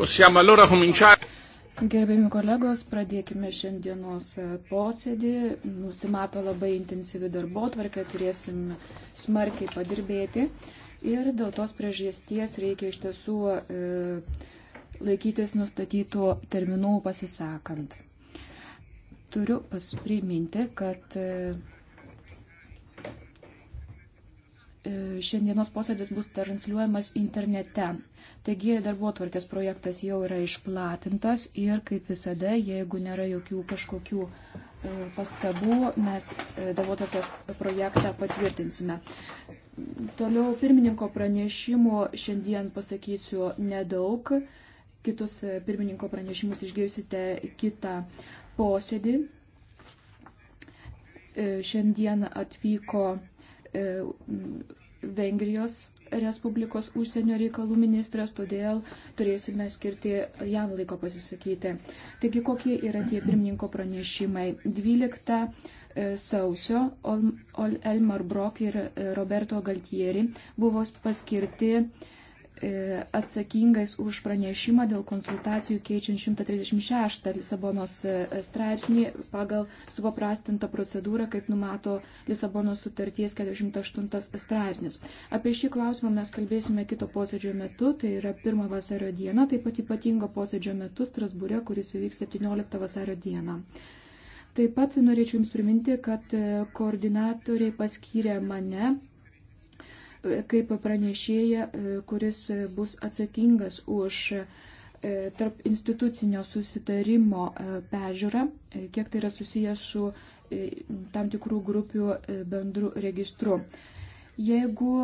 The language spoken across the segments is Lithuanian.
Possiamo allora cominciare. Gerbėmi kolegos, pradėkime šiandienos posėdį. Nusimato labai intensyvi darbo tvarkė, turėsim smarkiai padirbėti. Ir dėl tos priežasties reikia iš tiesų e, laikytis nustatytų terminų pasisakant. Turiu priminti, kad e, e, šiandienos posėdis bus transliuojamas internete. Taigi darbo tvarkės projektas jau yra išplatintas ir kaip visada, jeigu nėra jokių kažkokių e, pastabų, mes e, darbo tvarkės projektą patvirtinsime. Toliau pirmininko pranešimų šiandien pasakysiu nedaug. Kitus e, pirmininko pranešimus išgirsite kitą posėdį. Šiandien atvyko Vengrijos Respublikos užsienio reikalų ministras, todėl turėsime skirti jam laiko pasisakyti. Taigi, kokie yra tie pirmininko pranešimai? 12 e, sausio Elmar Brok ir e, Roberto Galtieri buvo paskirti E, atsakingais už pranešimą dėl konsultacijų keičiant 136 Lisabonos e, straipsnį pagal supaprastintą procedūrą, kaip numato Lisabonos sutarties 48 straipsnis. Apie šį klausimą mes kalbėsime kito posėdžio metu, tai yra 1 vasario diena, taip pat ypatingo posėdžio metu Strasbūre, kuris įvyks 17 vasario dieną. Taip pat norėčiau Jums priminti, kad e, koordinatoriai paskyrė mane kaip pranešėja, e, kuris bus atsakingas už e, tarp institucinio susitarimo e, pežiūrą, kiek tai yra susijęs su tam tikrų grupių bendru registru. Jeigu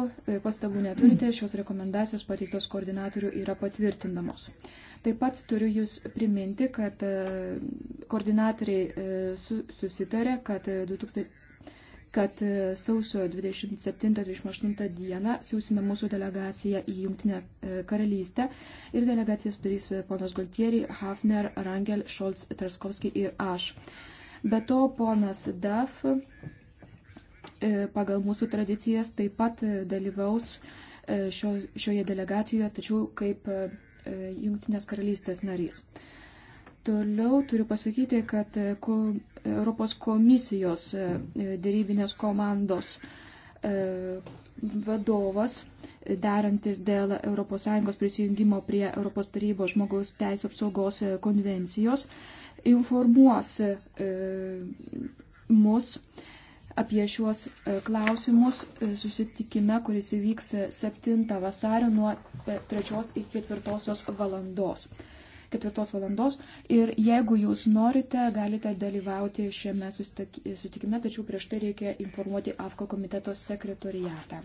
pastabų neturite, šios rekomendacijos pateiktos koordinatorių yra patvirtindamos. Taip pat turiu Jūs priminti, kad koordinatoriai susitarė, kad 2000 kad e, sausio 27-28 dieną siūsime mūsų delegaciją į Jungtinę e, karalystę ir delegaciją sudarys e, ponas Goltieri, Hafner, Rangel, Šolts, Traskovski ir aš. Be to, ponas Daf pagal mūsų tradicijas taip pat dalyvaus šio, šioje delegacijoje, tačiau kaip Jungtinės karalystės narys. Toliau turiu pasakyti, kad Europos komisijos e, dėrybinės komandos e, vadovas, derantis dėl ES prisijungimo prie ES tarybos žmogaus teisų apsaugos e, konvencijos, informuos mus apie šiuos klausimus susitikime, kuris įvyks 7 vasario nuo 3 iki 4 valandos ketvirtos valandos. Ir jeigu jūs norite, galite dalyvauti šiame sutikime, tačiau prieš tai reikia informuoti AFKO komiteto sekretoriatą.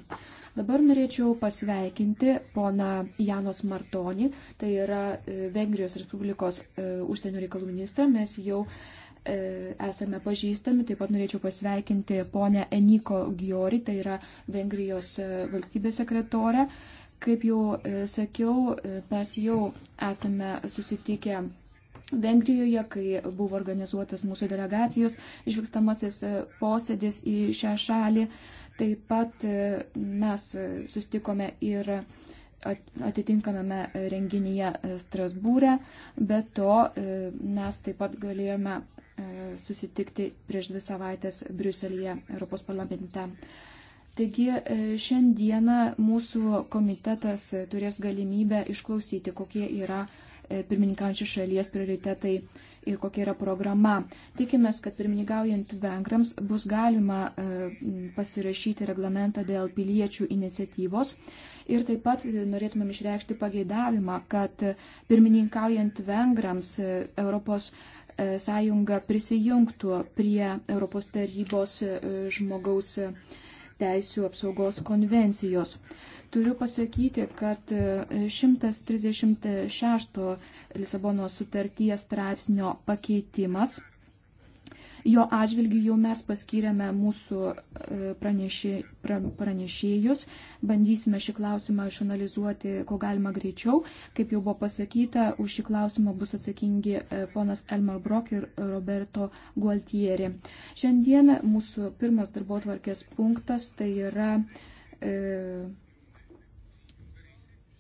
Dabar norėčiau pasveikinti pona Janos Martoni, tai yra e, Vengrijos Respublikos e, užsienio reikalų ministra. Mes jau e, esame pažįstami. Taip pat norėčiau pasveikinti ponę Eniko Giori, tai yra Vengrijos valstybės sekretorė. Kaip jau e, sakiau, e, mes jau esame susitikę Vengrijoje, kai buvo organizuotas mūsų delegacijos išvykstamasis e, posėdis į šią šalį. Taip pat mes sustikome ir atitinkamame renginyje Strasbūrė, bet to mes taip pat galėjome susitikti prieš dvi savaitės Briuselėje Europos parlamente. Taigi e, šiandieną mūsų komitetas turės galimybę išklausyti, kokie yra e, pirmininkaujančios šalies prioritetai ir kokia yra programa. Tikimės, kad pirmininkaujant vengrams bus galima e, pasirašyti reglamentą dėl piliečių iniciatyvos ir taip pat norėtumėm išreikšti pageidavimą, kad pirmininkaujant vengrams Europos sąjunga prisijungtų prie Europos tarybos žmogaus teisų apsaugos konvencijos. Turiu pasakyti, kad 136 e, Lisabono sutarties straipsnio pakeitimas Jo atžvilgių jau mes paskyrėme mūsų e, pranešė, pranešėjus, bandysime šį klausimą išanalizuoti, ko galima greičiau. Kaip jau buvo pasakyta, už šį klausimą bus atsakingi e, ponas Elmar Brok ir Roberto Gualtieri. Šiandien mūsų pirmas darbo tvarkės punktas tai yra. E,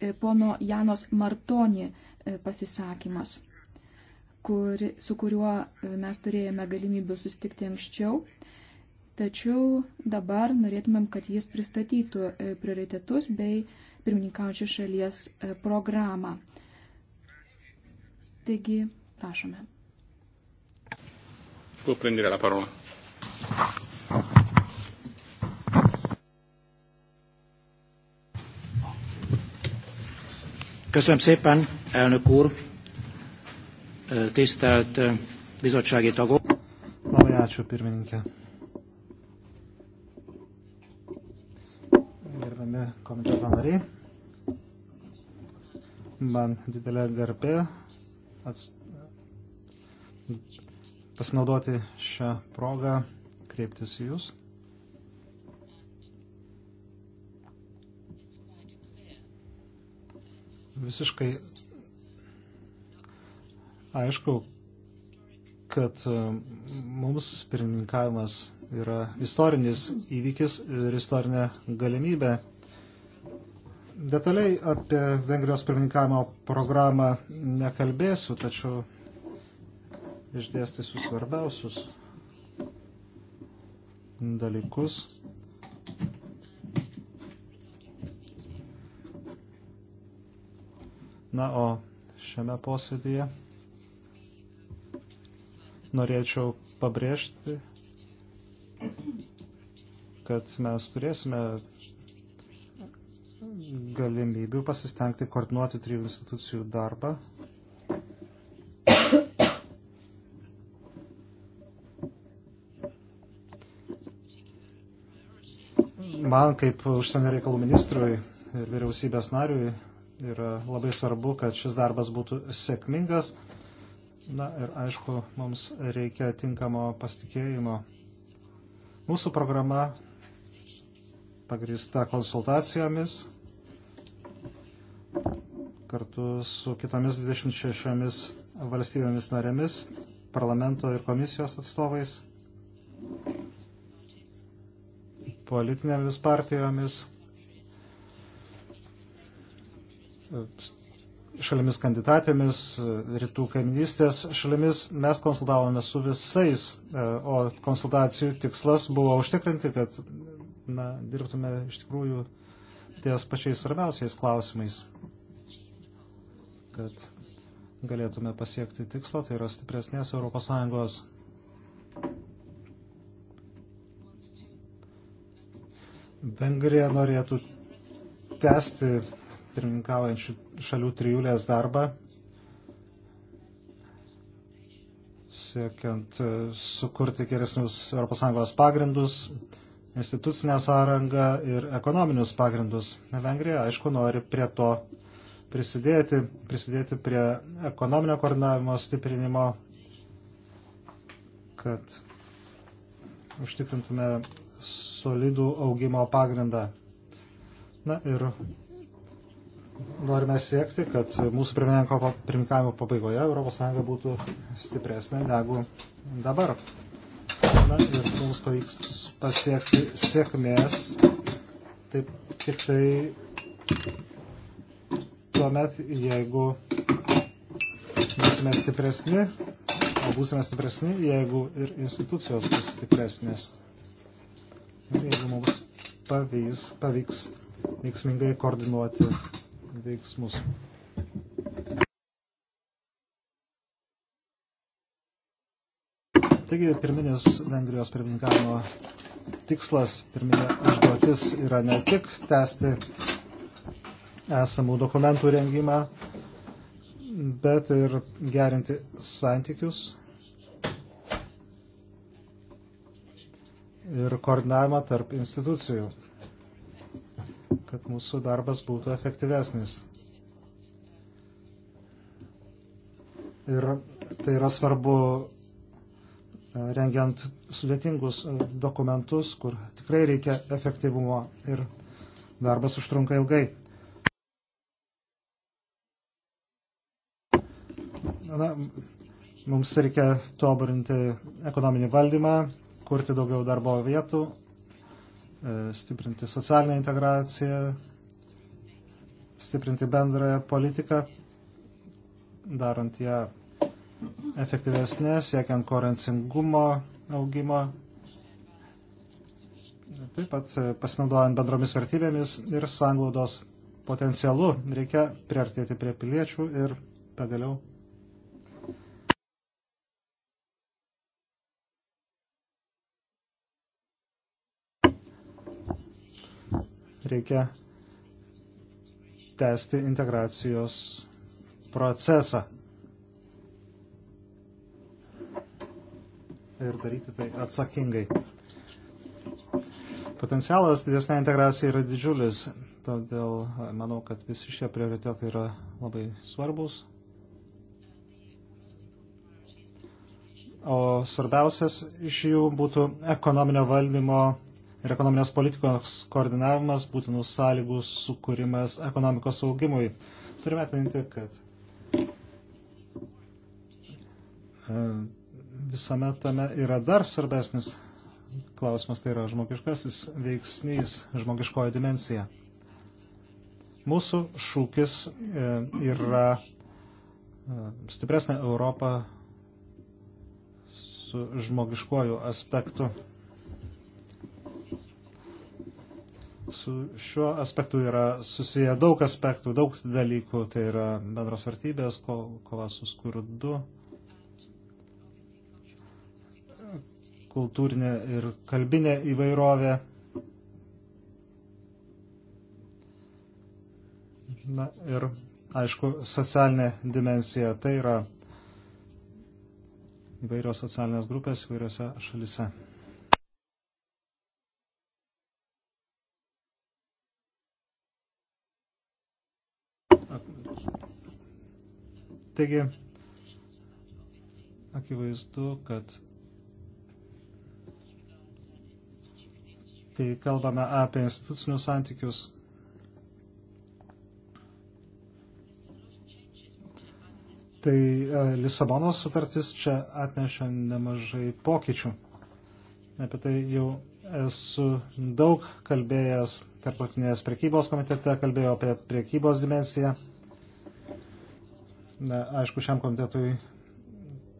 e pono Janos Martoni pasisakymas kuri, su kuriuo e, mes turėjome galimybę sustikti anksčiau. Tačiau dabar norėtumėm, kad jis pristatytų e, prioritetus bei pirmininkaujančią šalies e, programą. Taigi, prašome. Può prendere la parola. Köszönöm szépen, elnök úr! tisztelt eh, bizottsági tagok. Labai ačiū, pirmininkė. Gerbiami komiteto nariai, man didelė garbė atst... pasinaudoti šią progą kreiptis į Jūs. Visiškai Aišku, kad e, mums pirmininkavimas yra istorinis įvykis ir istorinė galimybė. Detaliai apie Vengrijos pirmininkavimo programą nekalbėsiu, tačiau išdėstysiu svarbiausius dalykus. Na, o šiame posėdėje norėčiau pabrėžti, kad mes turėsime galimybių pasistengti koordinuoti trijų institucijų darbą. Man kaip užsienio reikalų ministrui ir vyriausybės nariui yra labai svarbu, kad šis darbas būtų sėkmingas Na ir aišku, mums reikia tinkamo pasitikėjimo. Mūsų programa pagrįsta konsultacijomis kartu su kitomis 26 valstybėmis narėmis, parlamento ir komisijos atstovais, politinėmis partijomis, šalimis kandidatėmis, rytų kaiminystės šalimis, mes konsultavome su visais, e, o konsultacijų tikslas buvo užtikrinti, kad na, dirbtume iš tikrųjų ties pačiais svarbiausiais klausimais, kad galėtume pasiekti tikslo, tai yra stipresnės ES. Vengrija norėtų tęsti pirmininkaujančių šalių trijulės darbą, siekiant e, sukurti geresnius ES pagrindus, institucinę sąrangą ir ekonominius pagrindus. Vengrija, aišku, nori prie to prisidėti, prisidėti prie ekonominio koordinavimo stiprinimo, kad užtikrintume solidų augimo pagrindą. Na ir norime siekti, kad mūsų pirmininkavimo pabaigoje ES būtų stipresnė negu dabar. Na, ir mums pavyks pasiekti sėkmės taip tik tai tuomet, jeigu būsime stipresni, o būsime stipresni, jeigu ir institucijos bus stipresnės. Ir jeigu mums pavyks, pavyks veiksmingai koordinuoti veiksmus. Taigi pirminis Vengrijos pirmininkavimo tikslas, pirminė užduotis yra ne tik tęsti esamų dokumentų rengimą, bet ir gerinti santykius ir koordinavimą tarp institucijų kad mūsų darbas būtų efektyvesnis. Ir tai yra svarbu e, rengiant sudėtingus e, dokumentus, kur tikrai reikia efektyvumo ir darbas užtrunka ilgai. Na, mums reikia tobulinti ekonominį valdymą, kurti daugiau darbo vietų, E, stiprinti socialinę integraciją, stiprinti bendrąją politiką, darant ją efektyvesnė, siekiant korencingumo augimo, taip pat e, pasinaudojant bendromis vertybėmis ir sanglaudos potencialu reikia priartėti prie piliečių ir pagaliau reikia tęsti integracijos procesą. Ir daryti tai atsakingai. Potencialas didesnė integracija yra didžiulis, todėl e, manau, kad visi šie prioritetai yra labai svarbus. O svarbiausias iš jų būtų ekonominio valdymo ir ekonominės politikos koordinavimas, būtinų sąlygų sukūrimas ekonomikos augimui. Turime atminti, kad e, visame tame yra dar svarbesnis klausimas, tai yra žmogiškasis veiksnys, žmogiškoji dimensija. Mūsų šūkis e, yra e, stipresnė Europa su žmogiškuoju aspektu. su šiuo aspektu yra susiję daug aspektų, daug dalykų. Tai yra bendros vertybės, ko, kova su skurdu, kultūrinė ir kalbinė įvairovė. Na ir, aišku, socialinė dimensija. Tai yra įvairios socialinės grupės įvairiose šalise. Taigi, akivaizdu, kad kai kalbame apie institucinius santykius, tai e, Lisabonos sutartis čia atneša nemažai pokyčių. Apie tai jau esu daug kalbėjęs tarptautinės prekybos komitete, kalbėjau apie prekybos dimensiją. Na, aišku, šiam komitetui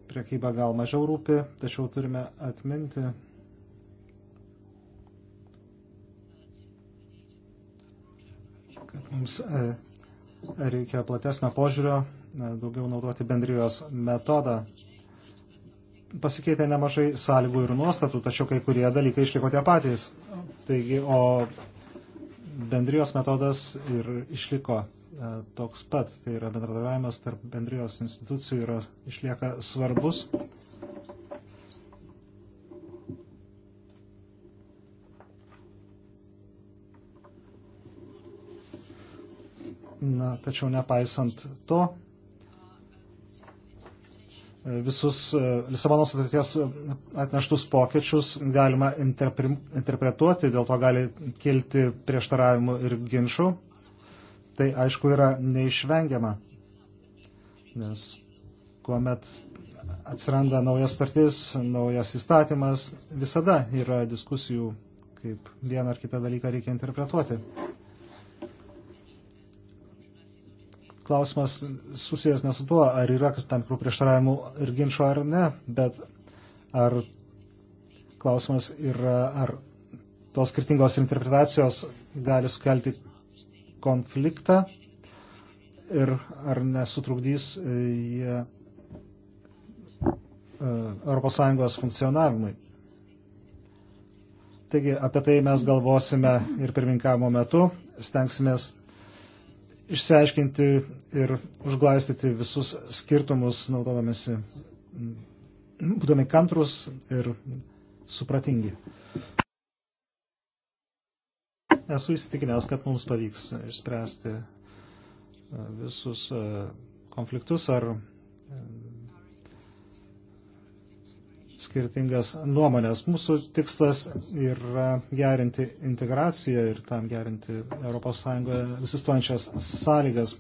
priekyba gal mažiau rūpi, tačiau turime atminti, kad mums e, reikia platesnio požiūrio, e, daugiau naudoti bendrijos metodą. Pasikeitė nemažai sąlygų ir nuostatų, tačiau kai kurie dalykai išliko tie patys. Taigi, o bendrijos metodas ir išliko E, toks pat. Tai yra bendradarbiavimas tarp bendrijos institucijų yra, išlieka svarbus. Na, tačiau nepaisant to, e, visus e, Lisabono sutarties atneštus pokyčius galima interpretuoti, dėl to gali kilti prieštaravimų ir ginčių. Tai aišku yra neišvengiama, nes kuomet atsiranda naujas startis, naujas įstatymas, visada yra diskusijų, kaip vieną ar kitą dalyką reikia interpretuoti. Klausimas susijęs ne su tuo, ar yra tam tikrų prieštaravimų ir ginčio ar ne, bet ar klausimas yra, ar tos skirtingos interpretacijos gali sukelti konfliktą ir ar nesutrukdys e, jie ES funkcionavimui. Taigi apie tai mes galvosime ir pirminkavimo metu, stengsimės išsiaiškinti ir užglaistyti visus skirtumus, naudodamėsi, būdami kantrus ir supratingi. Esu įsitikinęs, kad mums pavyks išspręsti e, visus e, konfliktus ar e, skirtingas nuomonės. Mūsų tikslas yra gerinti integraciją ir tam gerinti ES egzistuojančias sąlygas.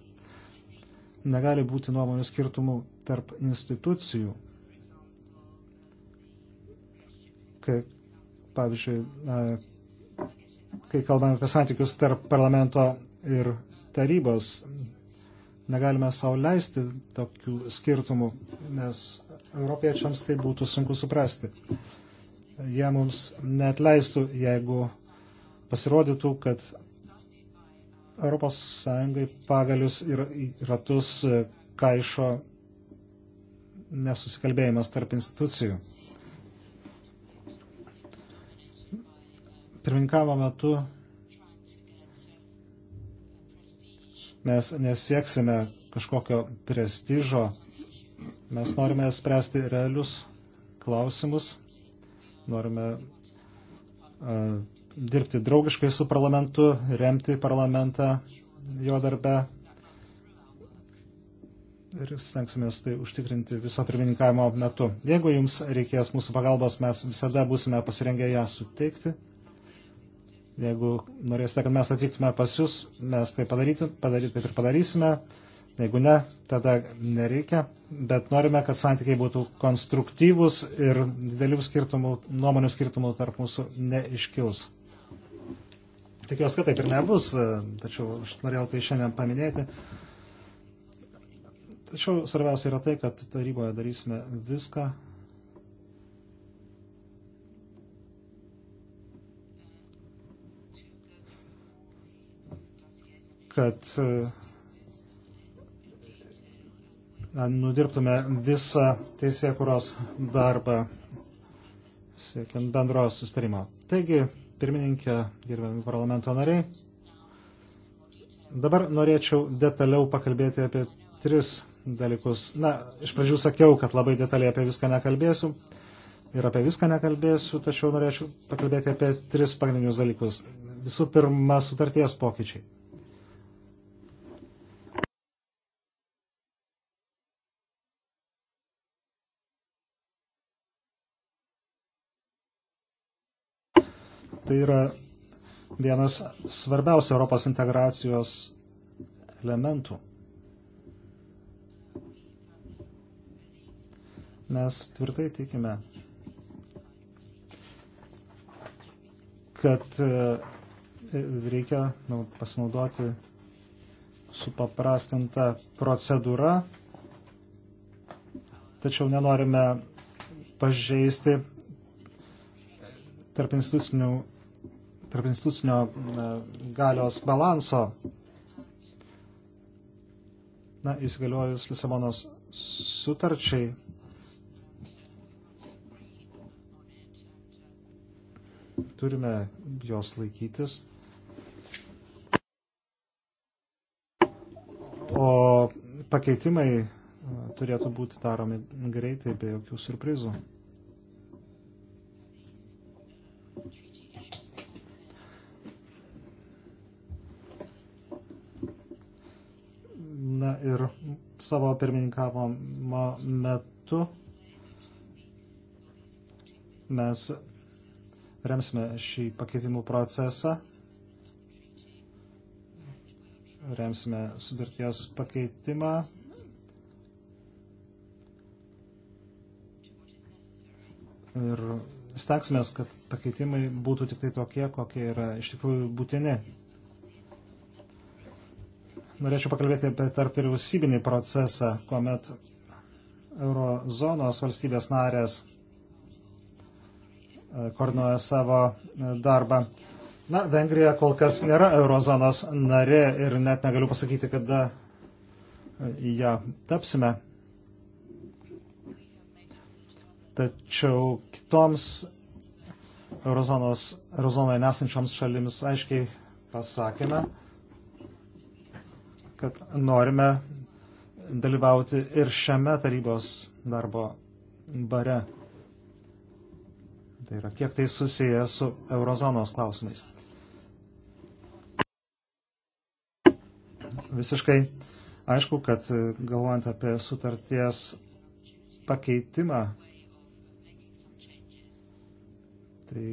Negali būti nuomonių skirtumų tarp institucijų. Kai, pavyzdžiui, kai kalbame apie santykius tarp parlamento ir tarybos, negalime savo leisti tokių skirtumų, nes europiečiams tai būtų sunku suprasti. Jie mums net leistų, jeigu pasirodytų, kad ES pagalius ir ratus kaišo nesusikalbėjimas tarp institucijų. pirminkavo metu mes nesieksime kažkokio prestižo, mes norime spręsti realius klausimus, norime uh, dirbti draugiškai su parlamentu, remti parlamentą jo darbe ir stengsimės tai užtikrinti viso pirmininkavimo metu. Jeigu jums reikės mūsų pagalbos, mes visada būsime pasirengę ją suteikti. Jeigu norėsite, kad mes atvyktume pas jūs, mes tai padaryti, padaryti, taip ir padarysime. Jeigu ne, tada nereikia. Bet norime, kad santykiai būtų konstruktyvūs ir didelių skirtumų, nuomonių skirtumų tarp mūsų neiškils. Tikiuosi, kad taip ir nebus, tačiau aš norėjau tai šiandien paminėti. Tačiau svarbiausia yra tai, kad taryboje darysime viską, kad e, na, nudirbtume visą teisėkuros darbą siekiant bendro sustarimo. Taigi, pirmininkė, gerbiami parlamento nariai, dabar norėčiau detaliau pakalbėti apie tris dalykus. Na, iš pradžių sakiau, kad labai detaliai apie viską nekalbėsiu ir apie viską nekalbėsiu, tačiau norėčiau pakalbėti apie tris pagrindinius dalykus. Visų pirma, sutarties pokyčiai. tai yra vienas svarbiausių Europos integracijos elementų. Mes tvirtai tikime, kad e, reikia nu, pasinaudoti supaprastinta procedūra, tačiau nenorime pažeisti tarp institucinių tarp institucinio e, galios balanso. Na, įsigaliojus Lisabonos sutarčiai. Turime jos laikytis. O pakeitimai e, turėtų būti daromi greitai, be jokių surprizų. savo pirmininkavimo metu mes remsime šį pakeitimų procesą, remsime sudarties pakeitimą. Ir stengsimės, kad pakeitimai būtų tik tai tokie, kokie yra iš tikrųjų būtini norėčiau pakalbėti apie tarp vyriausybinį procesą, kuomet eurozonos valstybės narės e, koordinuoja savo e, darbą. Na, Vengrija kol kas nėra eurozonos narė ir net negaliu pasakyti, kada e, ją tapsime. Tačiau kitoms eurozonos, eurozonoje nesančioms šalims aiškiai pasakėme, kad norime dalyvauti ir šiame tarybos darbo bare. Tai yra, kiek tai susiję su eurozonos klausimais. Visiškai aišku, kad galvojant apie sutarties pakeitimą, tai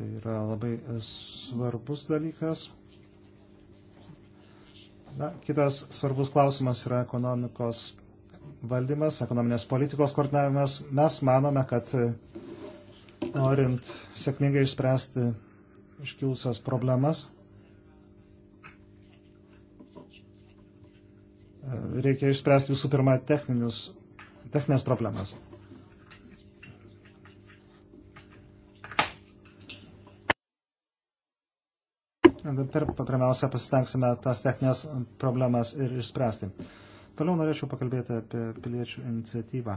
Tai yra labai svarbus dalykas. Na, kitas svarbus klausimas yra ekonomikos valdymas, ekonominės politikos koordinavimas. Mes manome, kad e, norint sėkmingai išspręsti iškilusios problemas, e, reikia išspręsti visų pirma techninius, techninės problemas. pirmiausia pasitengsime tas techninės problemas ir išspręsti. Toliau norėčiau pakalbėti apie piliečių iniciatyvą.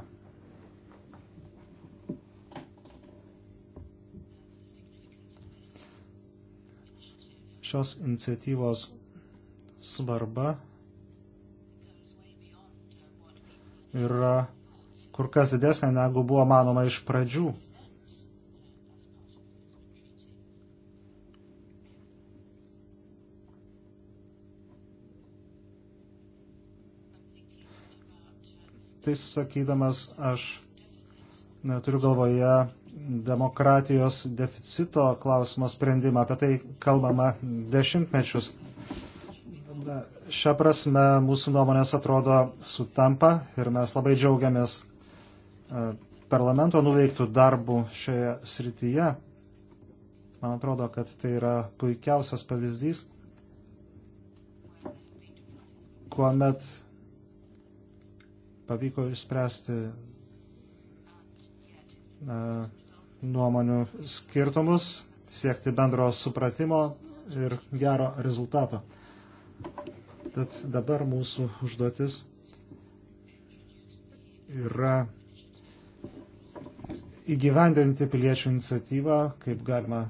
Šios iniciatyvos svarba yra kur kas didesnė, negu buvo manoma iš pradžių. tai sakydamas aš na, turiu galvoje demokratijos deficito klausimo sprendimą. Apie tai kalbama dešimtmečius. Na, šią prasme mūsų nuomonės atrodo sutampa ir mes labai džiaugiamės e, parlamento nuveiktų darbų šioje srityje. Man atrodo, kad tai yra puikiausias pavyzdys, kuomet pavyko išspręsti nuomonių skirtumus, siekti bendro supratimo ir gero rezultato. Tad dabar mūsų užduotis yra įgyvendinti piliečių iniciatyvą kaip galima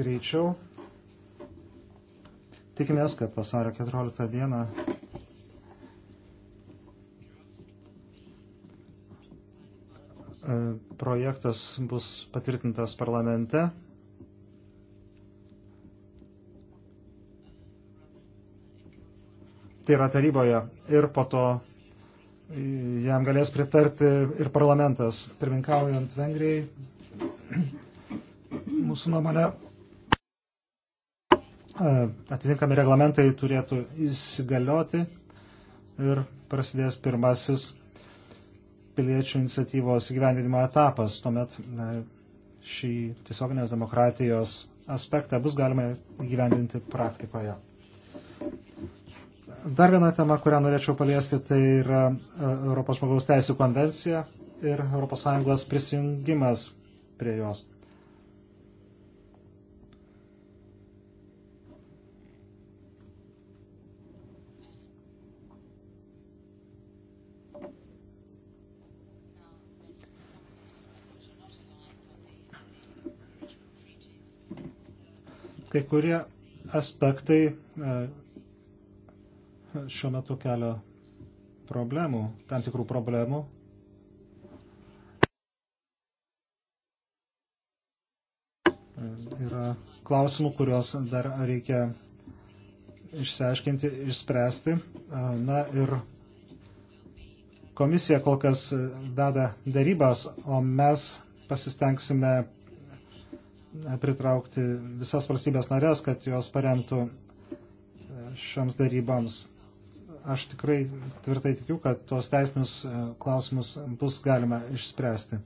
greičiau. Tikimės, kad vasario 14 dieną E, projektas bus patvirtintas parlamente. Tai yra taryboje ir po to jam galės pritarti ir parlamentas, pirminkaujant Vengrijai. Mūsų nuomonė e, atitinkami reglamentai turėtų įsigalioti ir prasidės pirmasis piliečių iniciatyvos gyvendinimo etapas. Tuomet šį tiesioginės demokratijos aspektą bus galima gyvendinti praktikoje. Dar viena tema, kurią norėčiau paliesti, tai yra e, Europos žmogaus teisų konvencija ir ES prisijungimas prie jos. kai kurie aspektai e, šiuo metu kelia problemų, tam tikrų problemų. Yra klausimų, kuriuos dar reikia išsiaiškinti, išspręsti. E, na ir komisija kol kas veda darybas, o mes pasistengsime pritraukti visas valstybės narės, kad jos paremtų e, šioms daryboms. Aš tikrai tvirtai tikiu, kad tuos teisinius e, klausimus bus galima išspręsti.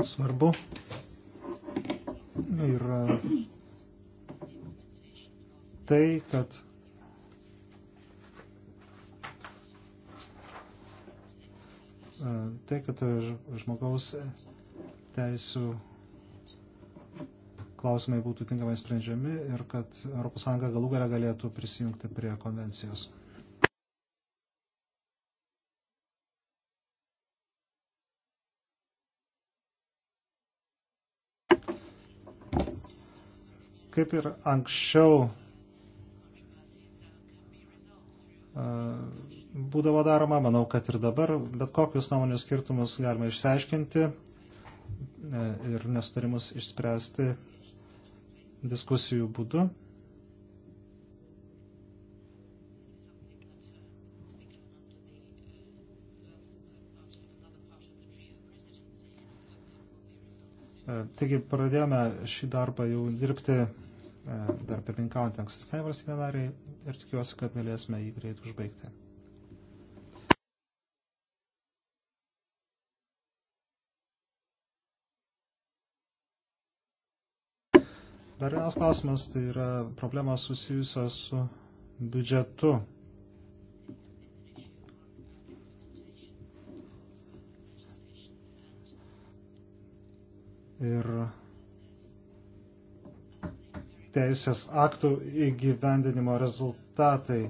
Svarbu ir tai, kad tai, kad žmogaus teisų klausimai būtų tinkamai sprendžiami ir kad ES galų galę galėtų prisijungti prie konvencijos. Kaip ir anksčiau, būdavo daroma, manau, kad ir dabar bet kokius nuomonių skirtumus galima išsiaiškinti e, ir nesutarimus išspręsti diskusijų būdu. E, taigi pradėjome šį darbą jau dirbti e, dar pirmininkaujant ankstesnei valstybė nariai ir tikiuosi, kad galėsime jį greit užbaigti. Dar vienas klausimas tai yra problemos susijusios su biudžetu. Ir teisės aktų įgyvendinimo rezultatai.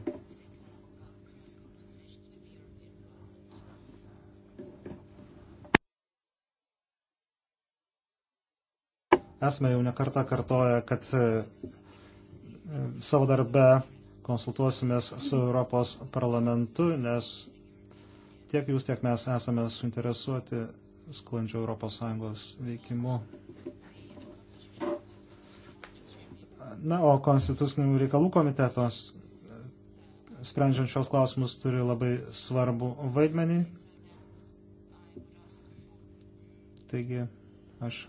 Esame jau nekartą kartoję, kad e, savo darbe konsultuosimės su Europos parlamentu, nes tiek jūs, tiek mes esame suinteresuoti sklandžių ES veikimu. Na, o konstitucinių reikalų komitetos e, sprendžiant šios klausimus turi labai svarbu vaidmenį. Taigi, aš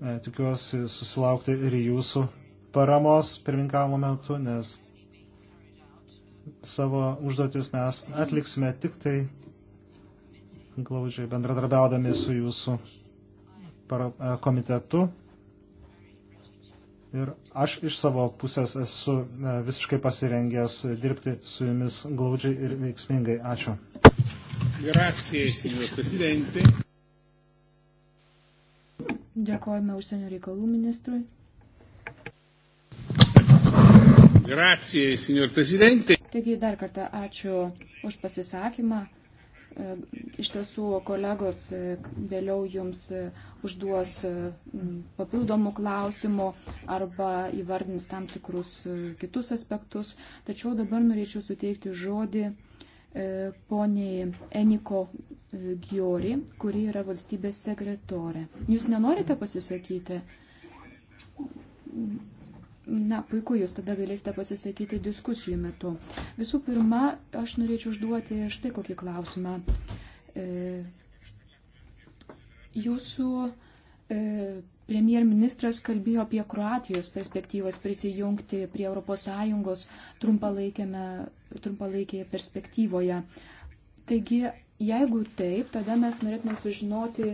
E, tikiuosi susilaukti ir jūsų paramos pirmininkavimo metu, nes savo užduotis mes atliksime tik tai glaudžiai bendradarbiaudami su jūsų e, komitetu. Ir aš iš savo pusės esu e, visiškai pasirengęs dirbti su jumis glaudžiai ir veiksmingai. Ačiū. Grazie, signor Presidente. Dėkojame užsienio reikalų ministrui. Grazie, signor Presidente. Taigi dar kartą ačiū už pasisakymą. E, iš tiesų, kolegos e, vėliau jums e, užduos papildomų klausimų arba įvardins tam tikrus kitus aspektus. Tačiau dabar norėčiau suteikti žodį poniai Eniko Giori, kuri yra valstybės sekretorė. Jūs nenorite pasisakyti? Na, puiku, jūs tada galėsite pasisakyti diskusijų metu. Visų pirma, aš norėčiau užduoti štai kokį klausimą. E, jūsų e, Premjerministras kalbėjo apie Kroatijos perspektyvas prisijungti prie ES trumpalaikėje perspektyvoje. Taigi, Jeigu taip, tada mes norėtume sužinoti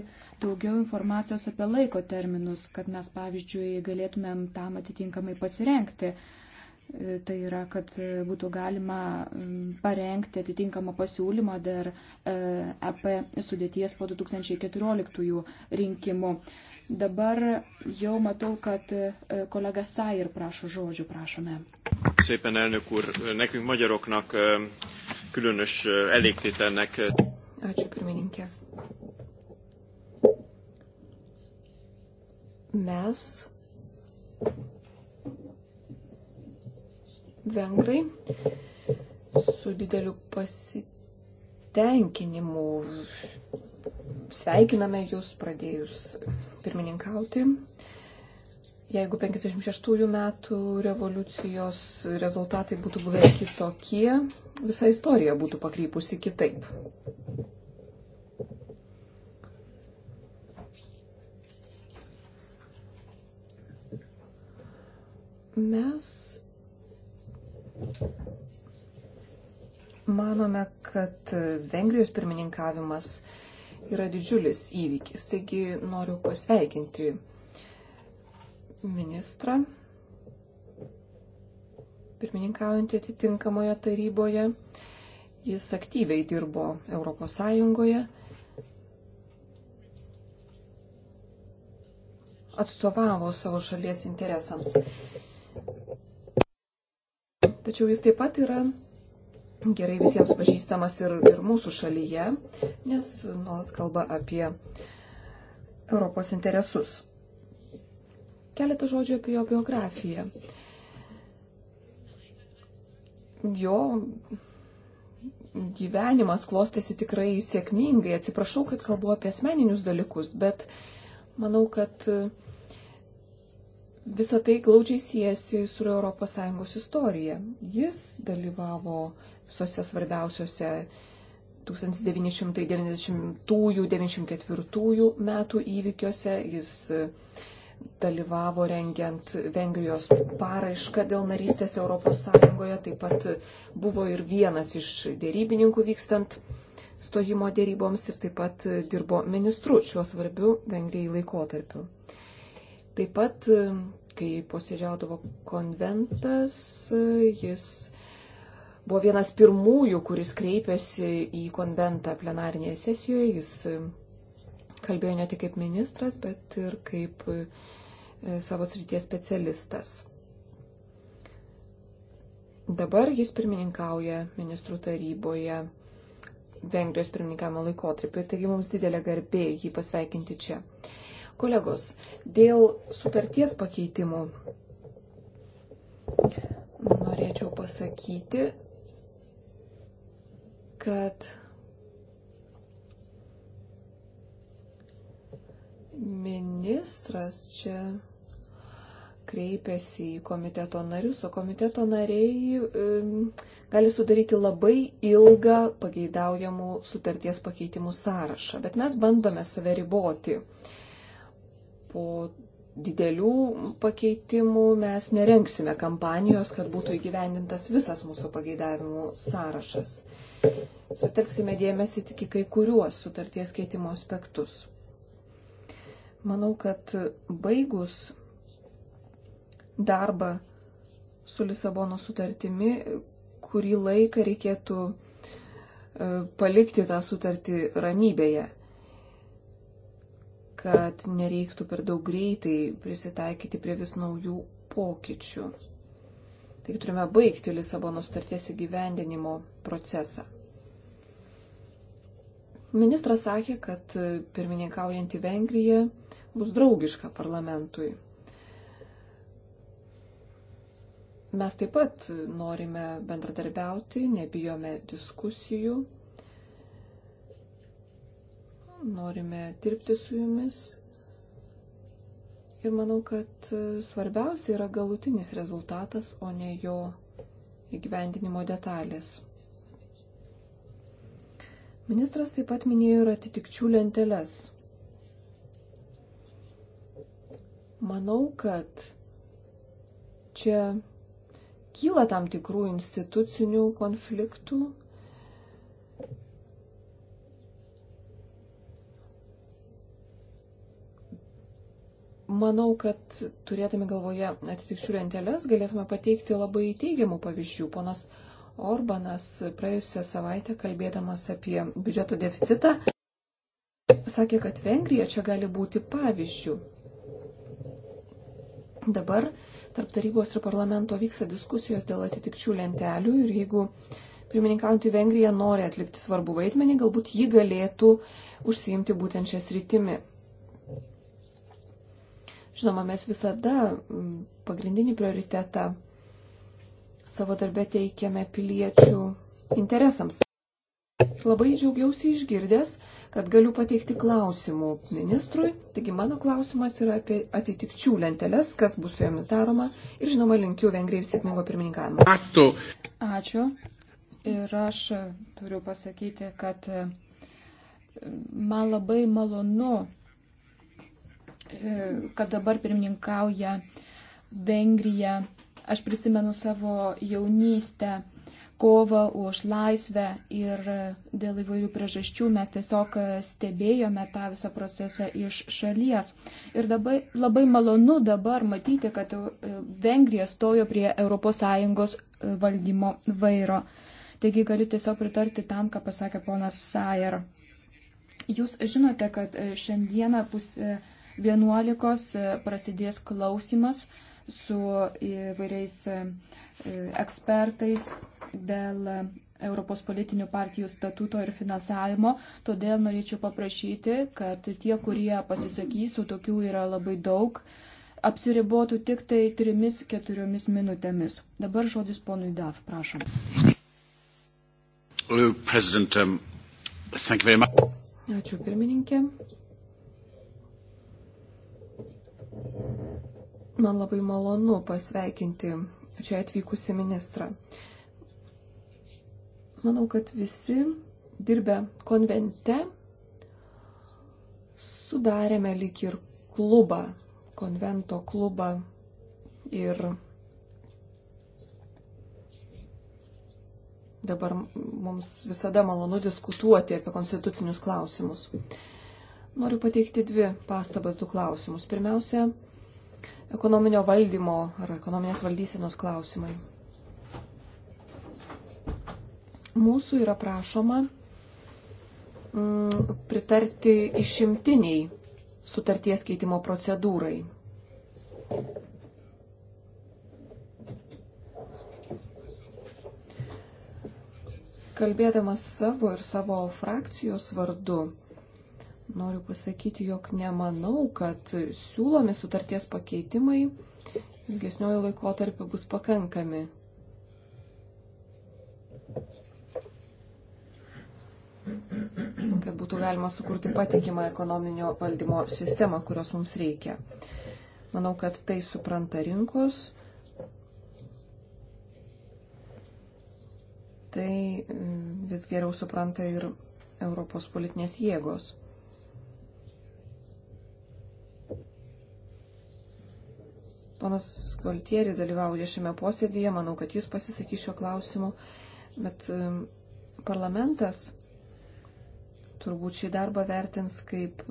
daugiau informacijos apie laiko terminus, kad mes, pavyzdžiui, galėtumėm tam atitinkamai pasirenkti. E, tai yra, kad būtų galima parengti atitinkamą pasiūlymą dar EP e sudėties po 2014 rinkimų. Dabar jau matau, kad e, kolega Sair prašo žodžių, prašome. Szépen elnök úr, nekünk magyaroknak különös elégtételnek Ačiū pirmininkė. Mes, vengrai, su dideliu pasitenkinimu sveikiname jūs pradėjus pirmininkauti. Jeigu 56 metų revoliucijos rezultatai būtų buvę kitokie, visa istorija būtų pakrypusi kitaip. Mes manome, kad Vengrijos pirmininkavimas yra didžiulis įvykis, taigi noriu pasveikinti ministrą, pirmininkaujantį atitinkamoje taryboje. Jis aktyviai dirbo Europos Sąjungoje, atstovavo savo šalies interesams. Tačiau jis taip pat yra gerai visiems pažįstamas ir, ir mūsų šalyje, nes nuolat kalba apie Europos interesus. Keletą žodžių apie jo biografiją. Jo gyvenimas klostėsi tikrai sėkmingai. Atsiprašau, kad kalbu apie asmeninius dalykus, bet manau, kad visa tai glaudžiai siejasi su ES istorija. Jis dalyvavo visose svarbiausiose 1990-1994 metų įvykiuose. Jis dalyvavo rengiant Vengrijos paraišką dėl narystės ES, taip pat buvo ir vienas iš dėrybininkų vykstant stojimo dėryboms ir taip pat dirbo ministru šiuo svarbiu Vengrijai laikotarpiu. Taip pat, kai posėdžiaudavo konventas, jis buvo vienas pirmųjų, kuris kreipėsi į konventą plenarinėje sesijoje, jis kalbėjo ne tik kaip ministras, bet ir kaip e, savo srities specialistas. Dabar jis pirmininkauja ministrų taryboje Vengrijos pirmininkavimo laikotarpiu, taigi mums didelė garbė jį pasveikinti čia. Kolegos, dėl sutarties pakeitimų norėčiau pasakyti, kad Ministras čia kreipėsi į komiteto narius, o komiteto nariai gali sudaryti labai ilgą pageidaujamų sutarties pakeitimų sąrašą, bet mes bandome save riboti. Po didelių pakeitimų mes nerenksime kampanijos, kad būtų įgyvendintas visas mūsų pageidavimų sąrašas. Sutelksime dėmesį tik į kai kuriuos sutarties keitimo aspektus. Manau, kad baigus darbą su Lisabono sutartimi, kurį laiką reikėtų e, palikti tą sutartį ramybėje, kad nereiktų per daug greitai prisitaikyti prie vis naujų pokyčių. Taigi turime baigti Lisabono sutarties įgyvendinimo procesą. Ministras sakė, kad pirmininkaujantį Vengriją bus draugiška parlamentui. Mes taip pat norime bendradarbiauti, nebijome diskusijų, norime dirbti su jumis ir manau, kad svarbiausia yra galutinis rezultatas, o ne jo įgyvendinimo detalės. Ministras taip pat minėjo ir atitikčių lenteles. Manau, kad čia kyla tam tikrų institucinių konfliktų. Manau, kad turėtume galvoje atitikčių lenteles, galėtume pateikti labai teigiamų pavyzdžių. Ponas Orbanas praėjusią savaitę, kalbėdamas apie biudžeto deficitą, sakė, kad Vengrija čia gali būti pavyzdžių. Dabar tarp tarybos ir parlamento vyksta diskusijos dėl atitikčių lentelių ir jeigu pirmininkaujantį Vengriją nori atlikti svarbų vaidmenį, galbūt ji galėtų užsiimti būtent šią sritimį. Žinoma, mes visada pagrindinį prioritetą savo darbę teikiame piliečių interesams. Labai džiaugiausi išgirdęs, kad galiu pateikti klausimų ministrui. Taigi mano klausimas yra apie atitikčių lenteles, kas bus su jomis daroma ir žinoma linkiu Vengrijai sėkmingo pirmininkavimo. Ačiū. Ačiū. Ir aš turiu pasakyti, kad e, man labai malonu, e, kad dabar pirmininkauja Vengrija. Aš prisimenu savo jaunystę kovą už laisvę ir dėl įvairių priežasčių mes tiesiog stebėjome tą visą procesą iš šalies. Ir dabar, labai malonu dabar matyti, kad e, Vengrija stojo prie ES e, valdymo vairo. Taigi galiu tiesiog pritarti tam, ką pasakė ponas Sajer. Jūs žinote, kad e, šiandieną pusė 11 prasidės klausimas su įvairiais E, ekspertais dėl Europos politinių partijų statuto ir finansavimo. Todėl norėčiau paprašyti, kad tie, kurie pasisakys, o tokių yra labai daug, apsiribotų tik tai trimis, keturiomis minutėmis. Dabar žodis ponui Dav, prašom. Um, Ačiū pirmininkė. Man labai malonu pasveikinti čia atvykusi ministrą. Manau, kad visi dirbę konvente sudarėme lyg ir klubą, konvento klubą ir dabar mums visada malonu diskutuoti apie konstitucinius klausimus. Noriu pateikti dvi pastabas, du klausimus. Pirmiausia, ekonominio valdymo ar ekonominės valdysenos klausimai. Mūsų yra prašoma mm, pritarti išimtiniai sutarties keitimo procedūrai. Kalbėdamas savo ir savo frakcijos vardu, noriu pasakyti, jog nemanau, kad siūlomi sutarties pakeitimai ilgesniojo laikotarpiu bus pakankami. kad būtų galima sukurti patikimą ekonominio valdymo sistemą, kurios mums reikia. Manau, kad tai supranta rinkos. Tai e, vis geriau supranta ir Europos politinės jėgos. ponas Gualtieri dalyvauja šiame posėdėje, manau, kad jis pasisakys šiuo klausimu, bet parlamentas turbūt šį darbą vertins kaip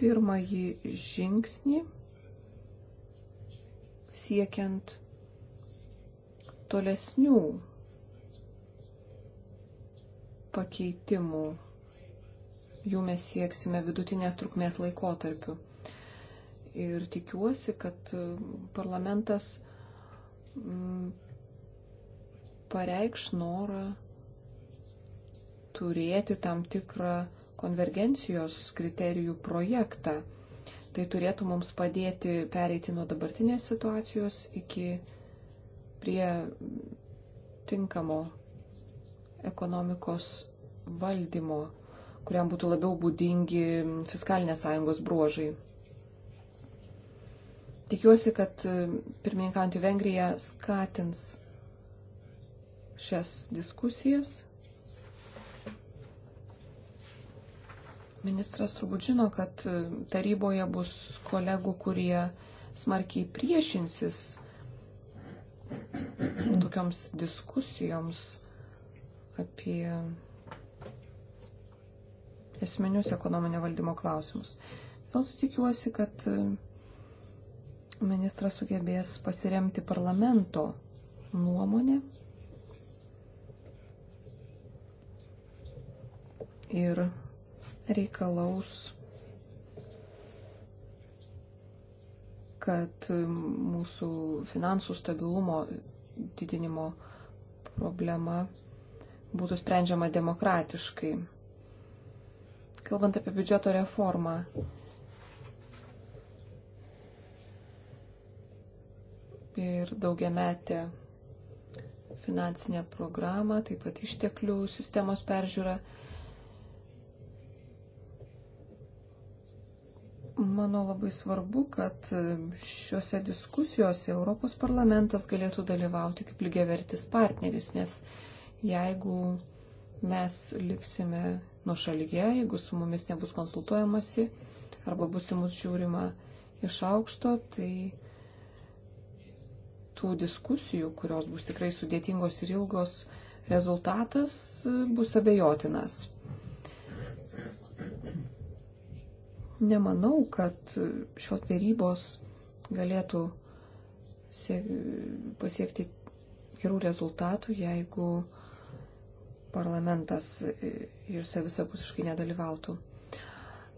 pirmąjį žingsnį siekiant tolesnių pakeitimų jų mes sieksime vidutinės trukmės laikotarpiu ir tikiuosi, kad mm, parlamentas mm, pareikš norą turėti tam tikrą konvergencijos kriterijų projektą. Tai turėtų mums padėti pereiti nuo dabartinės situacijos iki prie tinkamo ekonomikos valdymo, kuriam būtų labiau būdingi fiskalinės sąjungos bruožai. Tikiuosi, kad e, pirmininkantį Vengriją skatins šias diskusijas. Ministras turbūt žino, kad e, taryboje bus kolegų, kurie smarkiai priešinsis tokioms diskusijoms apie esminius ekonominio valdymo klausimus. Dėl to tikiuosi, kad e, ministras sugebės pasiremti parlamento nuomonę ir reikalaus, kad mūsų finansų stabilumo didinimo problema būtų sprendžiama demokratiškai. Kalbant apie biudžeto reformą, ir daugiametę finansinę programą, taip pat išteklių sistemos peržiūrą. Manau labai svarbu, kad šiuose diskusijose Europos parlamentas galėtų dalyvauti kaip lygiavertis partneris, nes jeigu mes liksime nuo šalyje, jeigu su mumis nebus konsultuojamasi arba bus į mus žiūrima iš aukšto, tai mūsų diskusijų, kurios bus tikrai sudėtingos ir ilgos, rezultatas e, bus abejotinas. Nemanau, kad e, šios darybos galėtų pasiekti gerų rezultatų, jeigu parlamentas e, juose visapusiškai nedalyvautų.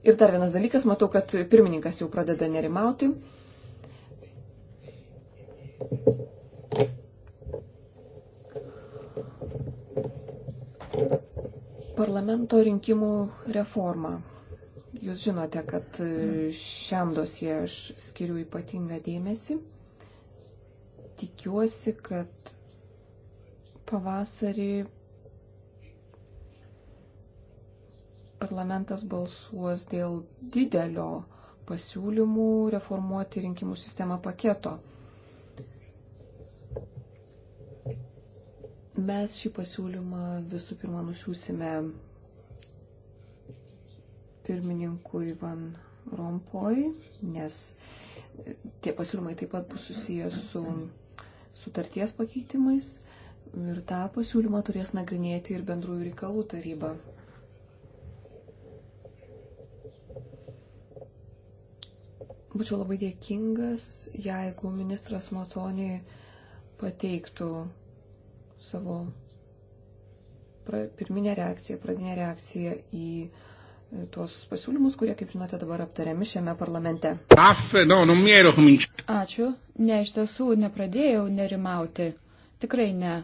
Ir dar vienas dalykas, matau, kad pirmininkas jau pradeda nerimauti. Parlamento rinkimų reforma. Jūs žinote, kad e, šiam dosie aš skiriu ypatingą dėmesį. Tikiuosi, kad pavasarį parlamentas balsuos dėl didelio pasiūlymų reformuoti rinkimų sistemą paketo. Mes šį pasiūlymą visų pirma nusiųsime pirmininkui Van Rompoj, nes e, tie pasiūlymai taip pat bus susijęs su sutarties pakeitimais ir tą pasiūlymą turės nagrinėti ir bendrųjų reikalų taryba. Būčiau labai dėkingas, jeigu ministras Matoni pateiktų savo pra, pirminę reakciją, pradinę reakciją į e, tuos pasiūlymus, kurie, kaip žinote, dabar aptariami šiame parlamente. Ačiū. Ne, iš tiesų nepradėjau nerimauti. Tikrai ne.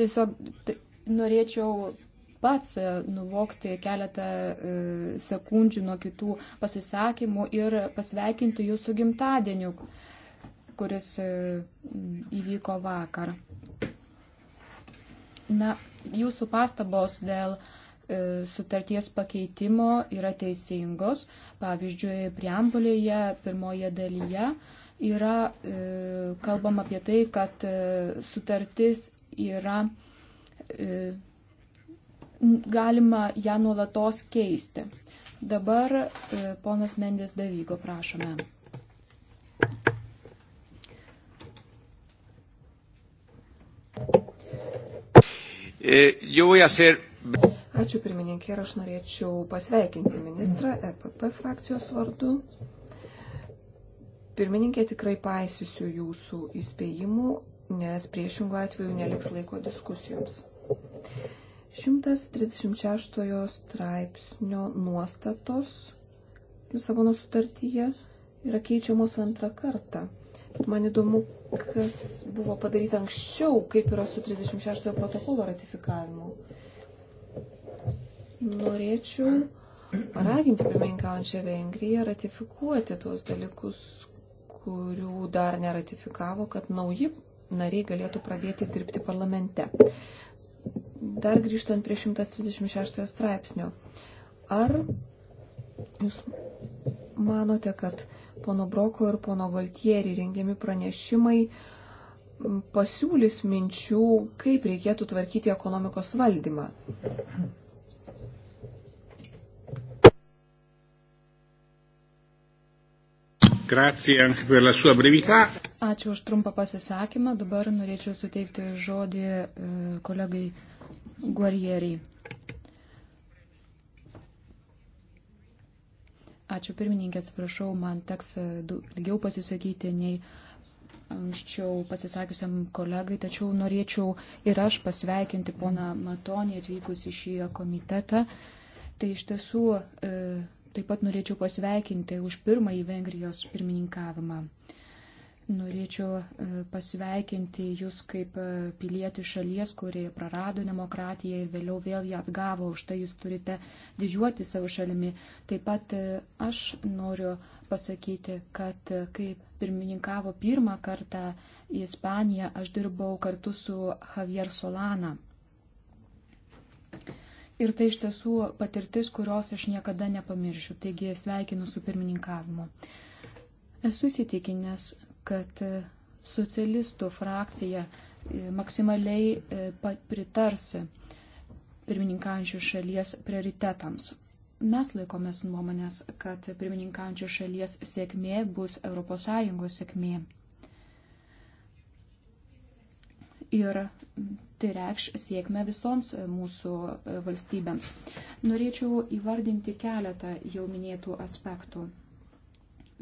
Tiesiog norėčiau pats e, nuvokti keletą e, sekundžių nuo kitų pasisakymų ir pasveikinti jūsų gimtadieniu, kuris e, įvyko vakar. Na, jūsų pastabos dėl e, sutarties pakeitimo yra teisingos. Pavyzdžiui, preambulėje pirmoje dalyje yra e, kalbama apie tai, kad e, sutartis yra galima ją nuolatos keisti. Dabar ponas Mendės Davygo prašome. Jau jas ir. Ačiū pirmininkė ir aš norėčiau pasveikinti ministrą EPP frakcijos vardu. Pirmininkė tikrai paisysiu jūsų įspėjimų, nes priešingų atveju neliks laiko diskusijoms. 136 straipsnio nuostatos Lisabono sutartyje yra keičiamos antrą kartą. Man įdomu, kas buvo padaryta anksčiau, kaip yra su 36 protokolo ratifikavimu. Norėčiau paraginti pirmininkaujančią Vengriją ratifikuoti tuos dalykus, kurių dar neratifikavo, kad nauji nariai galėtų pradėti dirbti parlamente. Dar grįžtant prie 136 straipsnio. Ar jūs manote, kad pono Broko ir pono Galtieri rengiami pranešimai pasiūlys minčių, kaip reikėtų tvarkyti ekonomikos valdymą. Grazie anche per la sua brevità. Ačiū už trumpą pasisakymą. Dabar norėčiau suteikti žodį e, kolegai Guerrieriai. Ačiū pirmininkė, atsiprašau, man teks e, ilgiau pasisakyti nei anksčiau pasisakiusiam kolegai, tačiau norėčiau ir aš pasveikinti poną Matonį atvykus į šį komitetą. Tai iš tiesų e, taip pat norėčiau pasveikinti už pirmąjį Vengrijos pirmininkavimą. Norėčiau e, pasveikinti Jūs kaip e, pilietį šalies, kuri prarado demokratiją ir vėliau vėl ją atgavo, už tai Jūs turite didžiuoti savo šalimi. Taip pat e, aš noriu pasakyti, kad kaip pirmininkavo pirmą kartą į Ispaniją, aš dirbau kartu su Javier Solana. Ir tai iš tiesų patirtis, kurios aš niekada nepamiršiu. Taigi sveikinu su pirmininkavimu. Esu įsitikinęs, kad e, socialistų frakcija e, maksimaliai e, pritars pirmininkančių šalies prioritetams. Mes laikomės nuomonės, kad pirmininkančių šalies sėkmė bus ES sėkmė. Ir tai reikš sėkmę visoms mūsų valstybėms. Norėčiau įvardinti keletą jau minėtų aspektų.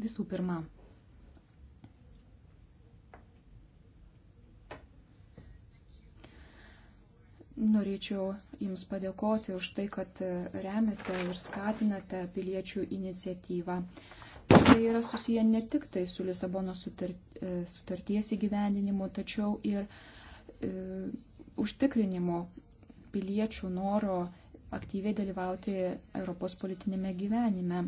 Visų pirma, Norėčiau Jums padėkoti už tai, kad remiate ir skatinate piliečių iniciatyvą. Tai yra susiję ne tik tai su Lisabono e, sutarties įgyvendinimu, tačiau ir e, užtikrinimu piliečių noro aktyviai dalyvauti Europos politinėme gyvenime.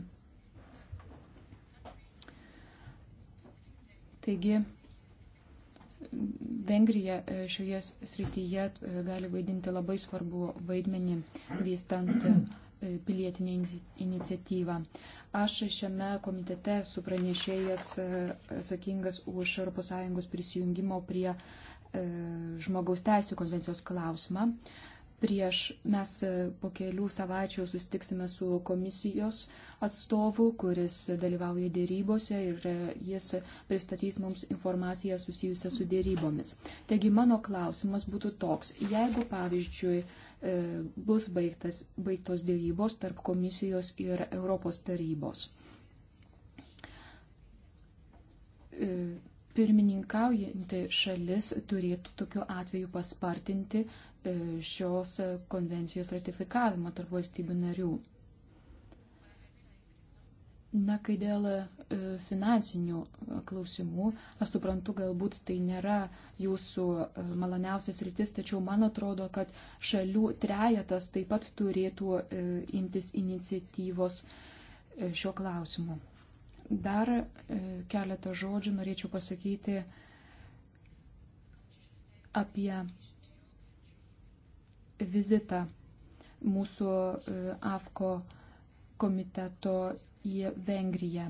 Taigi Vengrija e, šioje srityje e, gali vaidinti labai svarbu vaidmenį vystant e, pilietinę iniciatyvą. Aš šiame komitete su pranešėjas atsakingas už ES prisijungimo prie žmogaus teisų konvencijos klausimą. Prieš mes e, po kelių savaičių sustiksime su komisijos atstovu, kuris dalyvauja dėrybose ir e, jis pristatys mums informaciją susijusią su dėrybomis. Taigi mano klausimas būtų toks. Jeigu, pavyzdžiui, e, bus baigtas, baigtos dėrybos tarp komisijos ir Europos tarybos pirmininkaujanti šalis turėtų tokiu atveju paspartinti E, šios konvencijos ratifikavimą tarp valstybių narių. Na, kai dėl e, finansinių klausimų, aš suprantu, galbūt tai nėra jūsų e, maloniausias rytis, tačiau man atrodo, kad šalių trejatas taip pat turėtų imtis iniciatyvos šio klausimu. Dar keletą žodžių norėčiau pasakyti apie vizitą mūsų e, AFKO komiteto į Vengriją.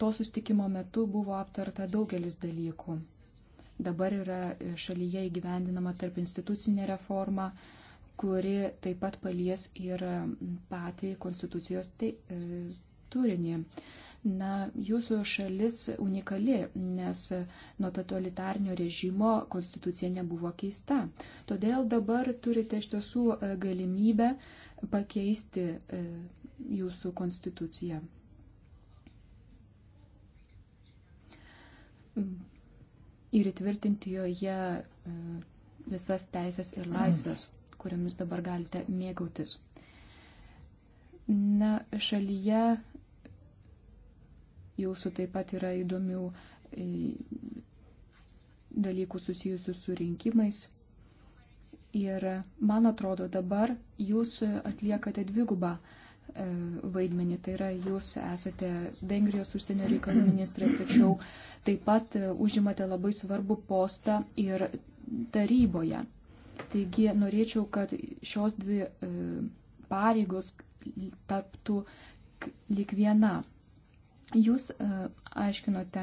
To sustikimo metu buvo aptarta daugelis dalykų. Dabar yra e, šalyje įgyvendinama tarp institucinė reforma, kuri taip pat palies ir patį konstitucijos te, e, turinį. Na, jūsų šalis unikali, nes nuo totalitarnio režimo konstitucija nebuvo keista. Todėl dabar turite iš tiesų e, galimybę pakeisti e, jūsų konstituciją. Ir įtvirtinti joje e, visas teisės ir laisvės, kuriomis dabar galite mėgautis. Na, šalyje Jūsų taip pat yra įdomių e, dalykų susijusių su rinkimais. Ir man atrodo, dabar jūs atliekate dvigubą e, vaidmenį. Tai yra, jūs esate Vengrijos užsienio reikalų ministras, tačiau taip pat e, užimate labai svarbu postą ir taryboje. Taigi norėčiau, kad šios dvi pareigos taptų lik viena. Jūs e, aiškinote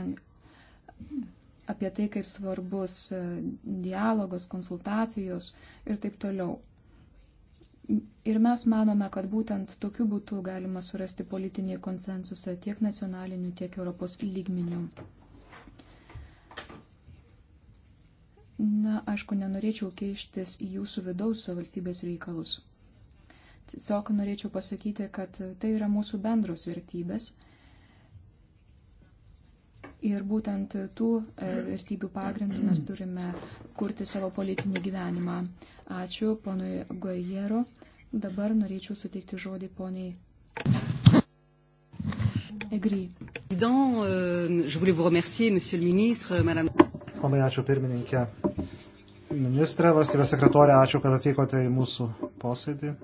apie tai, kaip svarbus e, dialogas, konsultacijos ir taip toliau. Ir mes manome, kad būtent tokiu būtų galima surasti politinį konsensusą tiek nacionaliniu, tiek Europos lygmeniu. Na, aišku, nenorėčiau keištis į jūsų vidaus valstybės reikalus. Tiesiog norėčiau pasakyti, kad tai yra mūsų bendros vertybės Ir būtent tų e, vertybių pagrindų mes turime kurti savo politinį gyvenimą. Ačiū ponui Guajero. Dabar norėčiau suteikti žodį poniai. Egry. Euh, labai ačiū pirmininkė. Ministrė, valstybės sekretorė, ačiū, kad atvykote į mūsų posėdį.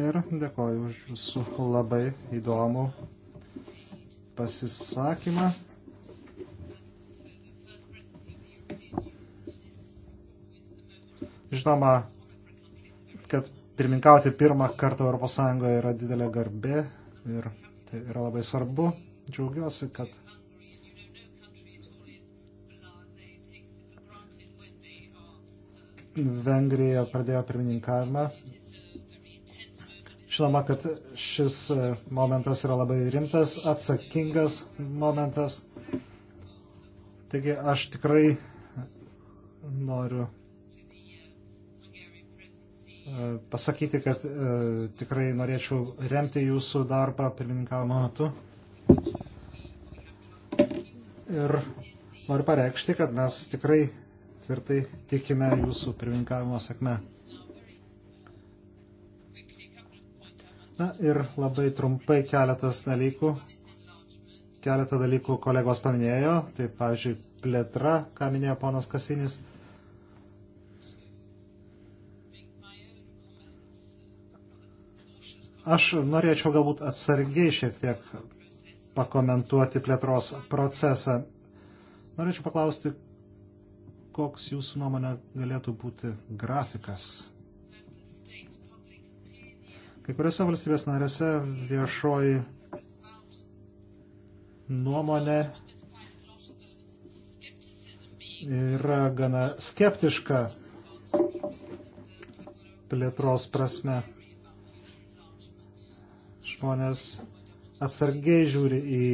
Ir dėkoju už jūsų labai įdomų pasisakymą. Žinoma, kad pirminkauti pirmą kartą ES yra didelė garbė ir tai yra labai svarbu. Džiaugiuosi, kad Vengrija pradėjo pirmininkavimą Žinoma, kad šis e, momentas yra labai rimtas, atsakingas momentas. Taigi aš tikrai noriu e, pasakyti, kad e, tikrai norėčiau remti jūsų darbą pirmininkavimo metu. Ir noriu pareikšti, kad mes tikrai tvirtai tikime jūsų pirmininkavimo sėkme. Na ir labai trumpai keletas dalykų. Keletą dalykų kolegos paminėjo, tai pavyzdžiui, plėtra, ką minėjo ponas Kasinis. Aš norėčiau galbūt atsargiai šiek tiek pakomentuoti plėtros procesą. Norėčiau paklausti, koks jūsų nuomonė galėtų būti grafikas Kai kuriuose valstybės narėse viešoji nuomonė yra gana skeptiška plėtros prasme. Žmonės atsargiai žiūri į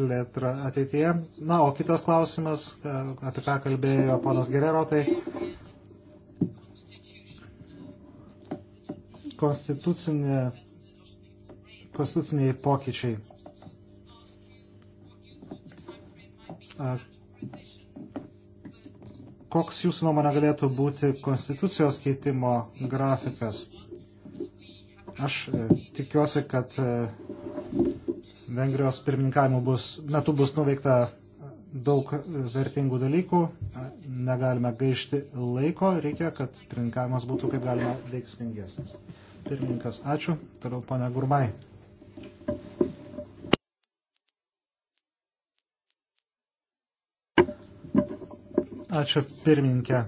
plėtrą ateityje. Na, o kitas klausimas, apie ką kalbėjo ponas Gerero, tai konstitucinė, konstituciniai pokyčiai. Koks jūsų nuomonė galėtų būti konstitucijos keitimo grafikas? Aš e, tikiuosi, kad e, Vengrijos pirmininkavimo bus, metu bus nuveikta daug e, vertingų dalykų, negalime gaišti laiko, reikia, kad pirmininkavimas būtų kaip galima veiksmingesnis. Pirmininkas, ačiū. Toliau ponia Gurmai. Ačiū pirmininkė.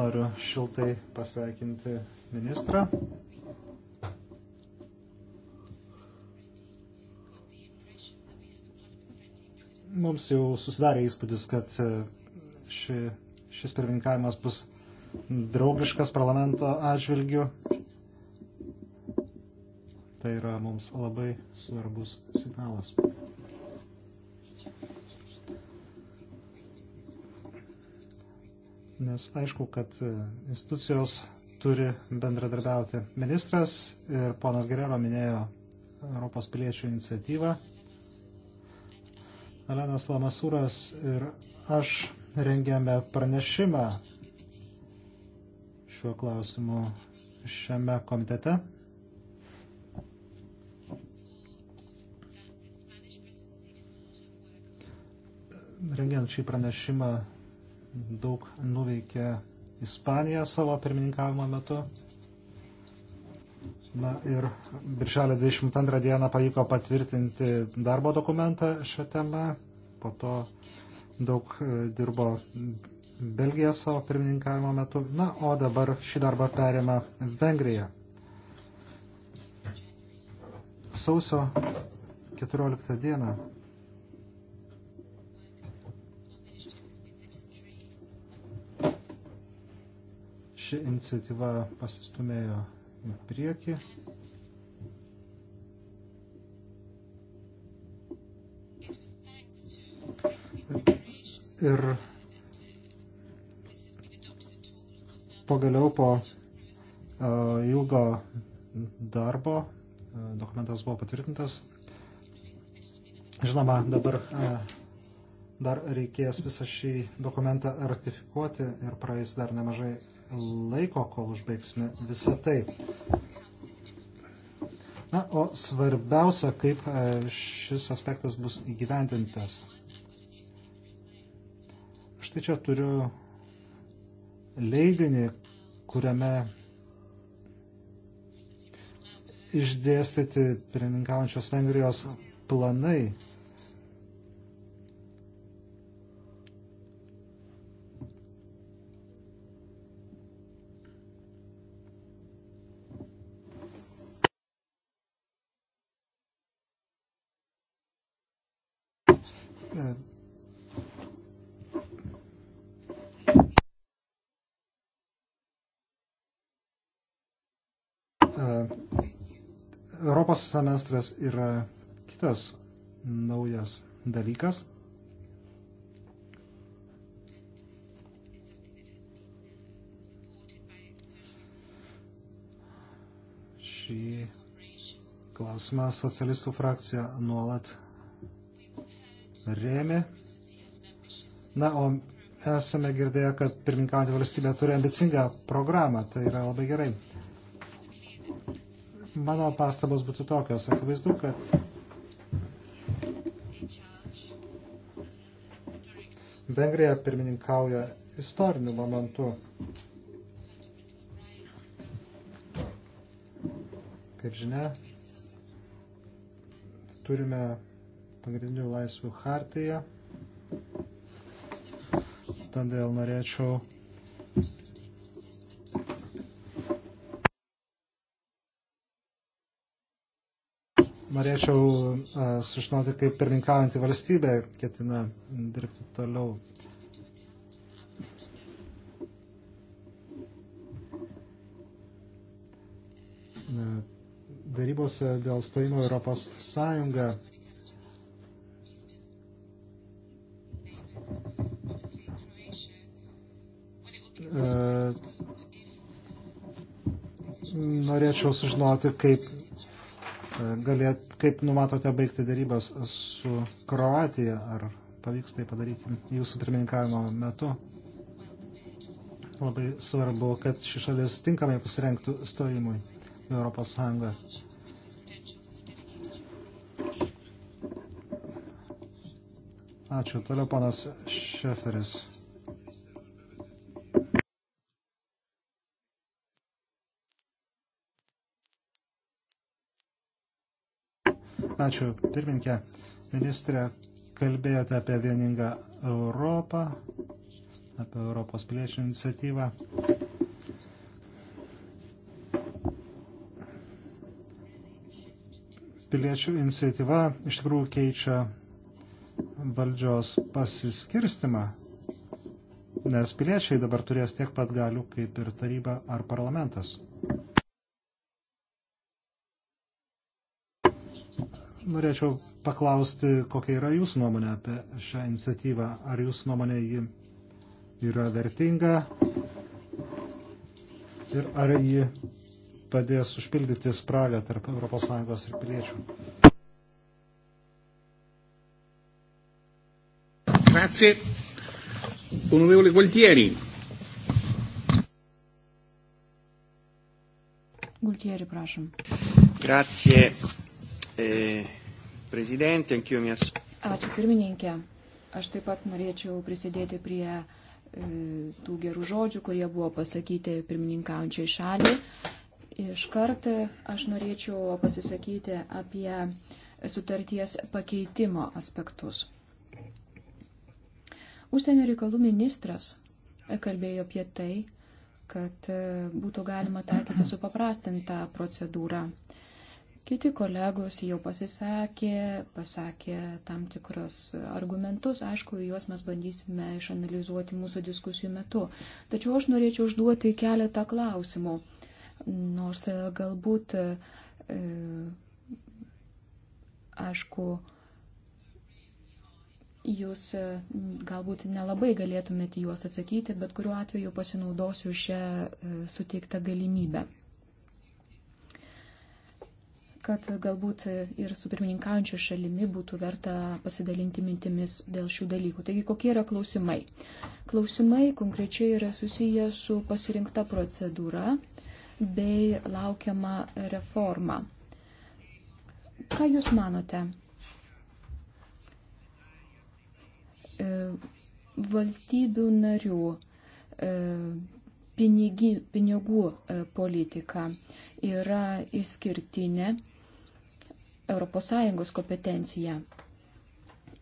Noriu šiltai pasveikinti ministrą. Mums jau susidarė įspūdis, kad e, ši, šis pirmininkavimas bus draugiškas parlamento atžvilgių Tai yra mums labai svarbus signalas. Nes aišku, kad institucijos turi bendradarbiauti. Ministras ir ponas Gerero minėjo Europos piliečių iniciatyvą. Alenas Lamasūras ir aš rengėme pranešimą šiuo klausimu šiame komitete. rengiant šį pranešimą daug nuveikė Ispanija savo pirmininkavimo metu. Na ir birželio 22 dieną pavyko patvirtinti darbo dokumentą šią temą. Po to daug e, dirbo Belgija savo pirmininkavimo metu. Na, o dabar šį darbą perima Vengrija. Sausio 14 dieną ši iniciatyva pasistumėjo į priekį. Ir pagaliau po ilgo darbo dokumentas buvo patvirtintas. Žinoma, dabar dar reikės visą šį dokumentą ratifikuoti ir praeis dar nemažai laiko, kol užbaigsime visą tai. Na, o svarbiausia, kaip e, šis aspektas bus įgyvendintas. Štai čia turiu leidinį, kuriame išdėstyti pirmininkaujančios Vengrijos planai Uh, Europos semestras yra kitas naujas dalykas. Šį klausimą socialistų frakcija nuolat rėmė. Na, o esame girdėję, kad pirmininkaujantį valstybę turi ambicingą programą, tai yra labai gerai. Mano pastabos būtų tokios, akivaizdu, kad Vengrija pirmininkauja istoriniu momentu. Kaip žinia, turime pagrindinių laisvių hartiją. Todėl norėčiau norėčiau uh, sužinoti, kaip pirminkaujantį valstybę ketina dirbti toliau. Darybose dėl stojimo Europos Sąjungą norėčiau sužinoti, kaip, e, galėt, kaip numatote baigti darybas su Kroatija, ar pavyks tai padaryti jūsų pirmininkavimo metu. Labai svarbu, kad ši šalis tinkamai pasirenktų stojimui į Europos Sąjungą. Ačiū. Toliau panas Šeferis. Ačiū, pirminkė. Ministrė, kalbėjote apie vieningą Europą, apie Europos piliečių iniciatyvą. Piliečių iniciatyva iš tikrųjų keičia valdžios pasiskirstimą, nes piliečiai dabar turės tiek pat galių kaip ir taryba ar parlamentas. norėčiau paklausti, kokia yra jūsų nuomonė apie šią iniciatyvą. Ar jūsų nuomonė ji yra vertinga ir ar ji padės užpildyti spragą tarp ES ir piliečių. Grazie. Onorevole Gualtieri. Gualtieri, prašom. Grazie. E, prezidentė, ankiu mės. Ačiū pirmininkė. Aš taip pat norėčiau prisidėti prie e, tų gerų žodžių, kurie buvo pasakyti pirmininkaujančiai šaliai. Iš karto aš norėčiau pasisakyti apie sutarties pakeitimo aspektus. Užsienio reikalų ministras kalbėjo apie tai, kad e, būtų galima taikyti supaprastintą procedūrą Kiti kolegos jau pasisakė, pasakė tam tikras argumentus, aišku, juos mes bandysime išanalizuoti mūsų diskusijų metu. Tačiau aš norėčiau užduoti keletą klausimų, nors e, galbūt, e, aišku, jūs e, galbūt nelabai galėtumėte juos atsakyti, bet kuriuo atveju pasinaudosiu šią e, suteiktą galimybę kad galbūt ir su pirmininkaujančia šalimi būtų verta pasidalinti mintimis dėl šių dalykų. Taigi, kokie yra klausimai? Klausimai konkrečiai yra susiję su pasirinkta procedūra bei laukiama reforma. Ką Jūs manote? E, valstybių narių e, pinigi, pinigų e, politika yra išskirtinė ES kompetencija.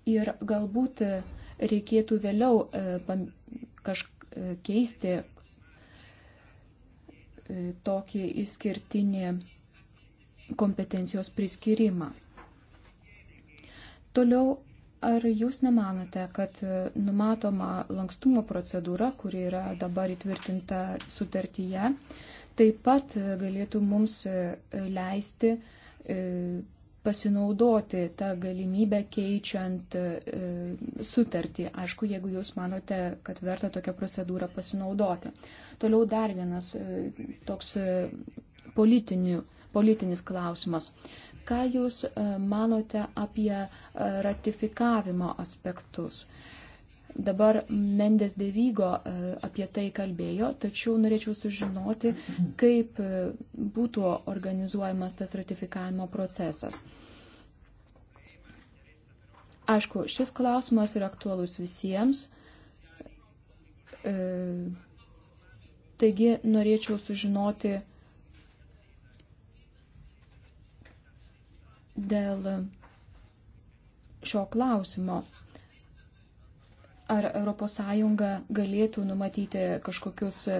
Ir galbūt reikėtų vėliau e, e, keisti e, tokį išskirtinį kompetencijos priskirimą. Toliau, ar jūs nemanote, kad numatoma lankstumo procedūra, kuri yra dabar įtvirtinta sutartyje, taip pat galėtų mums leisti pasinaudoti tą galimybę keičiant e, sutartį. Aišku, jeigu jūs manote, kad verta tokią procedūrą pasinaudoti. Toliau dar vienas e, toks e, politinių, politinis klausimas. Ką jūs manote apie ratifikavimo aspektus? Dabar Mendes Devygo e, apie tai kalbėjo, tačiau norėčiau sužinoti, kaip e, būtų organizuojamas tas ratifikavimo procesas. Aišku, šis klausimas yra aktualus visiems. E, taigi norėčiau sužinoti dėl šio klausimo. Ar ES galėtų numatyti kažkokius e,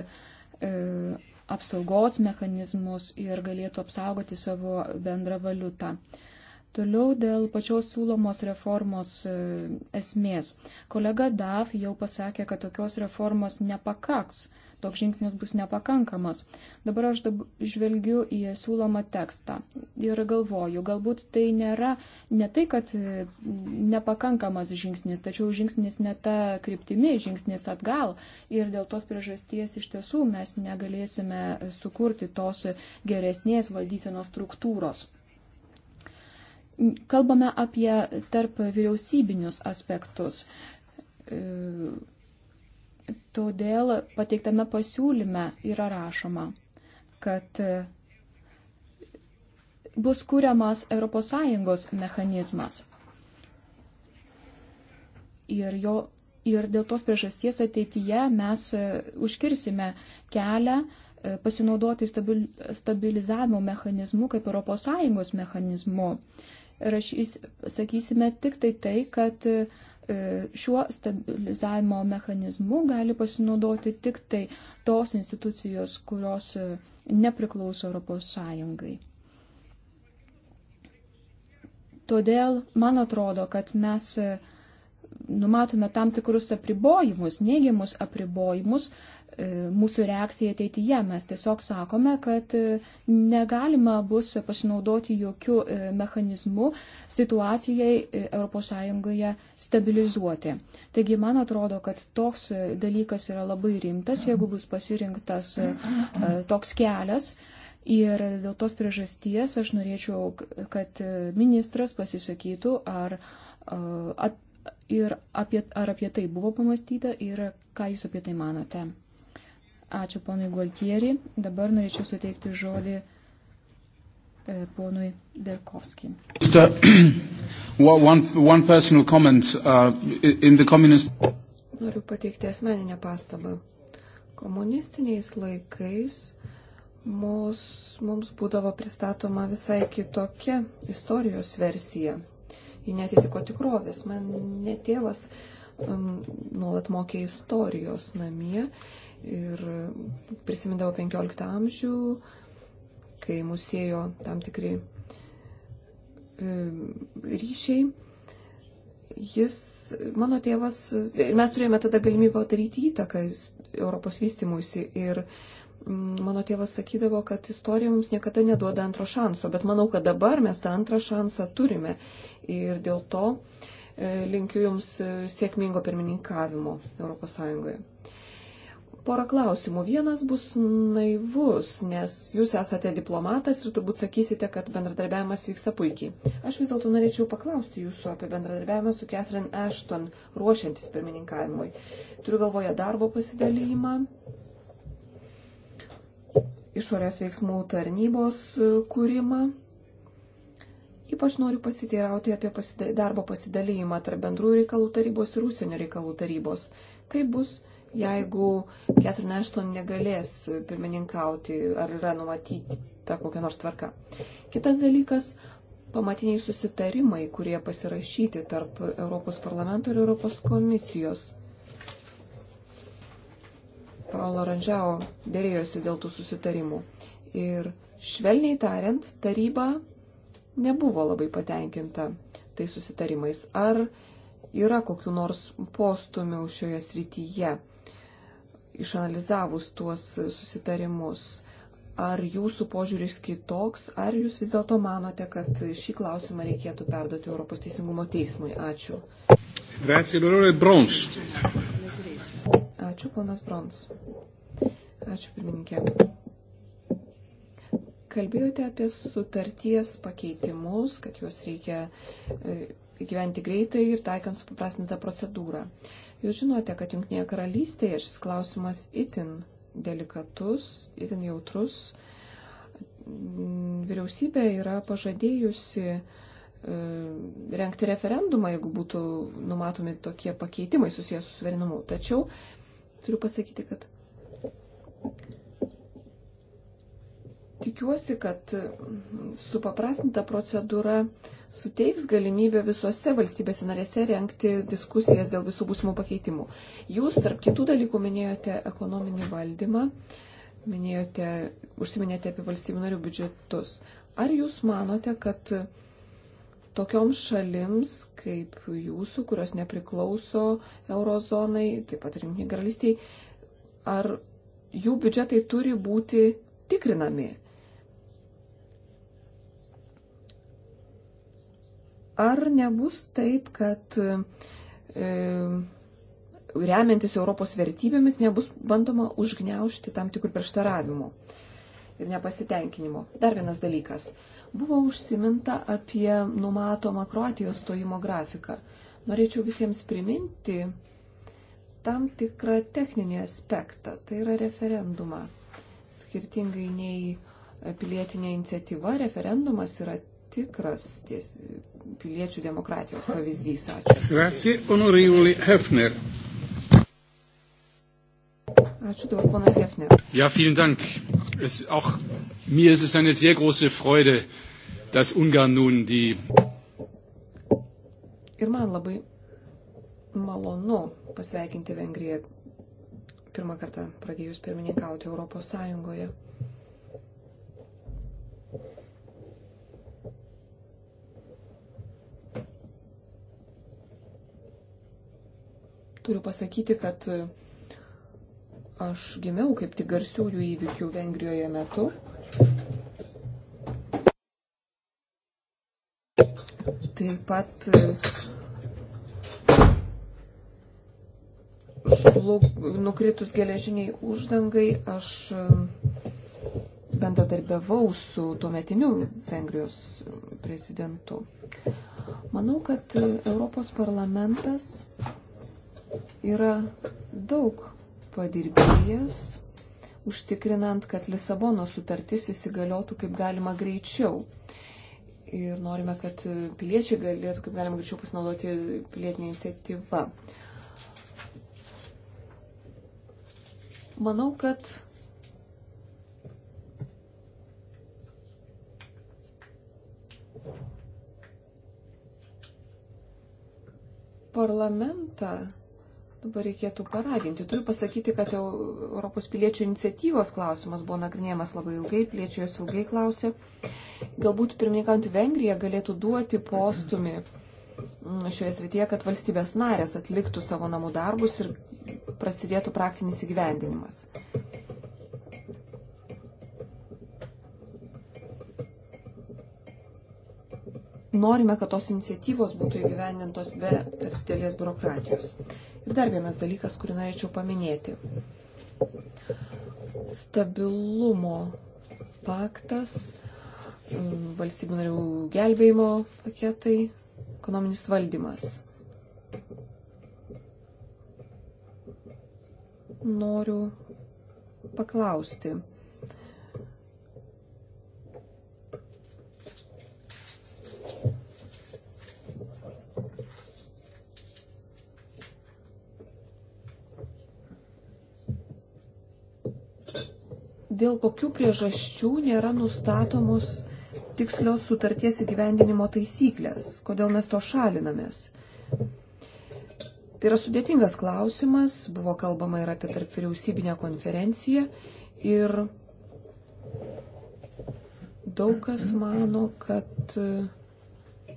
apsaugos mechanizmus ir galėtų apsaugoti savo bendrą valiutą? Toliau dėl pačios siūlomos reformos e, esmės. Kolega DAF jau pasakė, kad tokios reformos nepakaks. E, toks žingsnis bus nepakankamas. Dabar aš dab žvelgiu į siūlomą tekstą ir galvoju, galbūt tai nėra ne tai, kad e, nepakankamas žingsnis, tačiau žingsnis ne ta kryptimi, žingsnis atgal. Ir dėl tos priežasties iš tiesų mes negalėsime sukurti tos geresnės valdysenos struktūros. Kalbame apie tarp vyriausybinius aspektus e, Todėl pateiktame pasiūlyme yra rašoma, kad bus kūriamas ES mechanizmas. Ir, jo, ir dėl tos priežasties ateityje mes e, užkirsime kelią e, pasinaudoti stabil, stabilizavimo mechanizmu kaip ES mechanizmu. Rašys, sakysime tik tai tai, kad E, šiuo stabilizavimo mechanizmu gali pasinaudoti tik tai tos institucijos, kurios e, nepriklauso Europos Sąjungai. Todėl man atrodo, kad mes e, numatome tam tikrus apribojimus, neigiamus apribojimus, E, mūsų reakcija ateityje. Mes tiesiog sakome, kad e, negalima bus pasinaudoti jokių e, mechanizmų situacijai ES stabilizuoti. Taigi, man atrodo, kad toks dalykas yra labai rimtas, jeigu bus pasirinktas toks kelias. Ir dėl tos priežasties aš norėčiau, kad ministras pasisakytų, ar, at, ir apie, ar apie tai buvo pamastyta ir ką jūs apie tai manote. Ačiū ponui Gualtieri. Dabar norėčiau suteikti žodį e, ponui Derkovskį. Uh, Noriu pateikti asmeninę pastabą. Komunistiniais laikais mums, mums būdavo pristatoma visai kitokia istorijos versija. Ji netitiko tikrovės. Man netėvas nuolat mokė istorijos namie ir prisimindavo 15 amžių, kai musėjo tam tikri e, ryšiai. Jis, mano tėvas, mes turėjome tada galimybę padaryti įtaką Europos vystimuisi ir mm, mano tėvas sakydavo, kad istorija mums niekada neduoda antro šanso, bet manau, kad dabar mes tą antrą šansą turime ir dėl to e, linkiu Jums e, sėkmingo pirmininkavimo Europos Sąjungoje. Porą klausimų. Vienas bus naivus, nes jūs esate diplomatas ir turbūt sakysite, kad bendradarbiavimas vyksta puikiai. Aš vis dėlto norėčiau paklausti jūsų apie bendradarbiavimą su Catherine Ashton, ruošiantis pirmininkavimui. Turiu galvoje darbo pasidalymą, išorės veiksmų tarnybos e, kūrimą. Ypač noriu pasiteirauti apie pasida darbo pasidalymą tarp bendrųjų reikalų tarybos ir užsienio reikalų tarybos. Kaip bus jeigu Catherine Ashton negalės pirmininkauti, ar yra numatyta kokia nors tvarka. Kitas dalykas - pamatiniai susitarimai, kurie pasirašyti tarp Europos parlamento ir Europos komisijos. Paolo Randžiao dėrėjosi dėl tų susitarimų. Ir švelniai tariant, taryba nebuvo labai patenkinta tai susitarimais. Ar yra kokiu nors postumiu šioje srityje? išanalizavus tuos susitarimus. Ar jūsų požiūris kitoks, ar jūs vis dėlto manote, kad šį klausimą reikėtų perduoti Europos Teisingumo teismui? Ačiū. Grazie, Lorelė Brons. Ačiū, ponas Brons. Ačiū, pirmininkė. Kalbėjote apie sutarties pakeitimus, kad juos reikia e, gyventi greitai ir taikant supaprastintą procedūrą. Uh, Jūs žinote, kad Junktinėje karalystėje šis klausimas itin delikatus, itin jautrus. Vyriausybė yra pažadėjusi e, rengti referendumą, jeigu būtų numatomi tokie pakeitimai susijęs su suverenumu. Tačiau turiu pasakyti, kad Tikiuosi, kad supaprastinta procedūra suteiks galimybę visose valstybėse narėse renkti diskusijas dėl visų būsimų pakeitimų. Jūs, tarp kitų dalykų, minėjote ekonominį valdymą, minėjote, užsiminėte apie valstybių narių biudžetus. Ar jūs manote, kad tokioms šalims kaip jūsų, kurios nepriklauso eurozonai, taip pat rinkiniai karalystiai, ar jų biudžetai turi būti tikrinami? Ar nebus taip, kad e, remiantis Europos vertybėmis nebus bandoma užgneušti tam tikrų prieštaravimų ir nepasitenkinimo? Dar vienas dalykas. Buvo užsiminta apie numatomą Kroatijos stojimo grafiką. Norėčiau visiems priminti tam tikrą techninį aspektą, tai yra referendumą. Skirtingai nei pilietinė iniciatyva, referendumas yra tikras, ties, piliečių demokratijos pavyzdys. Ačiū. Grazie, honorevoli Hefner. Ačiū dabar, ponas Hefner. Ja, vielen Dank. Es, auch mir ist es eine sehr große Freude, dass Ungarn nun die. Ir man labai malonu pasveikinti Vengriją pirmą kartą pradėjus pirmininkauti Europos Sąjungoje. Turiu pasakyti, kad e, aš gimiau kaip tik garsiųjų įvykių Vengrijoje metu. Taip pat žlug, e, nukritus geležiniai uždangai aš e, bendradarbiavau su tuometiniu Vengrijos prezidentu. Manau, kad Europos parlamentas yra daug padirbėjęs, užtikrinant, kad Lisabono sutartis įsigaliotų kaip galima greičiau. Ir norime, kad piliečiai galėtų kaip galima greičiau pasinaudoti pilietinė iniciatyva. Manau, kad parlamentą dabar reikėtų paraginti. Turiu pasakyti, kad Europos piliečių iniciatyvos klausimas buvo nagrinėjamas labai ilgai, piliečiai jos ilgai klausė. Galbūt pirmininkant Vengrija galėtų duoti postumį mm, šioje srityje, kad valstybės narės atliktų savo namų darbus ir prasidėtų praktinis įgyvendinimas. Norime, kad tos iniciatyvos būtų įgyvendintos be per didelės biurokratijos. Ir dar vienas dalykas, kurį norėčiau paminėti. Stabilumo paktas, mm, valstybių narių gelbėjimo paketai, ekonominis valdymas. Noriu paklausti dėl kokių priežasčių nėra nustatomos tikslios sutarties įgyvendinimo taisyklės, kodėl mes to šalinamės. Tai yra sudėtingas klausimas, buvo kalbama ir apie tarp vyriausybinę konferenciją ir daug kas mano, kad e,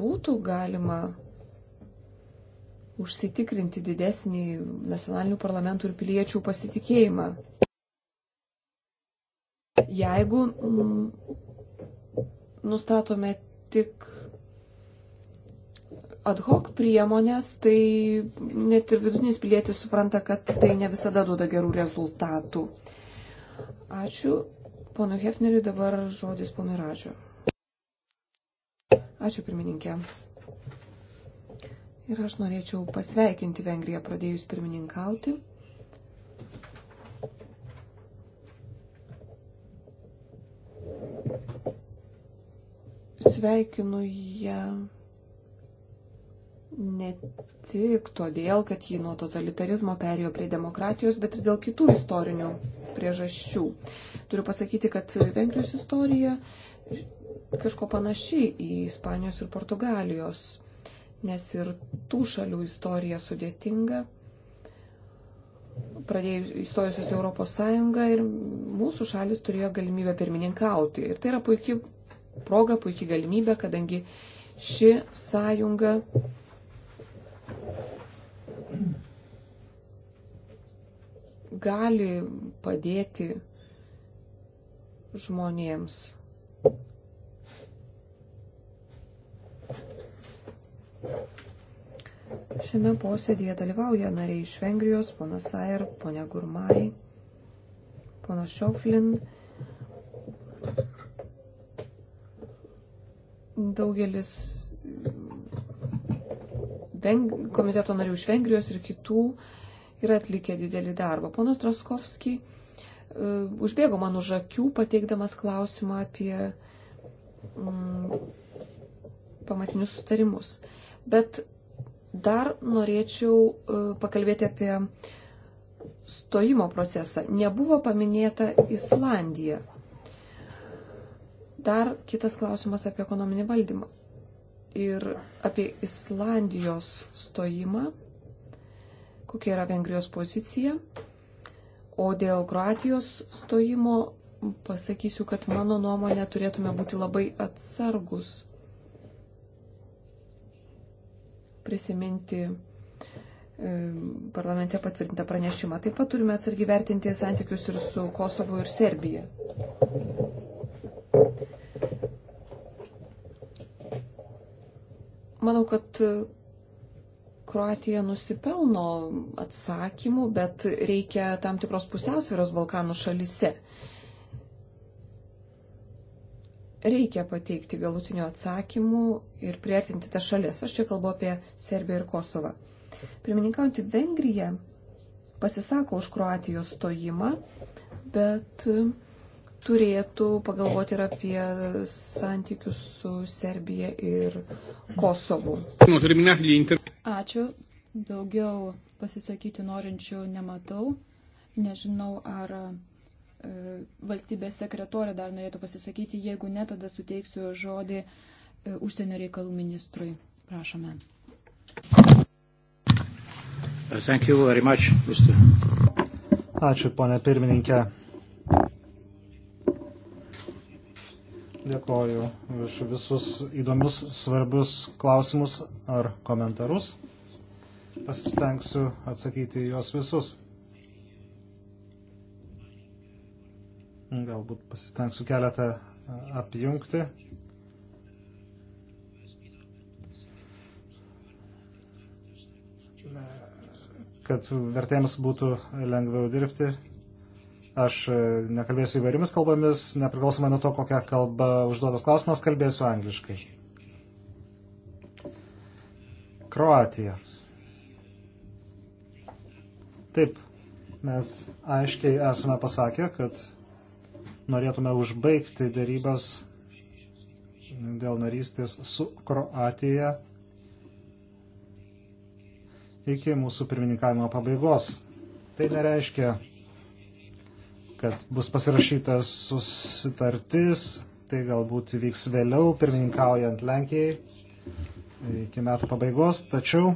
būtų galima užsitikrinti didesnį nacionalinių parlamentų ir piliečių pasitikėjimą. Jeigu mm, nustatome tik ad hoc priemonės, tai net ir vidutinis pilietis supranta, kad tai ne visada duoda gerų rezultatų. Ačiū. Pono Hefneriui dabar žodis pono Radžio. Ačiū pirmininkė. Ir aš norėčiau pasveikinti Vengriją pradėjus pirmininkauti. Sveikinu ją ne tik todėl, kad ji nuo totalitarizmo perėjo prie demokratijos, bet ir dėl kitų istorinių priežasčių. Turiu pasakyti, kad Vengrijos istorija kažko panašiai į Ispanijos ir Portugalijos nes ir tų šalių istorija sudėtinga. Pradėjus įstojusios Europos Sąjunga ir mūsų šalis turėjo galimybę pirmininkauti. Ir tai yra puikia proga, puikia galimybė, kadangi ši sąjunga gali padėti žmonėms Šiame posėdėje dalyvauja nariai iš Vengrijos, ponas Sair, ponia Gurmai, ponas Šioflin. Daugelis komiteto narių iš Vengrijos ir kitų yra atlikę didelį darbą. Ponas Traskovski e, užbėgo man už akių, pateikdamas klausimą apie mm, pamatinius sutarimus. Bet dar norėčiau e, pakalbėti apie stojimo procesą. Nebuvo paminėta Islandija. Dar kitas klausimas apie ekonominį valdymą. Ir apie Islandijos stojimą, kokia yra Vengrijos pozicija. O dėl Kroatijos stojimo pasakysiu, kad mano nuomonė turėtume būti labai atsargus. prisiminti e, parlamente patvirtintą pranešimą. Taip pat turime atsargiai vertinti santykius ir su Kosovu ir Serbija. Manau, kad Kroatija nusipelno atsakymų, bet reikia tam tikros pusiausvėros Balkanų šalise reikia pateikti galutinių atsakymų ir prieartinti tą šalis. Aš čia kalbu apie Serbiją ir Kosovą. Pirmininkaujantį Vengriją pasisako už Kroatijos stojimą, bet e, turėtų pagalvoti ir apie santykius su Serbija ir Kosovu. Ačiū. Daugiau pasisakyti norinčių nematau. Nežinau, ar valstybės sekretorė dar norėtų pasisakyti. Jeigu ne, tada suteiksiu žodį e, užsienio reikalų ministrui. Prašome. Thank you very much, Mr. Ačiū, ponė pirmininkė. Dėkoju už visus įdomius, svarbius klausimus ar komentarus. Pasistengsiu atsakyti juos visus. Galbūt pasistengsiu keletą apjungti. Kad vertėjams būtų lengviau dirbti. Aš nekalbėsiu įvairiomis kalbomis, nepriklausomai nuo to, kokią kalbą užduotas klausimas, kalbėsiu angliškai. Kroatija. Taip, mes aiškiai esame pasakę, kad norėtume užbaigti dėrybas dėl narystės su Kroatija iki mūsų pirmininkavimo pabaigos. Tai nereiškia, kad bus pasirašytas susitartis, tai galbūt vyks vėliau, pirmininkaujant Lenkijai iki metų pabaigos, tačiau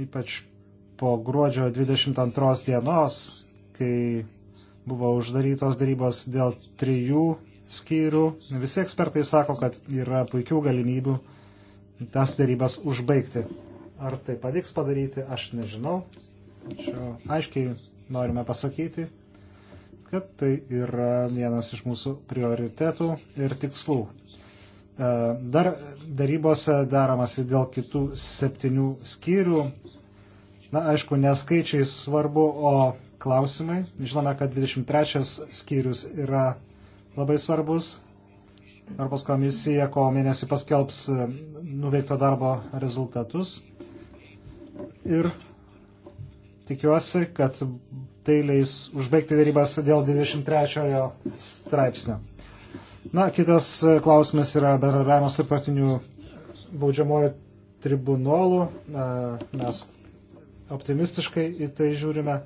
ypač po gruodžio 22 dienos, kai buvo uždarytos darybos dėl trijų skyrių. Visi ekspertai sako, kad yra puikių galimybių tas darybas užbaigti. Ar tai pavyks padaryti, aš nežinau. Čia aiškiai norime pasakyti, kad tai yra vienas iš mūsų prioritetų ir tikslų. E, dar darybose daromasi dėl kitų septynių skyrių. Na, aišku, neskaičiai svarbu, o klausimai. Žinome, kad 23 skyrius yra labai svarbus. Europos komisija kovo mėnesį paskelbs e, nuveikto darbo rezultatus. Ir tikiuosi, kad tai leis užbaigti dėrybas dėl 23 straipsnio. Na, kitas e, klausimas yra bendravimas ir tautinių baudžiamojo tribunolų. E, mes optimistiškai į tai žiūrime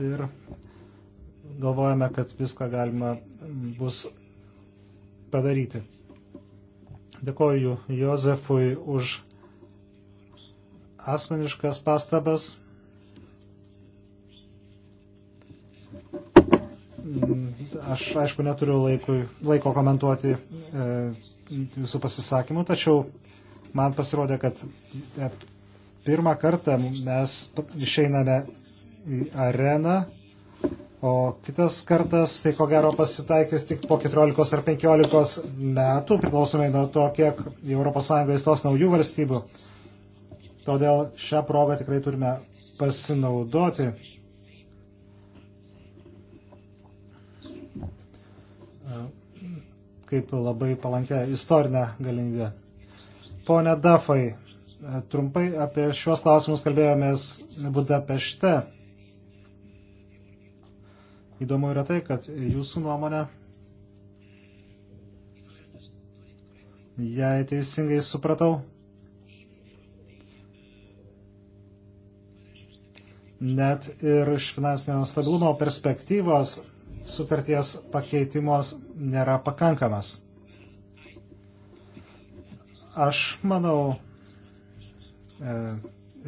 ir galvojame, kad viską galima mm, bus padaryti. Dėkoju Jozefui už asmeniškas pastabas. Mm, aš aišku neturiu laikui, laiko komentuoti e, jūsų pasisakymų, tačiau man pasirodė, kad e, pirmą kartą mes išeiname į areną, o kitas kartas tai ko gero pasitaikys tik po 14 ar 15 metų, priklausomai nuo to, kiek į ES įstos naujų valstybių. Todėl šią progą tikrai turime pasinaudoti. kaip labai palankę istorinę galimybę. Pone Dafai, trumpai apie šiuos klausimus kalbėjomės Budapešte. Įdomu yra tai, kad jūsų nuomonė, jei teisingai supratau, net ir iš finansinio stabilumo perspektyvos sutarties pakeitimos nėra pakankamas. Aš manau, e,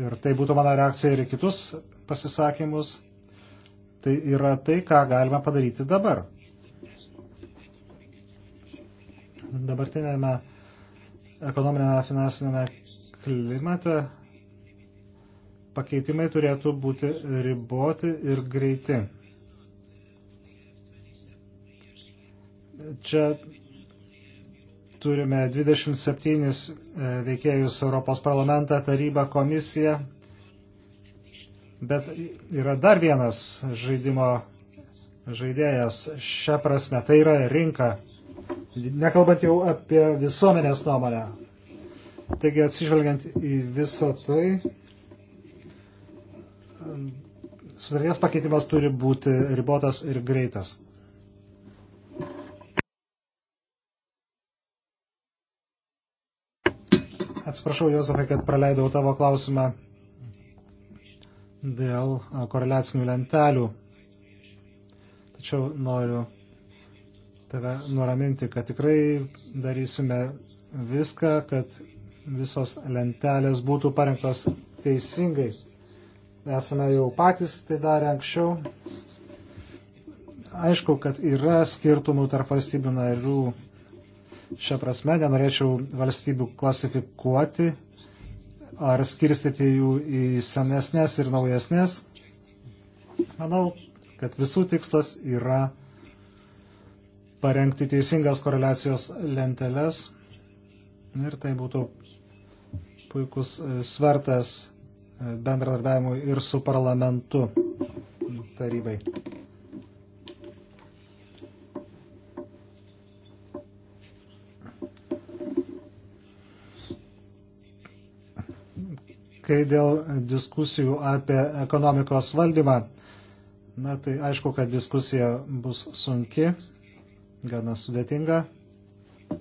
ir tai būtų mano reakcija ir į kitus pasisakymus, tai yra tai, ką galime padaryti dabar. Dabartinėme ekonominėme finansinėme klimate pakeitimai turėtų būti riboti ir greiti. Čia turime 27 e, veikėjus Europos parlamentą, tarybą, komisiją, Bet yra dar vienas žaidimo žaidėjas šią prasme, tai yra rinka, nekalbant jau apie visuomenės nuomonę. Taigi atsižvelgiant į visą tai, sutarties pakeitimas turi būti ribotas ir greitas. Atsiprašau, Jozefai, kad praleidau tavo klausimą dėl koreliacinių lentelių. Tačiau noriu tave nuraminti, kad tikrai darysime viską, kad visos lentelės būtų parengtos teisingai. Esame jau patys tai darę anksčiau. Aišku, kad yra skirtumų tarp valstybių narių. Šią prasme nenorėčiau valstybių klasifikuoti ar skirstyti jų į senesnės ir naujesnės. Manau, kad visų tikslas yra parengti teisingas koreliacijos lenteles ir tai būtų puikus e, svertas e, bendradarbiavimui ir su parlamentu tarybai. Kai dėl diskusijų apie ekonomikos valdymą, na tai aišku, kad diskusija bus sunki, gana sudėtinga. E,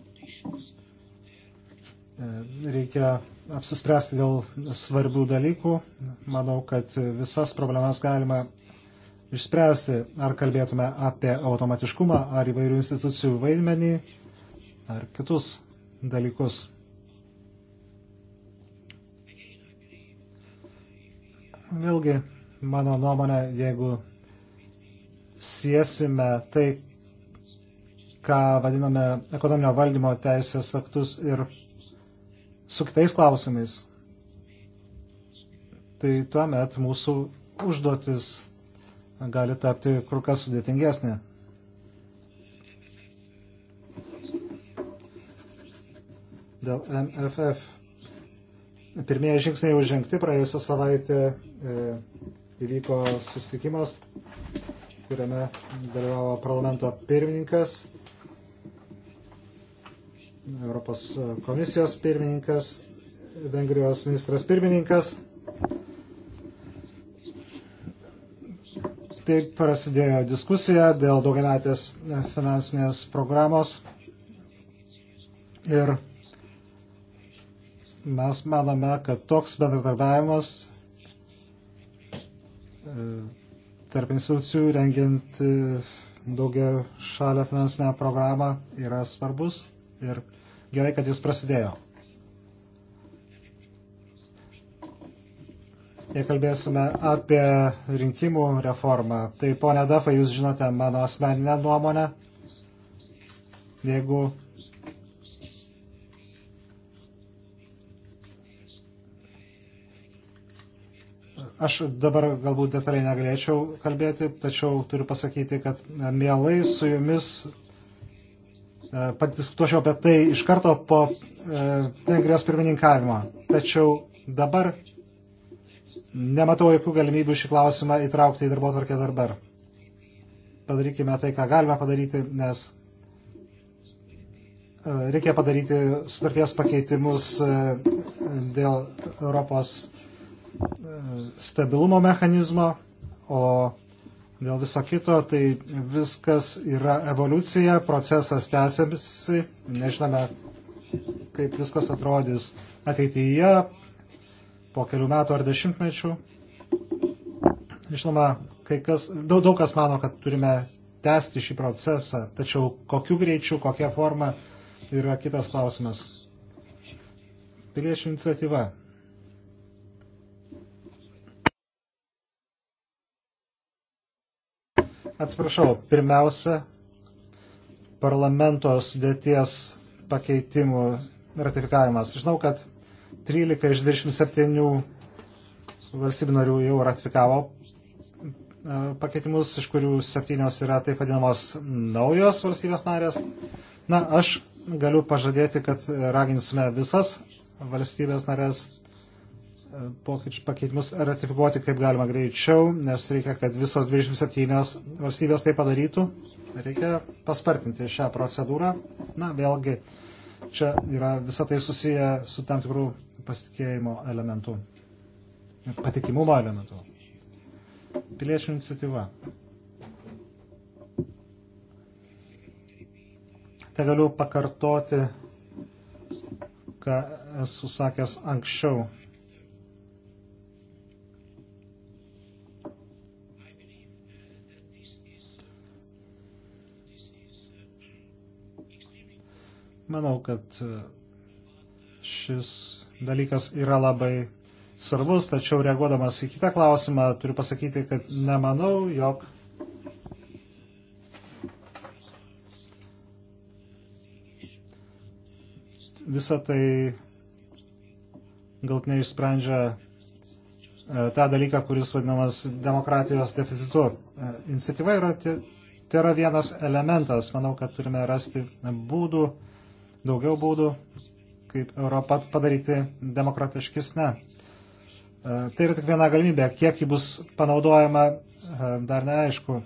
reikia apsispręsti dėl svarbių dalykų. Manau, kad visas problemas galima išspręsti, ar kalbėtume apie automatiškumą, ar įvairių institucijų vaidmenį, ar kitus dalykus. Vėlgi, mano nuomonė, jeigu siesime tai, ką vadiname ekonominio valdymo teisės aktus ir su kitais klausimais, tai tuomet mūsų užduotis gali tapti kur kas sudėtingesnė. Dėl MFF. Pirmieji žingsniai užžengti praėjusią savaitę E, įvyko susitikimas, kuriame dalyvavo parlamento pirmininkas, Europos komisijos pirmininkas, Vengrijos ministras pirmininkas. Taip prasidėjo diskusija dėl daugiametės finansinės programos ir mes manome, kad toks bendradarbiavimas tarp institucijų rengiant e, daugia šalia finansinę programą yra svarbus ir gerai, kad jis prasidėjo. Jei kalbėsime apie rinkimų reformą, tai ponia Dafa, jūs žinote mano asmeninę nuomonę. Jeigu Aš dabar galbūt detaliai negalėčiau kalbėti, tačiau turiu pasakyti, kad e, mielai su jumis e, padiskutuočiau apie tai iš karto po e, Vengrijos pirmininkavimo. Tačiau dabar nematau jokių galimybių šį klausimą įtraukti į darbo tvarkę dabar. Padarykime tai, ką galime padaryti, nes reikia padaryti sutarties pakeitimus dėl Europos stabilumo mechanizmo, o dėl viso kito, tai viskas yra evoliucija, procesas tęsiasi, nežinome, kaip viskas atrodys ateityje, po kelių metų ar dešimtmečių. Žinoma, kai kas, daug, daug kas mano, kad turime tęsti šį procesą, tačiau kokiu greičiu, kokia forma yra kitas klausimas. Piliečių iniciatyva. Atsiprašau, pirmiausia, parlamento sudėties pakeitimų ratifikavimas. Žinau, kad 13 iš 27 valstybių narių jau ratifikavo e, pakeitimus, iš kurių septynios yra taip vadinamos naujos valstybės narės. Na, aš galiu pažadėti, kad raginsime visas valstybės narės pakeitimus ratifikuoti kaip galima greičiau, nes reikia, kad visos 27 valstybės tai padarytų. Reikia paspartinti šią procedūrą. Na, vėlgi, čia yra visą tai susiję su tam tikrų pasitikėjimo elementų, patikimumo elementų. Piliečių iniciatyva. Tai galiu pakartoti, ką esu sakęs anksčiau. Manau, kad e, šis dalykas yra labai svarbus, tačiau reaguodamas į kitą klausimą turiu pasakyti, kad nemanau, jog visą tai galtinai išsprendžia e, tą dalyką, kuris vadinamas demokratijos deficitu. E, iniciatyva yra, tai yra vienas elementas. Manau, kad turime rasti būdų, daugiau būdų, kaip Europą padaryti demokratiškesnę. E, tai yra tik viena galimybė, kiek ji bus panaudojama, e, dar neaišku.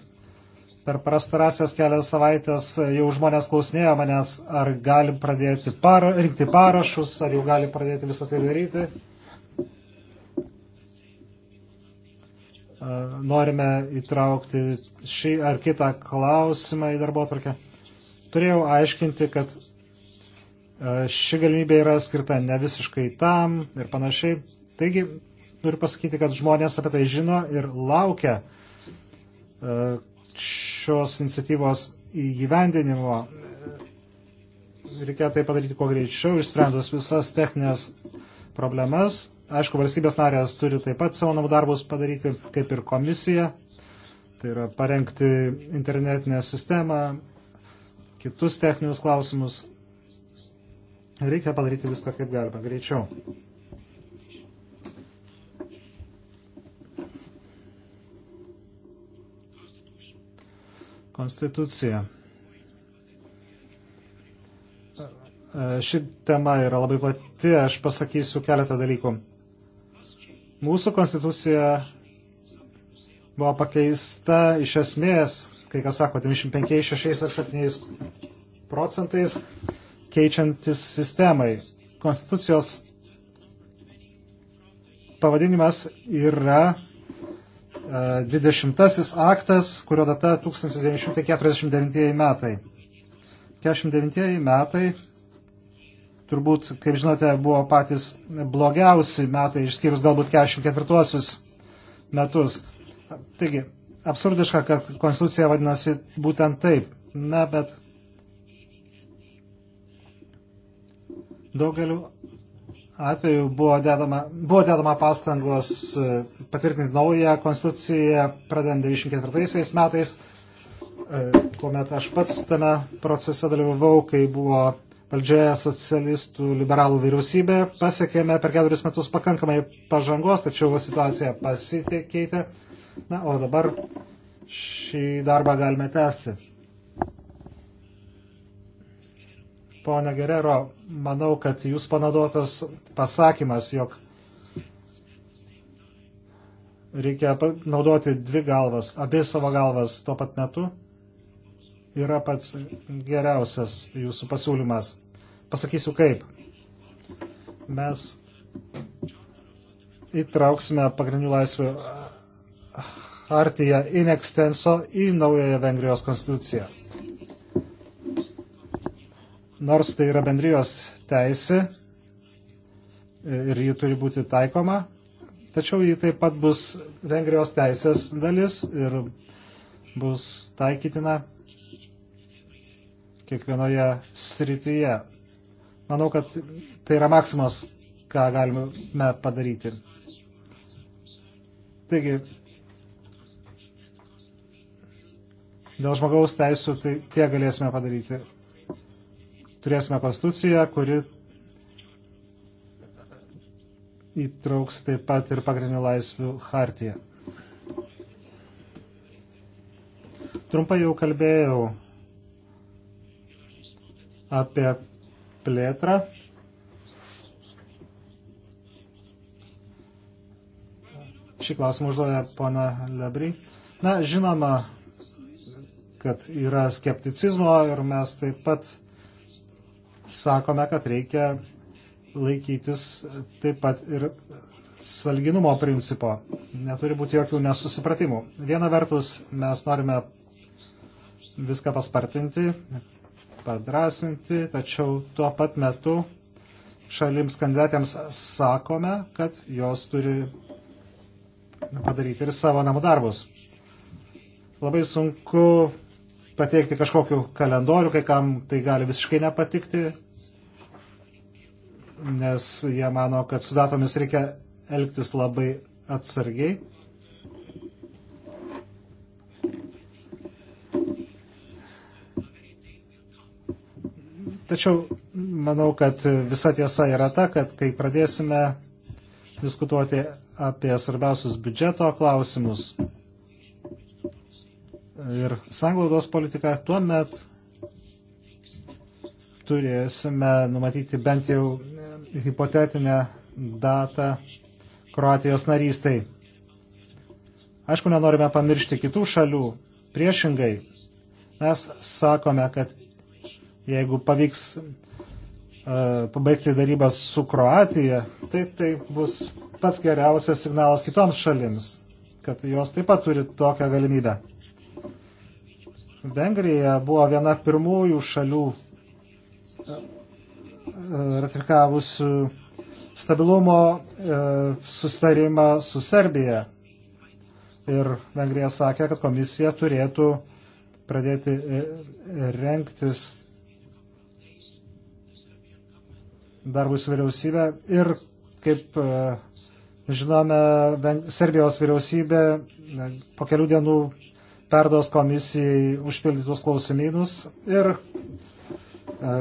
Per pastarąsias kelias savaitės e, jau žmonės klausinėjo manęs, ar gali pradėti para, rinkti parašus, ar jau gali pradėti visą tai daryti. Norime įtraukti šį ar kitą klausimą į darbo atvarkę. Turėjau aiškinti, kad E, ši galimybė yra skirta ne visiškai tam ir panašiai. Taigi, noriu pasakyti, kad žmonės apie tai žino ir laukia e, šios iniciatyvos įgyvendinimo. Reikia tai padaryti kuo greičiau, išsprendus visas techninės problemas. Aišku, valstybės narės turi taip pat savo namų darbus padaryti, kaip ir komisija. Tai yra parengti internetinę sistemą, kitus techninius klausimus Reikia padaryti viską kaip galima greičiau. Konstitucija. Ši tema yra labai plati, aš pasakysiu keletą dalykų. Mūsų konstitucija buvo pakeista iš esmės, kai kas sako, 95, 6 ar 7 procentais keičiantis sistemai. Konstitucijos pavadinimas yra 20 e, aktas, kurio data 1949 metai. 49 metai turbūt, kaip žinote, buvo patys blogiausi metai, išskyrus galbūt 44 metus. Taigi, absurdiška, kad konstitucija vadinasi būtent taip. Na, bet Daugeliu atveju buvo dedama, buvo dedama pastangos e, patvirtinti naują konstituciją, pradedant 94 metais, e, kuomet aš pats tame procese dalyvavau, kai buvo valdžioje socialistų liberalų vyriausybė. Pasiekėme per keturis metus pakankamai pažangos, tačiau situacija pasikeitė. Na, o dabar šį darbą galime tęsti. Pone Gerero, manau, kad jūs panaudotas pasakymas, jog reikia naudoti dvi galvas, abi savo galvas tuo pat metu, yra pats geriausias jūsų pasiūlymas. Pasakysiu kaip. Mes įtrauksime pagrindinių laisvių hartiją in extenso į naująją Vengrijos konstituciją nors tai yra bendrijos teisė ir ji turi būti taikoma, tačiau ji taip pat bus Vengrijos teisės dalis ir bus taikytina kiekvienoje srityje. Manau, kad tai yra maksimas, ką galime padaryti. Taigi, dėl žmogaus teisų tai tie galėsime padaryti turėsime konstituciją, kuri įtrauks taip pat ir pagrindinių laisvių hartiją. Trumpai jau kalbėjau apie plėtrą. Šį klausimą užduoja pana Lebry. Na, žinoma, kad yra skepticizmo ir mes taip pat sakome, kad reikia laikytis taip pat ir salginumo principo. Neturi būti jokių nesusipratimų. Viena vertus, mes norime viską paspartinti, padrasinti, tačiau tuo pat metu šalims kandidatėms sakome, kad jos turi padaryti ir savo namų darbus. Labai sunku pateikti kažkokiu kalendoriu, kai kam tai gali visiškai nepatikti, nes jie mano, kad su datomis reikia elgtis labai atsargiai. Tačiau manau, kad visa tiesa yra ta, kad kai pradėsime diskutuoti apie svarbiausius biudžeto klausimus, ir sanglaudos politiką, tuomet turėsime numatyti bent jau hipotetinę datą Kroatijos narystai. Aišku, nenorime pamiršti kitų šalių. Priešingai, mes sakome, kad jeigu pavyks uh, pabaigti darybas su Kroatija, tai tai bus pats geriausias signalas kitoms šalims, kad jos taip pat turi tokią galimybę. Vengrija buvo viena pirmųjų šalių e, e, ratifikavusių e, stabilumo susitarimą su Serbija. Ir Vengrija sakė, kad komisija turėtų pradėti renktis darbus vyriausybę. Ir kaip žinome, Serbijos vyriausybė po kelių dienų perduos komisijai užpildytus klausimynus ir e,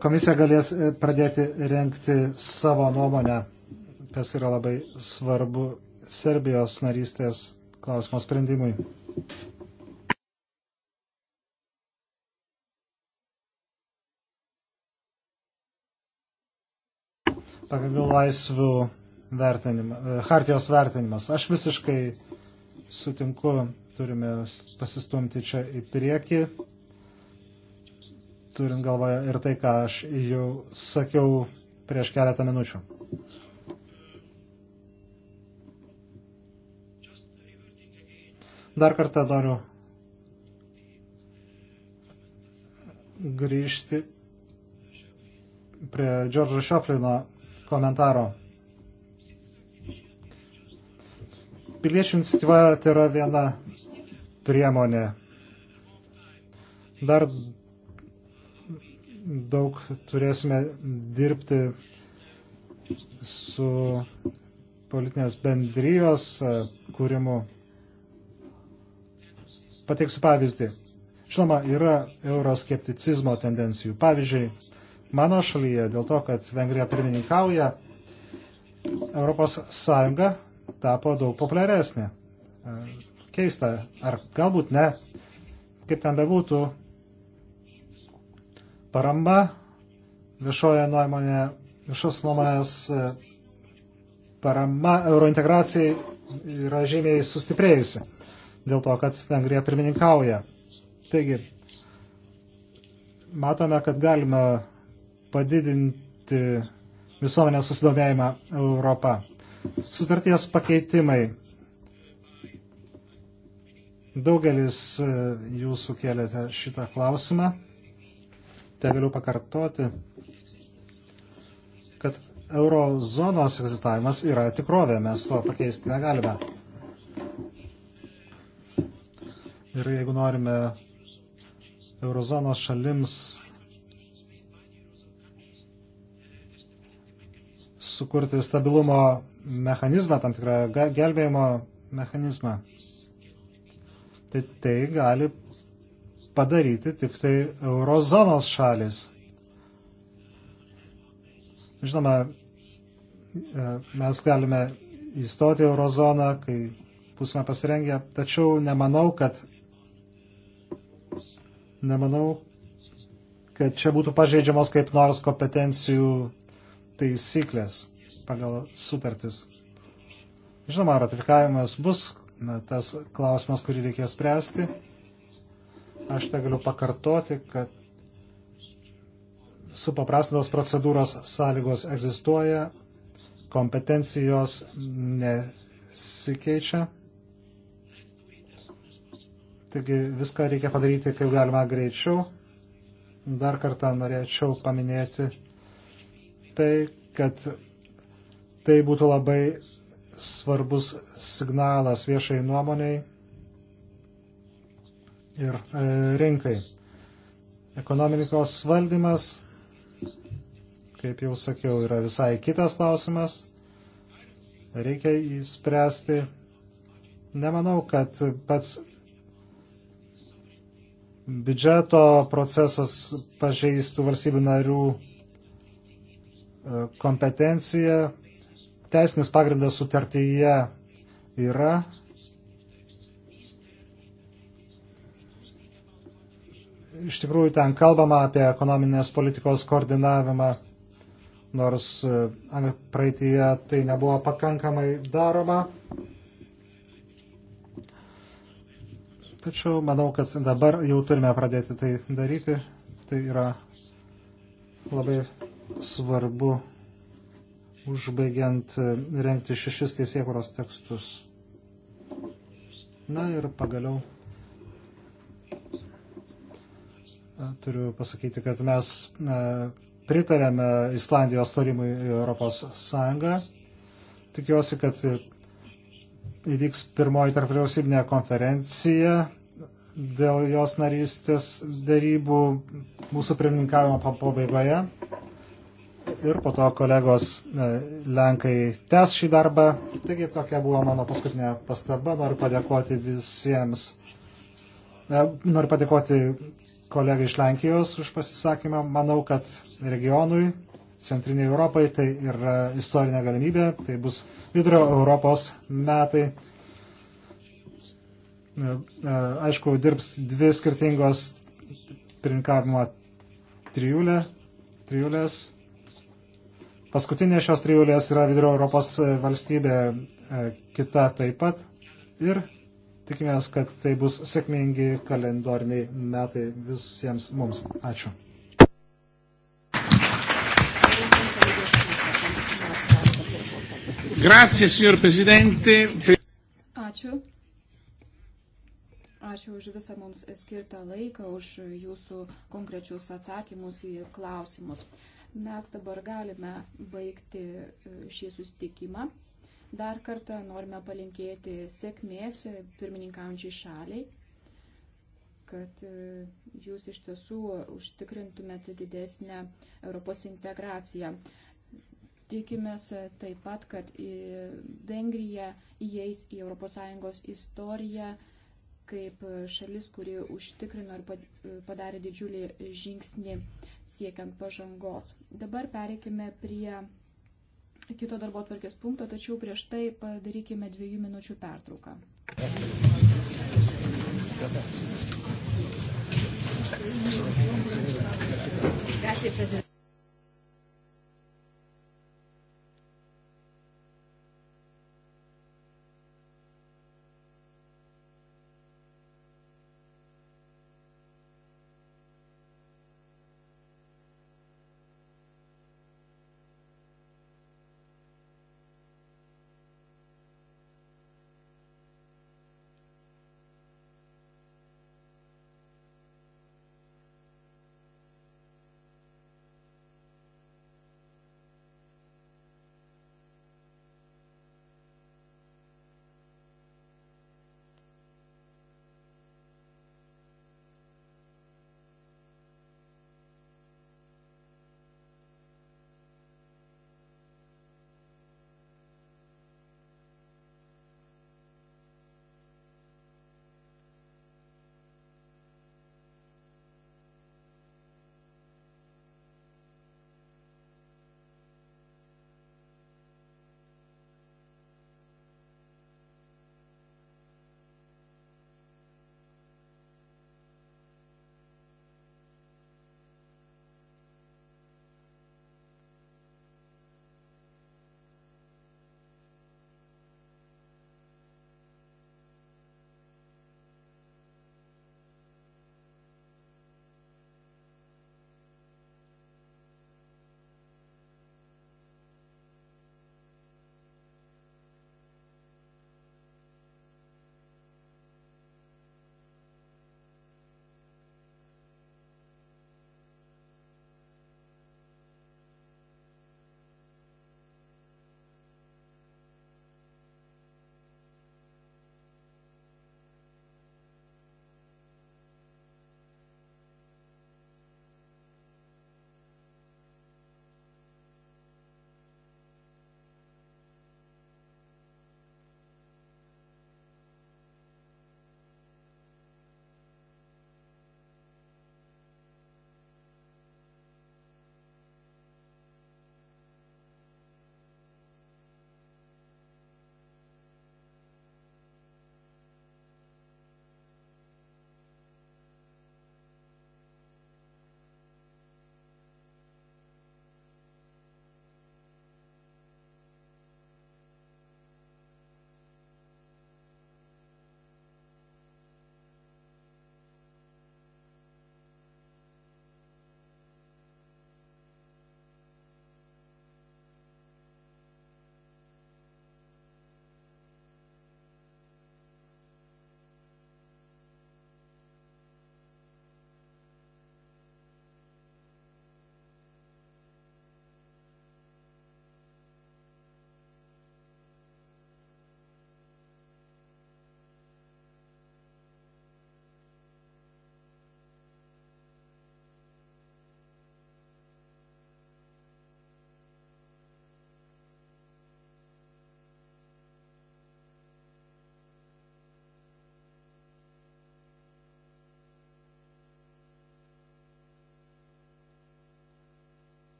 komisija galės e, pradėti renkti savo nuomonę, kas yra labai svarbu Serbijos narystės klausimo sprendimui. Pagal laisvių vertinimą, e, hartijos vertinimas. Aš visiškai sutinku turime pasistumti čia į priekį, turint galvoje ir tai, ką aš jau sakiau prieš keletą minučių. Dar kartą noriu grįžti prie Džordžo Šioplino komentaro. Piliečių iniciatyva tai yra viena priemonė. Dar daug turėsime dirbti su politinės bendrijos e, kūrimu. Pateiksiu pavyzdį. Žinoma, yra euroskepticizmo tendencijų. Pavyzdžiui, mano šalyje, dėl to, kad Vengrija pirmininkauja, ES tapo daug populiaresnė. E, keista, ar galbūt ne, kaip ten bebūtų, paramba viešoje nuomonė, viešos nuomonės parama eurointegracijai yra žymiai sustiprėjusi dėl to, kad Vengrija pirmininkauja. Taigi, matome, kad galima padidinti visuomenės susidomėjimą Europą. Sutarties pakeitimai Daugelis e, jūsų kėlėte šitą klausimą. Te galiu pakartoti, kad eurozonos egzistavimas yra tikrovė, mes to pakeisti negalime. Ir jeigu norime eurozonos šalims sukurti stabilumo mechanizmą, tam tikrą gelbėjimo mechanizmą, tai tai gali padaryti tik tai eurozonos šalis. Žinoma, e, mes galime įstoti eurozoną, kai būsime pasirengę, tačiau nemanau, kad nemanau, kad čia būtų pažeidžiamos kaip nors kompetencijų taisyklės pagal sutartis. Žinoma, ratifikavimas bus tas klausimas, kurį reikės spręsti. Aš te galiu pakartoti, kad supaprastintos procedūros sąlygos egzistuoja, kompetencijos nesikeičia. Taigi viską reikia padaryti kaip galima greičiau. Dar kartą norėčiau paminėti tai, kad tai būtų labai svarbus signalas viešai nuomoniai ir e, rinkai. Ekonomikos valdymas, kaip jau sakiau, yra visai kitas klausimas. Reikia įspręsti. Nemanau, kad pats biudžeto procesas pažeistų valstybių narių e, kompetenciją teisinis pagrindas sutartyje yra. Iš tikrųjų, ten kalbama apie ekonominės politikos koordinavimą, nors e, praeitįje tai nebuvo pakankamai daroma. Tačiau manau, kad dabar jau turime pradėti tai daryti. Tai yra labai svarbu užbaigiant e, renkti šešis teisėkuros tekstus. Na ir pagaliau e, turiu pasakyti, kad mes e, pritarėme Islandijos storimui į Europos Sąjungą. Tikiuosi, kad įvyks pirmoji tarpvyriausybinė konferencija dėl jos narystės darybų mūsų pirmininkavimo pabaigoje ir po to kolegos e, Lenkai tęs šį darbą. Taigi tokia buvo mano paskutinė pastaba. Noriu padėkoti visiems. E, noriu padėkoti kolegai iš Lenkijos už pasisakymą. Manau, kad regionui, centriniai Europai tai yra istorinė galimybė. Tai bus vidurio Europos metai. E, aišku, dirbs dvi skirtingos pirinkavimo trijulė, trijulės Paskutinė šios trijulės yra Vidurio Europos e, valstybė, e, kita taip pat. Ir tikimės, kad tai bus sėkmingi kalendoriniai metai visiems mums. Ačiū. Grazie, signor Presidente. Ačiū. Ačiū už visą mums skirtą laiką, už jūsų konkrečius atsakymus į klausimus. Mes dabar galime baigti e, šį sustikimą. Dar kartą norime palinkėti sėkmės pirmininkaujančiai šaliai, kad e, jūs iš tiesų užtikrintumėte didesnę Europos integraciją. Tikimės e, taip pat, kad Vengrija įeis į ES istoriją kaip šalis, kuri užtikrino ir padarė didžiulį žingsnį siekiant pažangos. Dabar pereikime prie kito darbo atvarkės punkto, tačiau prieš tai padarykime dviejų minučių pertrauką. Grazie Presidente.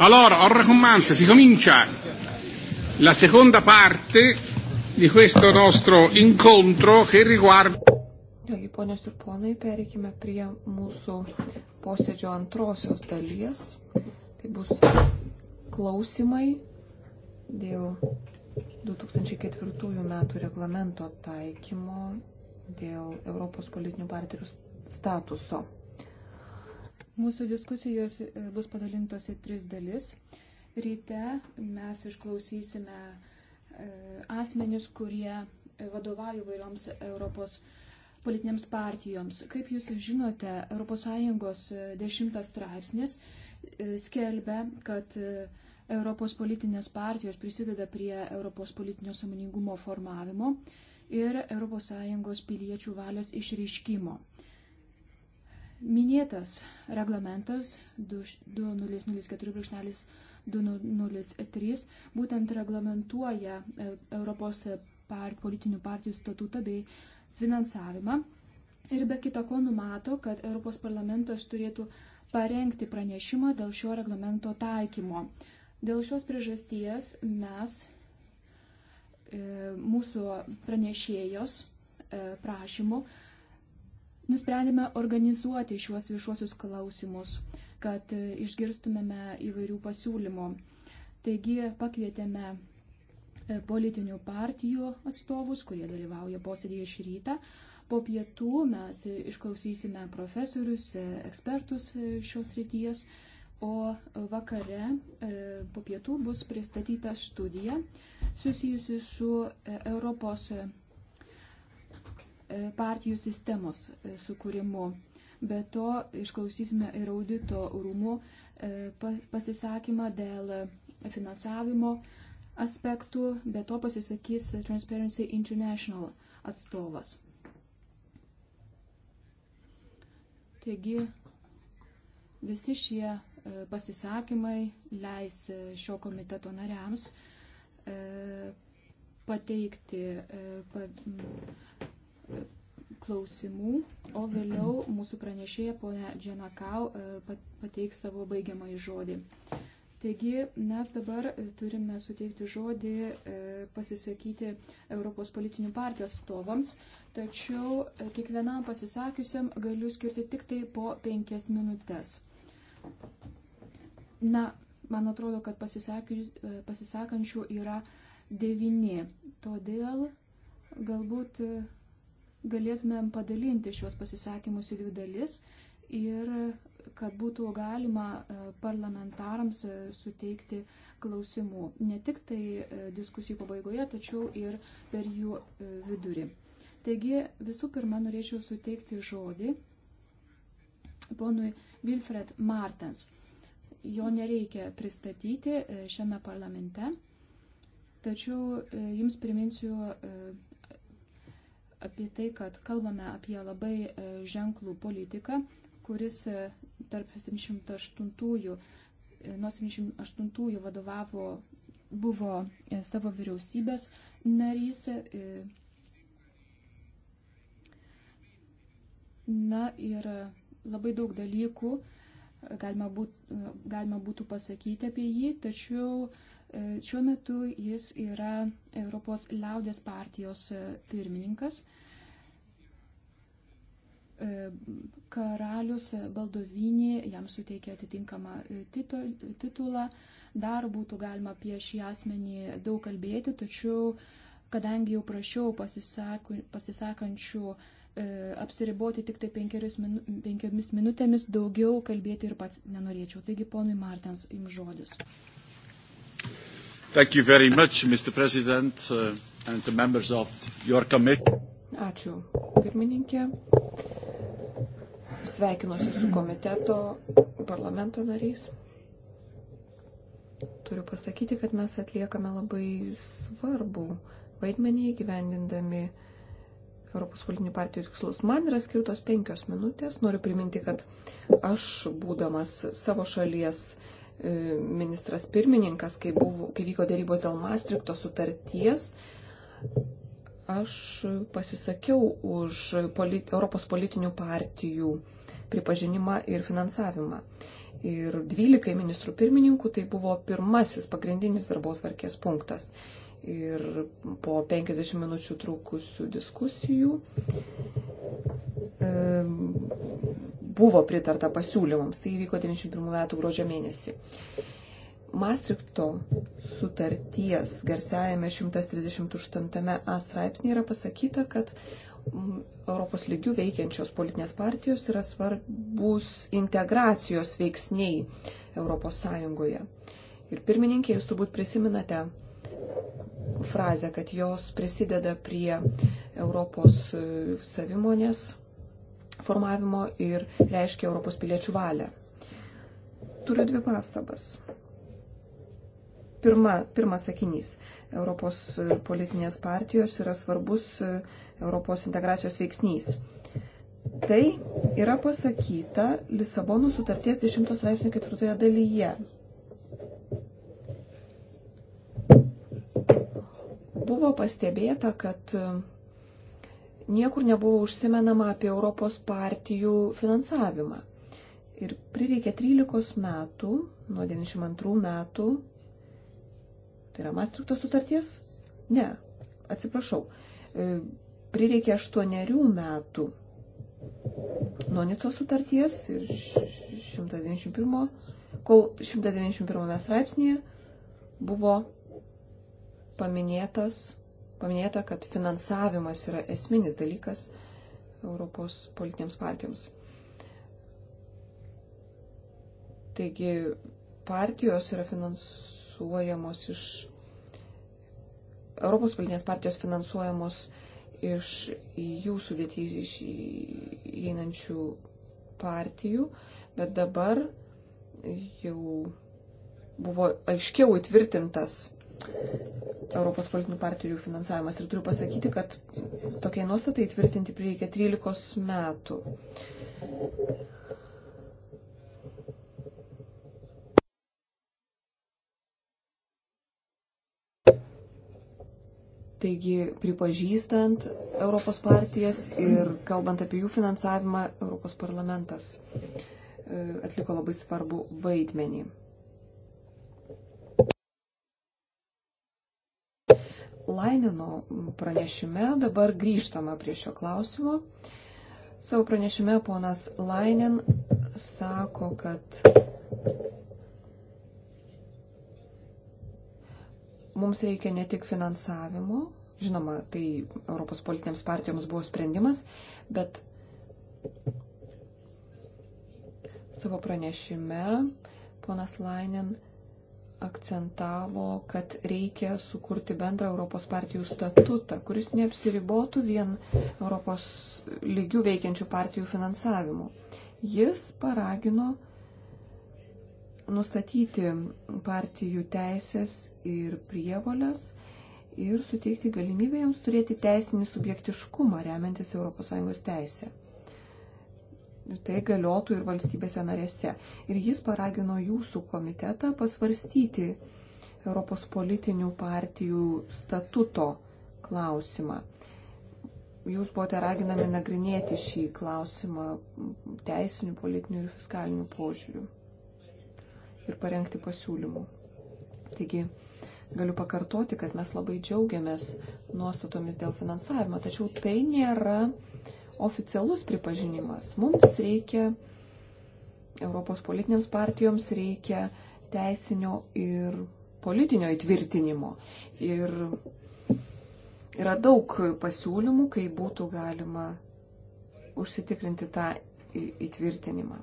Allora, Orra Commanza, si comincia la seconda parte di questo nostro incontro che riguarda. Taigi, ponios ir ponai, pereikime prie mūsų posėdžio antrosios dalies. Tai bus klausimai dėl 2004 metų reglamento taikymo dėl Europos politinių partijų statuso. Mūsų diskusijos e, bus padalintos į tris dalis. Ryte mes išklausysime e, asmenis, kurie vadovauja vairioms Europos politinėms partijoms. Kaip jūs žinote, ES e, dešimtas straipsnis skelbia, kad Europos politinės partijos prisideda prie Europos politinio samoningumo formavimo ir ES piliečių valios išreiškimo. Minėtas reglamentas 2004-203 nu- būtent reglamentuoja e, Europos part, politinių partijų statutą bei finansavimą ir be kita ko numato, kad Europos parlamentas turėtų parengti pranešimą dėl šio reglamento taikymo. Dėl šios priežasties mes, e, mūsų pranešėjos e, prašymu, Nusprendėme organizuoti šiuos viešuosius klausimus, kad e, išgirstumėme įvairių pasiūlymų. Taigi pakvietėme e, politinių partijų atstovus, kurie dalyvauja posėdėje šį rytą. Po pietų mes išklausysime profesorius, e, ekspertus šios ryties, o vakare po pietų bus pristatyta studija susijusi su Europos E, partijų sistemos e, sukūrimu. Be to išklausysime ir audito rūmų e, pasisakymą dėl finansavimo aspektų, be to pasisakys Transparency International atstovas. Taigi visi šie pasisakymai leis šio komiteto nariams pateikti klausimų, o vėliau mūsų pranešėja ponė Dženakau e, pateiks savo baigiamąjį žodį. Taigi mes dabar e, turime suteikti žodį e, pasisakyti Europos politinių partijų atstovams, tačiau e, kiekvienam pasisakiusiam galiu skirti tik tai po penkias minutės. Na, man atrodo, kad pasisakiu, pasisakančių yra devini, todėl galbūt galėtumėm padalinti šios pasisakymus į dvi dalis ir kad būtų galima e, parlamentarams e, suteikti klausimų ne tik tai e, diskusijų pabaigoje, tačiau ir per jų vidurį. Taigi visų pirma norėčiau suteikti žodį ponui Wilfred Martens. Jo nereikia pristatyti šiame parlamente, tačiau jums priminsiu apie tai, kad kalbame apie labai e, ženklų politiką, kuris e, tarp 78-ųjų, e, nuo 78-ųjų vadovavo, buvo savo vyriausybės narys. Na ir labai daug dalykų galima, būt, galima būtų pasakyti apie jį, tačiau E, šiuo metu jis yra Europos liaudės partijos e, pirmininkas. E, karalius Baldovinį jam suteikė atitinkamą titulą. Dar būtų galima apie šį asmenį daug kalbėti, tačiau kadangi jau prašiau pasisakančių apsiriboti tik tai minu, penkiomis minutėmis, daugiau kalbėti ir pats nenorėčiau. Taigi, ponui Martens, jums žodis. Thank you very much, Mr. President, uh, and the members of your committee. Ačiū, pirmininkė. Sveikinuosi su komiteto parlamento nariais. Turiu pasakyti, kad mes atliekame labai svarbų vaidmenį gyvendindami Europos politinių partijų tikslus. Man yra skirtos penkios minutės. Noriu priminti, kad aš, būdamas savo šalies uh, E, ministras pirmininkas, kai, buvo, kai vyko dėrybos dėl Mastrikto sutarties, aš pasisakiau už polit, Europos politinių partijų pripažinimą ir finansavimą. Ir 12 ministrų pirmininkų tai buvo pirmasis pagrindinis darbo tvarkės punktas. Ir po 50 minučių trukusių diskusijų e, buvo pritarta pasiūlymams. Tai įvyko 91 metų gruodžio mėnesį. Maastrichto sutarties garsiajame 138a straipsnėje yra pasakyta, kad mm, Europos lygių veikiančios politinės partijos yra svarbus integracijos veiksniai Europos Sąjungoje. Ir pirmininkė, jūs turbūt prisiminate frazę, kad jos prisideda prie Europos e, savimonės formavimo ir reiškia Europos piliečių valią. Turiu dvi pastabas. Pirma, pirmas sakinys. Europos politinės partijos yra svarbus Europos integracijos veiksnys. Tai yra pasakyta Lisabonų sutarties 10 straipsnio 4 dalyje. Buvo pastebėta, kad niekur nebuvo užsimenama apie Europos partijų finansavimą. Ir prireikė 13 metų, nuo 92 metų, tai yra Mastrikto sutarties? Ne, atsiprašau, e, prireikė 8 metų nuo Nico sutarties ir 191, kol 191 straipsnėje buvo paminėtas paminėta, kad finansavimas yra esminis dalykas Europos politinėms partijoms. Taigi partijos yra finansuojamos iš Europos politinės partijos finansuojamos iš jų sudėtį iš įeinančių partijų, bet dabar jau buvo aiškiau įtvirtintas Europos politinių partijų finansavimas. Ir turiu pasakyti, kad tokiai nuostatai tvirtinti prireikia 13 metų. Taigi, pripažįstant Europos partijas ir kalbant apie jų finansavimą, Europos parlamentas e, atliko labai svarbu vaidmenį. Lainino pranešime dabar grįžtama prie šio klausimo. Savo pranešime ponas Lainin sako, kad mums reikia ne tik finansavimo, žinoma, tai Europos politinėms partijoms buvo sprendimas, bet savo pranešime ponas Lainin akcentavo, kad reikia sukurti bendrą Europos partijų statutą, kuris neapsiribotų vien Europos lygių veikiančių partijų finansavimu. Jis paragino nustatyti partijų teisės ir prievolės ir suteikti galimybę jiems turėti teisinį subjektiškumą remiantis ES teisė tai galiotų ir valstybėse narėse. Ir jis paragino jūsų komitetą pasvarstyti Europos politinių partijų statuto klausimą. Jūs buvote raginami nagrinėti šį klausimą teisinių, politinių ir fiskalinių požiūrių ir parengti pasiūlymų. Taigi, galiu pakartoti, kad mes labai džiaugiamės nuostatomis dėl finansavimo, tačiau tai nėra oficialus pripažinimas. Mums reikia, Europos politinėms partijoms reikia teisinio ir politinio įtvirtinimo. Ir yra daug pasiūlymų, kai būtų galima užsitikrinti tą įtvirtinimą.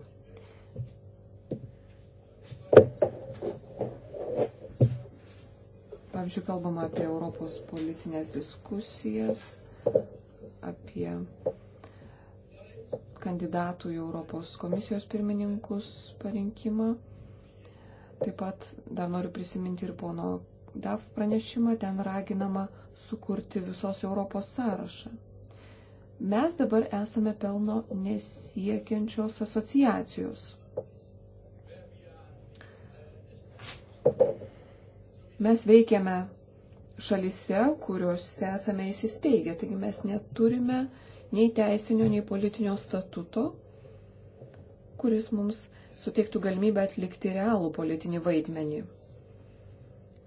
Pavyzdžiui, kalbama apie Europos politinės diskusijas, apie kandidatų į Europos komisijos pirmininkus parinkimą. Taip pat dar noriu prisiminti ir pono DAF pranešimą, ten raginama sukurti visos Europos sąrašą. Mes dabar esame pelno nesiekiančios asociacijos. Mes veikiame šalise, kuriuose esame įsisteigę, taigi mes neturime uh, nei teisinio, nei politinio statuto, kuris mums suteiktų galimybę atlikti realų politinį vaidmenį.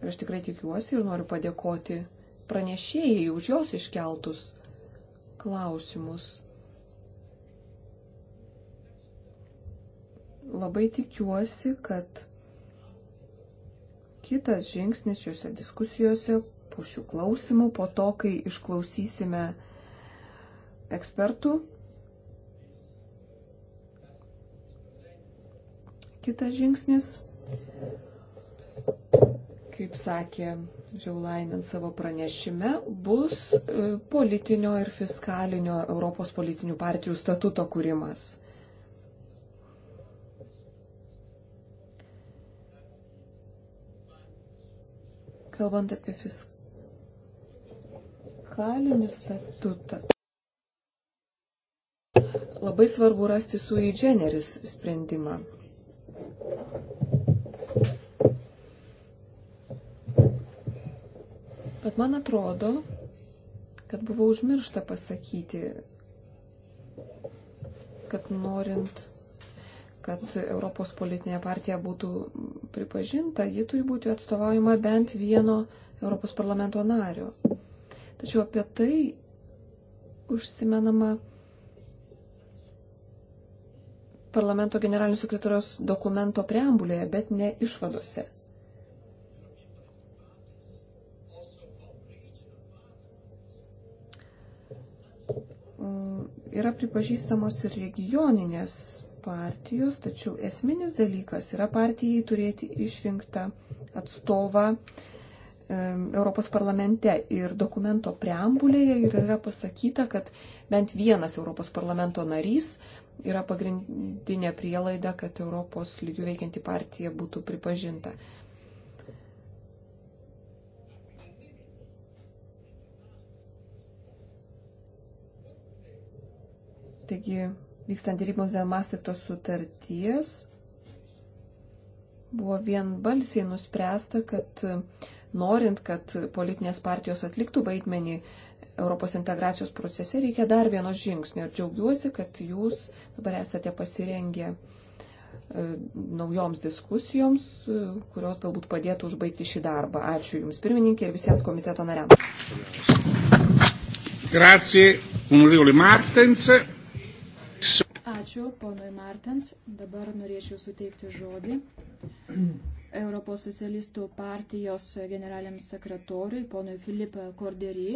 Ir aš tikrai tikiuosi ir noriu padėkoti pranešėjai už jos iškeltus klausimus. Labai tikiuosi, kad kitas žingsnis šiuose diskusijose po šių klausimų, po to, kai išklausysime ekspertų. Kitas žingsnis, kaip sakė Žiaulainin savo pranešime, bus e, politinio ir fiskalinio Europos politinių partijų statuto kūrimas. kalbant apie fiskalinį statutą labai svarbu rasti sui generis sprendimą. Bet man atrodo, kad buvo užmiršta pasakyti, kad norint, kad Europos politinė partija būtų pripažinta, ji turi būti atstovaujama bent vieno Europos parlamento nario. Tačiau apie tai užsimenama parlamento generalinio sekretorijos dokumento preambulėje, bet ne išvadose. Yra pripažįstamos ir regioninės partijos, tačiau esminis dalykas yra partijai turėti išrinktą atstovą Europos parlamente. Ir dokumento preambulėje ir yra pasakyta, kad bent vienas Europos parlamento narys yra pagrindinė prielaida, kad Europos lygių veikianti partija būtų pripažinta. Taigi, vykstant dėryboms dėl Mastrikto sutarties, buvo vienbalsiai nuspręsta, kad norint, kad politinės partijos atliktų vaidmenį Europos integracijos procese reikia dar vieno žingsnio ir džiaugiuosi, kad jūs dabar esate pasirengę e, naujoms diskusijoms, e, kurios galbūt padėtų užbaigti šį darbą. Ačiū Jums, pirmininkė, ir visiems komiteto nariams. Grazie, onorevole Martens. Ačiū, ponui Martens. Dabar norėčiau suteikti žodį Europos socialistų partijos generaliniam sekretoriui, ponui Filip Korderį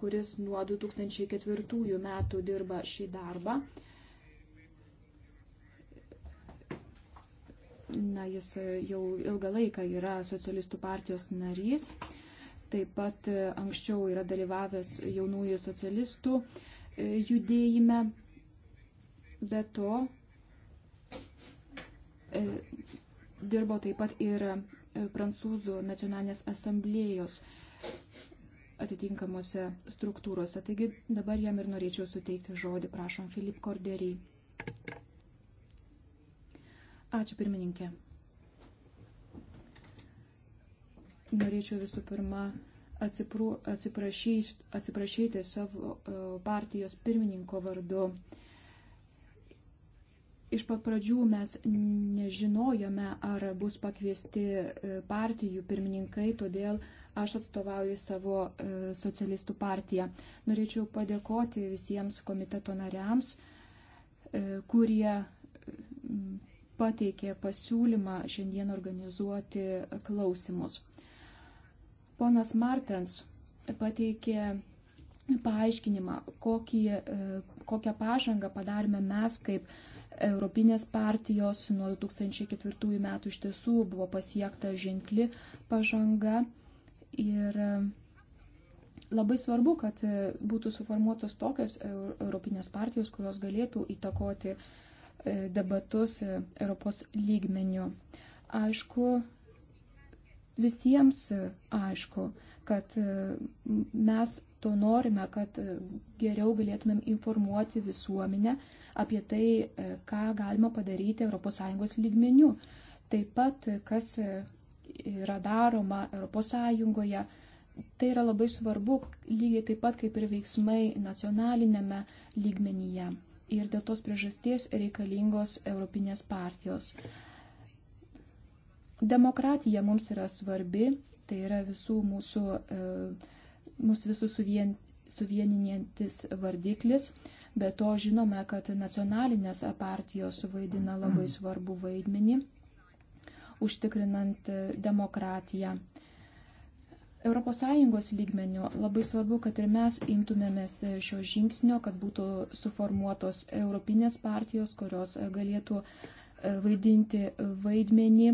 kuris nuo 2004 metų dirba šį darbą. Na, jis jau ilgą laiką yra socialistų partijos narys. Taip pat anksčiau yra dalyvavęs jaunųjų socialistų e, judėjime. Be to, e, dirbo taip pat ir e, Prancūzų nacionalinės asamblėjos atitinkamuose struktūrose. Taigi dabar jam ir norėčiau suteikti žodį, prašom, Filip Korderį. Ačiū pirmininkė. Norėčiau visų pirma atsipru, atsiprašyti savo e, partijos pirmininko vardu. Iš pat pradžių mes nežinojome, ar bus pakviesti e, partijų pirmininkai, todėl uh, Aš atstovauju savo e, socialistų partiją. Norėčiau padėkoti visiems komiteto nariams, e, kurie pateikė pasiūlymą šiandien organizuoti klausimus. Ponas Martens pateikė paaiškinimą, kokį, e, kokią pažangą padarėme mes kaip Europinės partijos nuo 2004 metų iš tiesų buvo pasiekta ženkli pažanga. Ir e, labai svarbu, kad e, būtų suformuotos tokios europinės partijos, kurios galėtų įtakoti e, debatus Europos lygmeniu. Aišku, visiems aišku, kad mes to norime, kad geriau galėtumėm informuoti visuomenę apie tai, ką galima padaryti ES lygmeniu. Taip pat, kas yra daroma ES. Tai yra labai svarbu, lygiai taip pat kaip ir veiksmai nacionalinėme lygmenyje. Ir dėl tos priežasties reikalingos Europinės partijos. Demokratija mums yra svarbi, tai yra visų mūsų, e, mūsų visų suvien, suvieninėtis vardiklis. Be to žinome, kad nacionalinės partijos vaidina labai mm. svarbu vaidmenį užtikrinant demokratiją. ES lygmenių labai svarbu, kad ir mes imtumėmės šio žingsnio, kad būtų suformuotos europinės partijos, kurios galėtų e, vaidinti vaidmenį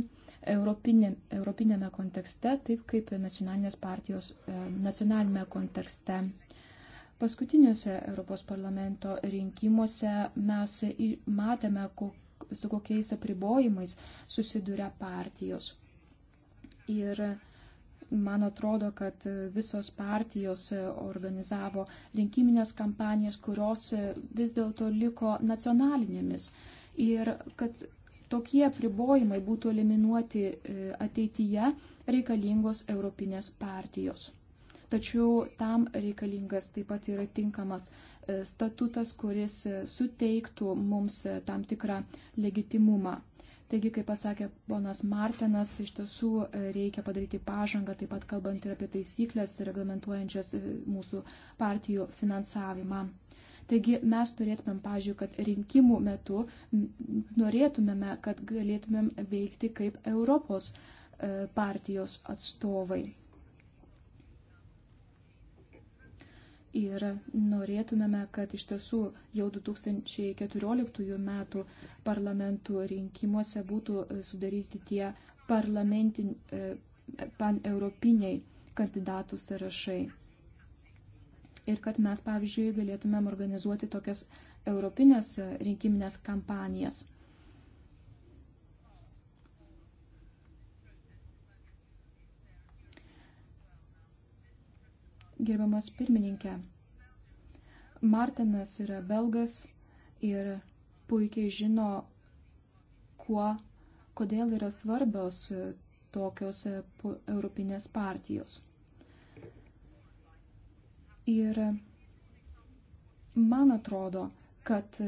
europinė, europinėme kontekste, taip kaip nacionalinės partijos e, nacionalinėme kontekste. Paskutiniuose Europos parlamento rinkimuose mes matėme, kokiu su kokiais apribojimais susiduria partijos. Ir man atrodo, kad visos partijos organizavo rinkiminės kampanijas, kurios vis dėlto liko nacionalinėmis. Ir kad tokie apribojimai būtų eliminuoti e, ateityje, reikalingos Europinės partijos. Tačiau tam reikalingas taip pat yra tinkamas statutas, kuris suteiktų mums tam tikrą legitimumą. Taigi, kaip pasakė ponas Martinas, iš tiesų reikia padaryti pažangą, taip pat kalbant ir apie taisyklės reglamentuojančias mūsų partijų finansavimą. Taigi mes turėtumėm, pažiūrėjau, kad rinkimų metu norėtumėme, kad galėtumėm veikti kaip Europos e, partijos atstovai. Ir norėtumėme, kad iš tiesų jau 2014 metų parlamentų rinkimuose būtų e, sudaryti tie e, paneuropiniai kandidatų sąrašai. Ir kad mes, pavyzdžiui, galėtumėm organizuoti tokias europinės e, rinkiminės kampanijas. Gerbiamas pirmininkė, Martinas yra belgas ir puikiai žino, kuo, kodėl yra svarbios tokios europinės partijos. Ir man atrodo, kad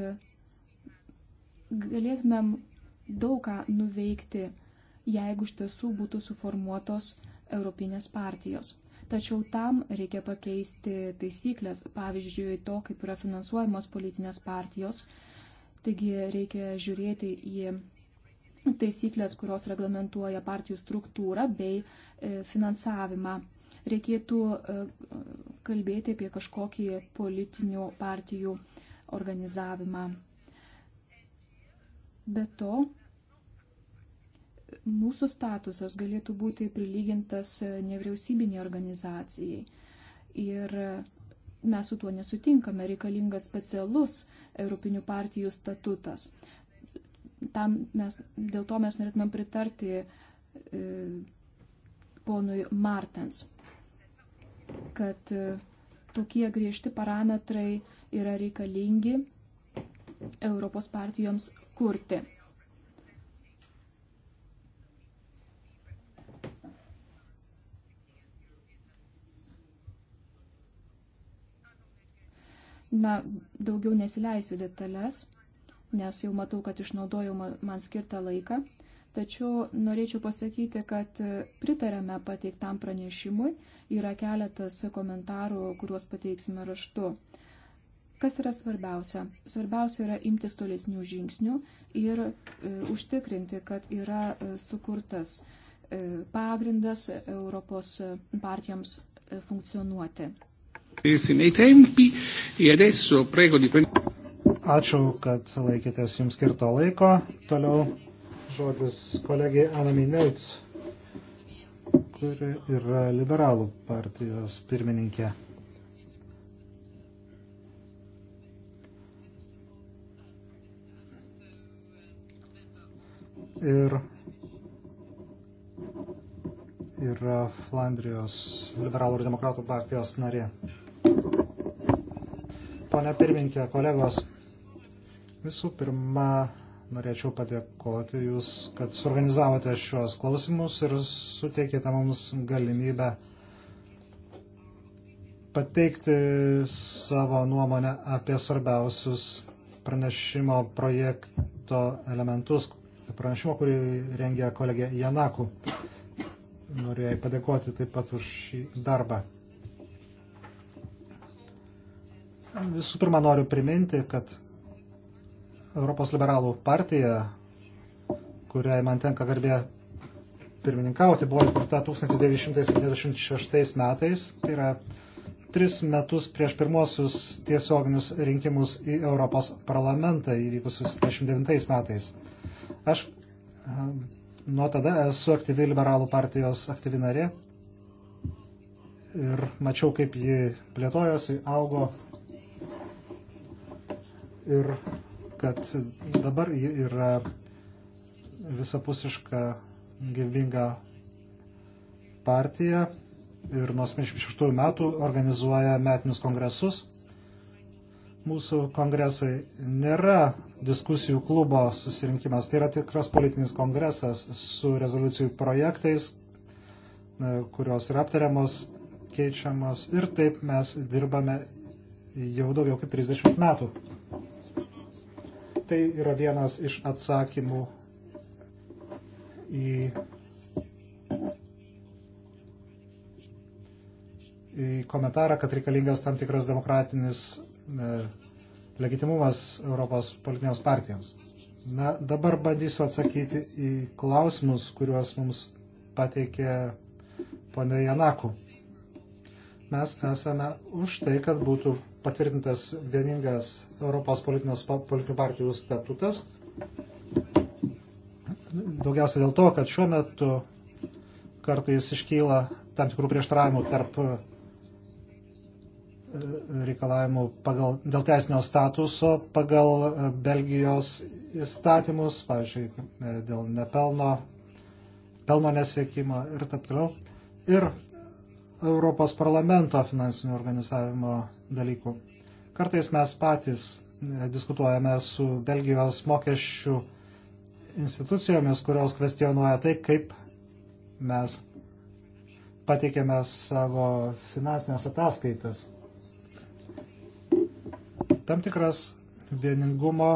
galėtumėm daug ką nuveikti, jeigu iš tiesų būtų suformuotos europinės partijos tačiau tam reikia pakeisti taisyklės, pavyzdžiui, to, kaip yra finansuojamos politinės partijos. Taigi reikia žiūrėti į taisyklės, kurios reglamentuoja partijų struktūrą bei e, finansavimą. Reikėtų e, kalbėti apie kažkokį politinių partijų organizavimą. Be to, mūsų statusas galėtų būti prilygintas nevyriausybinė organizacijai. Ir mes su tuo nesutinkame, reikalingas specialus Europinių partijų statutas. Tam mes, dėl to mes norėtumėm pritarti e, ponui Martens, kad e, tokie griežti parametrai yra reikalingi Europos partijoms kurti. Na, daugiau nesileisiu detalės, nes jau matau, kad išnaudojau man skirtą laiką. Tačiau norėčiau pasakyti, kad pritarėme pateiktam pranešimui. Yra keletas komentarų, kuriuos pateiksime raštu. Kas yra svarbiausia? Svarbiausia yra imtis tolesnių žingsnių ir e, užtikrinti, kad yra e, sukurtas e, pagrindas Europos e, partijoms e, funkcionuoti nei tempi e adesso prego di Ačiū, kad laikėtės jums skirto laiko. Toliau žodis kolegiai Anami Neuts, kuri yra liberalų partijos pirmininkė. Ir yra Flandrijos liberalų ir demokratų partijos narė ponia pirminkė, kolegos. Visų pirma, norėčiau padėkoti Jūs, kad suorganizavote šios klausimus ir suteikėte mums galimybę pateikti savo nuomonę apie svarbiausius pranešimo projekto elementus, pranešimo, kurį rengė kolegė Janaku. Norėjai padėkoti taip pat už šį darbą. Visų pirma, noriu priminti, kad Europos liberalų partija, kuriai man tenka garbė pirmininkauti, buvo įkurta 1976 metais, tai yra tris metus prieš pirmosius tiesioginius rinkimus į Europos parlamentą įvykusius 29 metais. Aš ehm, nuo tada esu aktyvi liberalų partijos aktyvi narė ir mačiau, kaip ji plėtojosi, augo ir kad dabar ji yra visapusiška gyvybinga partija ir nuo 76 metų organizuoja metinius kongresus. Mūsų kongresai nėra diskusijų klubo susirinkimas, tai yra tikras politinis kongresas su rezoliucijų projektais, e, kurios yra aptariamos, keičiamos ir taip mes dirbame jau daugiau kaip 30 metų tai yra vienas iš atsakymų į, į komentarą, kad reikalingas tam tikras demokratinis e, legitimumas Europos politinėms partijoms. Na, dabar bandysiu atsakyti į klausimus, kuriuos mums pateikė ponė Janaku. Mes esame už tai, kad būtų patvirtintas vieningas Europos politinių partijų statutas. Daugiausia dėl to, kad šiuo metu kartais iškyla tam tikrų prieštaravimų tarp e, reikalavimų pagal, dėl teisinio statuso pagal e, Belgijos įstatymus, pavyzdžiui, e, dėl nepelno, pelno nesiekimo ir taip toliau. Ir Europos parlamento finansinio organizavimo dalykų. Kartais mes patys e, diskutuojame su Belgijos mokesčių institucijomis, kurios kvestionuoja tai, kaip mes pateikėme savo finansinės ataskaitas. Tam tikras vieningumo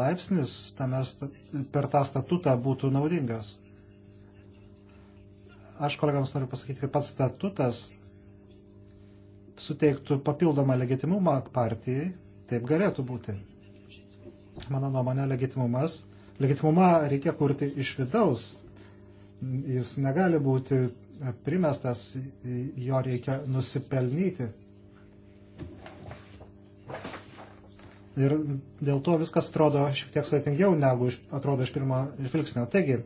laipsnis tame, per tą statutą būtų naudingas. Aš kolegams noriu pasakyti, kad pats statutas suteiktų papildomą legitimumą partijai, taip galėtų būti. Mano nuomonė, legitimumas, legitimumą reikia kurti iš vidaus. Jis negali būti primestas, jo reikia nusipelnyti. Ir dėl to viskas atrodo šiek tiek sudėtingiau, negu atrodo iš pirmo žvilgsnio. Taigi,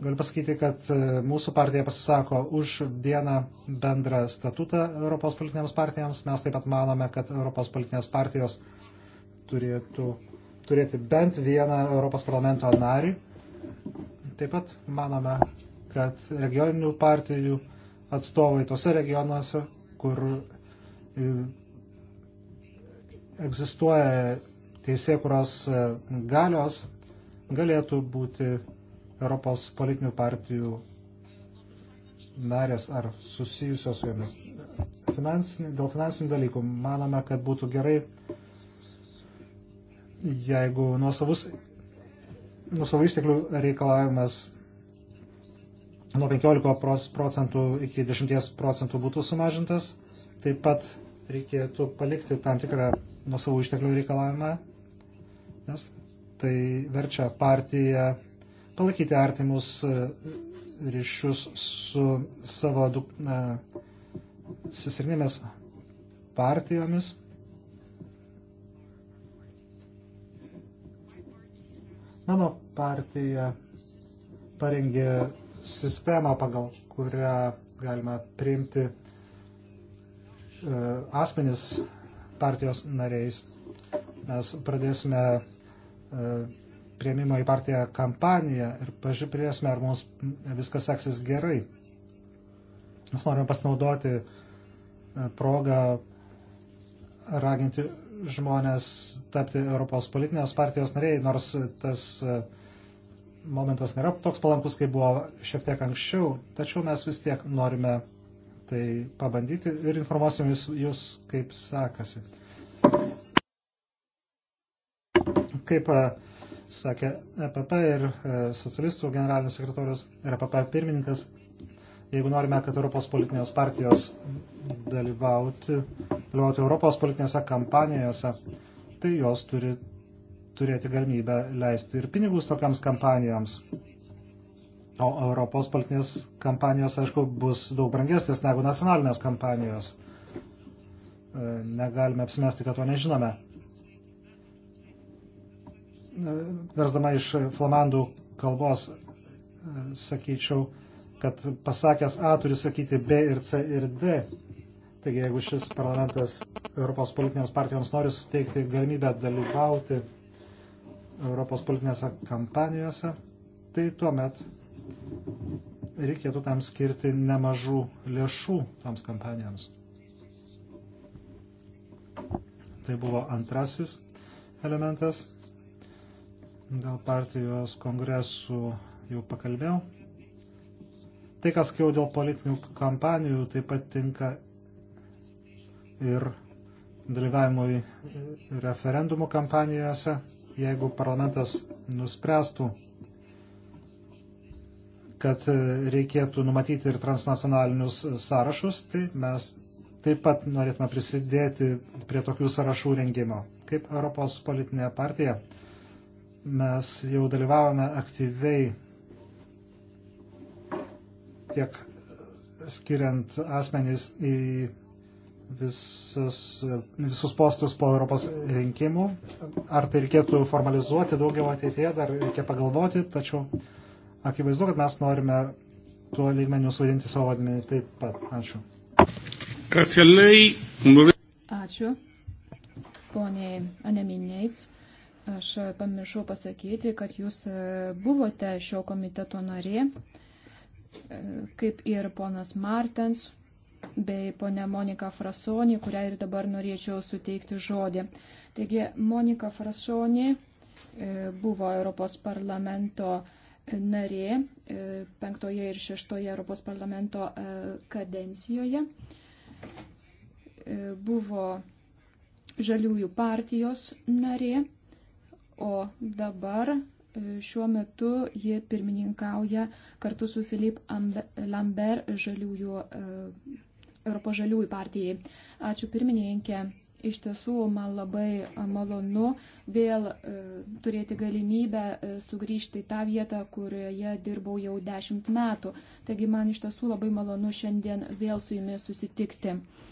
Galiu pasakyti, kad e, mūsų partija pasisako už vieną bendrą statutą Europos politinėms partijams. Mes taip pat manome, kad Europos politinės partijos turėtų turėti bent vieną Europos parlamento narį. Taip pat manome, kad regioninių partijų atstovai tose regionuose, kur e, egzistuoja teisėkuros e, galios, galėtų būti Europos politinių partijų narės ar susijusios su jomis. Finansinį, dėl finansinių dalykų manome, kad būtų gerai, jeigu nuosavus, nuosavų išteklių reikalavimas nuo 15 procentų iki 10 procentų būtų sumažintas. Taip pat reikėtų palikti tam tikrą nuosavų išteklių reikalavimą, nes tai verčia partiją palaikyti artimus e, ryšius su savo sesrinėmis partijomis. Mano partija parengė sistemą, pagal kurią galima priimti e, asmenis partijos nariais. Mes pradėsime e, prieimimo į partiją kampaniją ir pažiūrėsime, ar mums viskas seksis gerai. Mes norime pasinaudoti e, progą raginti žmonės tapti Europos politinės partijos nariai, nors tas e, momentas nėra toks palankus, kaip buvo šiek tiek anksčiau, tačiau mes vis tiek norime tai pabandyti ir informuosim jūs, jūs kaip sekasi. Kaip e, sakė EPP ir e, socialistų generalinis sekretorius ir EPP pirmininkas, jeigu norime, kad Europos politinės partijos dalyvauti, dalyvauti Europos politinėse kampanijose, tai jos turi turėti galimybę leisti ir pinigus tokiams kampanijoms. O Europos politinės kampanijos, aišku, bus daug brangesnės negu nacionalinės kampanijos. E, negalime apsimesti, kad to nežinome versdama iš flamandų kalbos, sakyčiau, kad pasakęs A turi sakyti B ir C ir D. Taigi, jeigu šis parlamentas Europos politinėms partijoms nori suteikti galimybę dalyvauti Europos politinėse kampanijose, tai tuomet reikėtų tam skirti nemažų lėšų toms kampanijoms. Tai buvo antrasis elementas. Dėl partijos kongresų jau pakalbėjau. Tai, kas jau dėl politinių kampanijų, taip pat tinka ir dalyvavimui referendumų kampanijose, jeigu parlamentas nuspręstų, kad reikėtų numatyti ir transnacionalinius sąrašus, tai mes taip pat norėtume prisidėti prie tokių sąrašų rengimo. Kaip Europos politinė partija, mes jau dalyvavome aktyviai tiek skiriant asmenys į visus, visus postus po Europos rinkimų. Ar tai reikėtų formalizuoti daugiau ateityje, dar reikia pagalvoti, tačiau akivaizdu, kad mes norime tuo lygmeniu suvaidinti savo vadmenį taip pat. Ačiū. Ačiū. Poniai Aneminėts. Aš pamiršau pasakyti, kad jūs e, buvote šio komiteto narė, e, kaip ir ponas Martens bei ponė Monika Frasonė, kuriai ir dabar norėčiau suteikti žodį. Taigi, Monika Frasonė e, buvo Europos parlamento narė penktoje ir šeštoje Europos parlamento kadencijoje. Buvo Žaliųjų partijos narė o dabar e, šiuo metu ji pirmininkauja kartu su Filip Lambert žaliųjų, e, Europos žaliųjų partijai. Ačiū pirmininkė. Iš tiesų, man labai e, malonu vėl e, turėti galimybę e, sugrįžti į tą vietą, kurioje dirbau jau dešimt metų. Taigi man iš tiesų labai malonu šiandien vėl su jumis susitikti. E,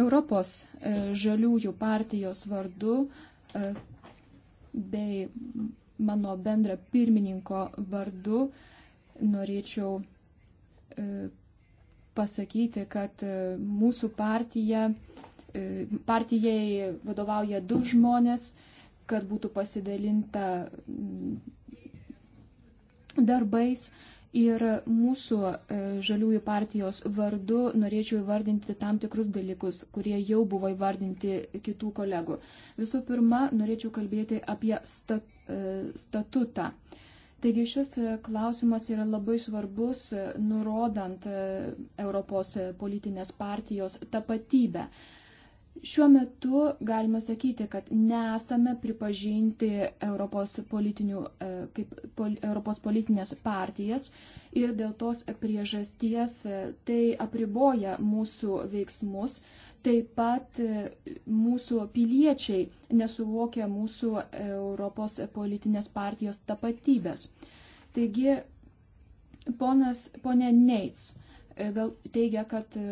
Europos e, žaliųjų partijos vardu e, bei mano bendra pirmininko vardu norėčiau e, pasakyti, kad mūsų partija, partijai vadovauja du žmonės, kad būtų pasidalinta darbais Ir mūsų e, žaliųjų partijos vardu norėčiau įvardinti tam tikrus dalykus, kurie jau buvo įvardinti kitų kolegų. Visų pirma, norėčiau kalbėti apie stat, e, statutą. Taigi šis klausimas yra labai svarbus, nurodant e, Europos politinės partijos tapatybę. Šiuo metu galima sakyti, kad nesame pripažinti Europos, e, kaip, pol, Europos politinės partijas ir dėl tos priežasties e, tai apriboja mūsų veiksmus, taip pat e, mūsų piliečiai nesuvokia mūsų Europos politinės partijos tapatybės. Taigi, ponas, ponė Neits, E, gal, teigia, kad e,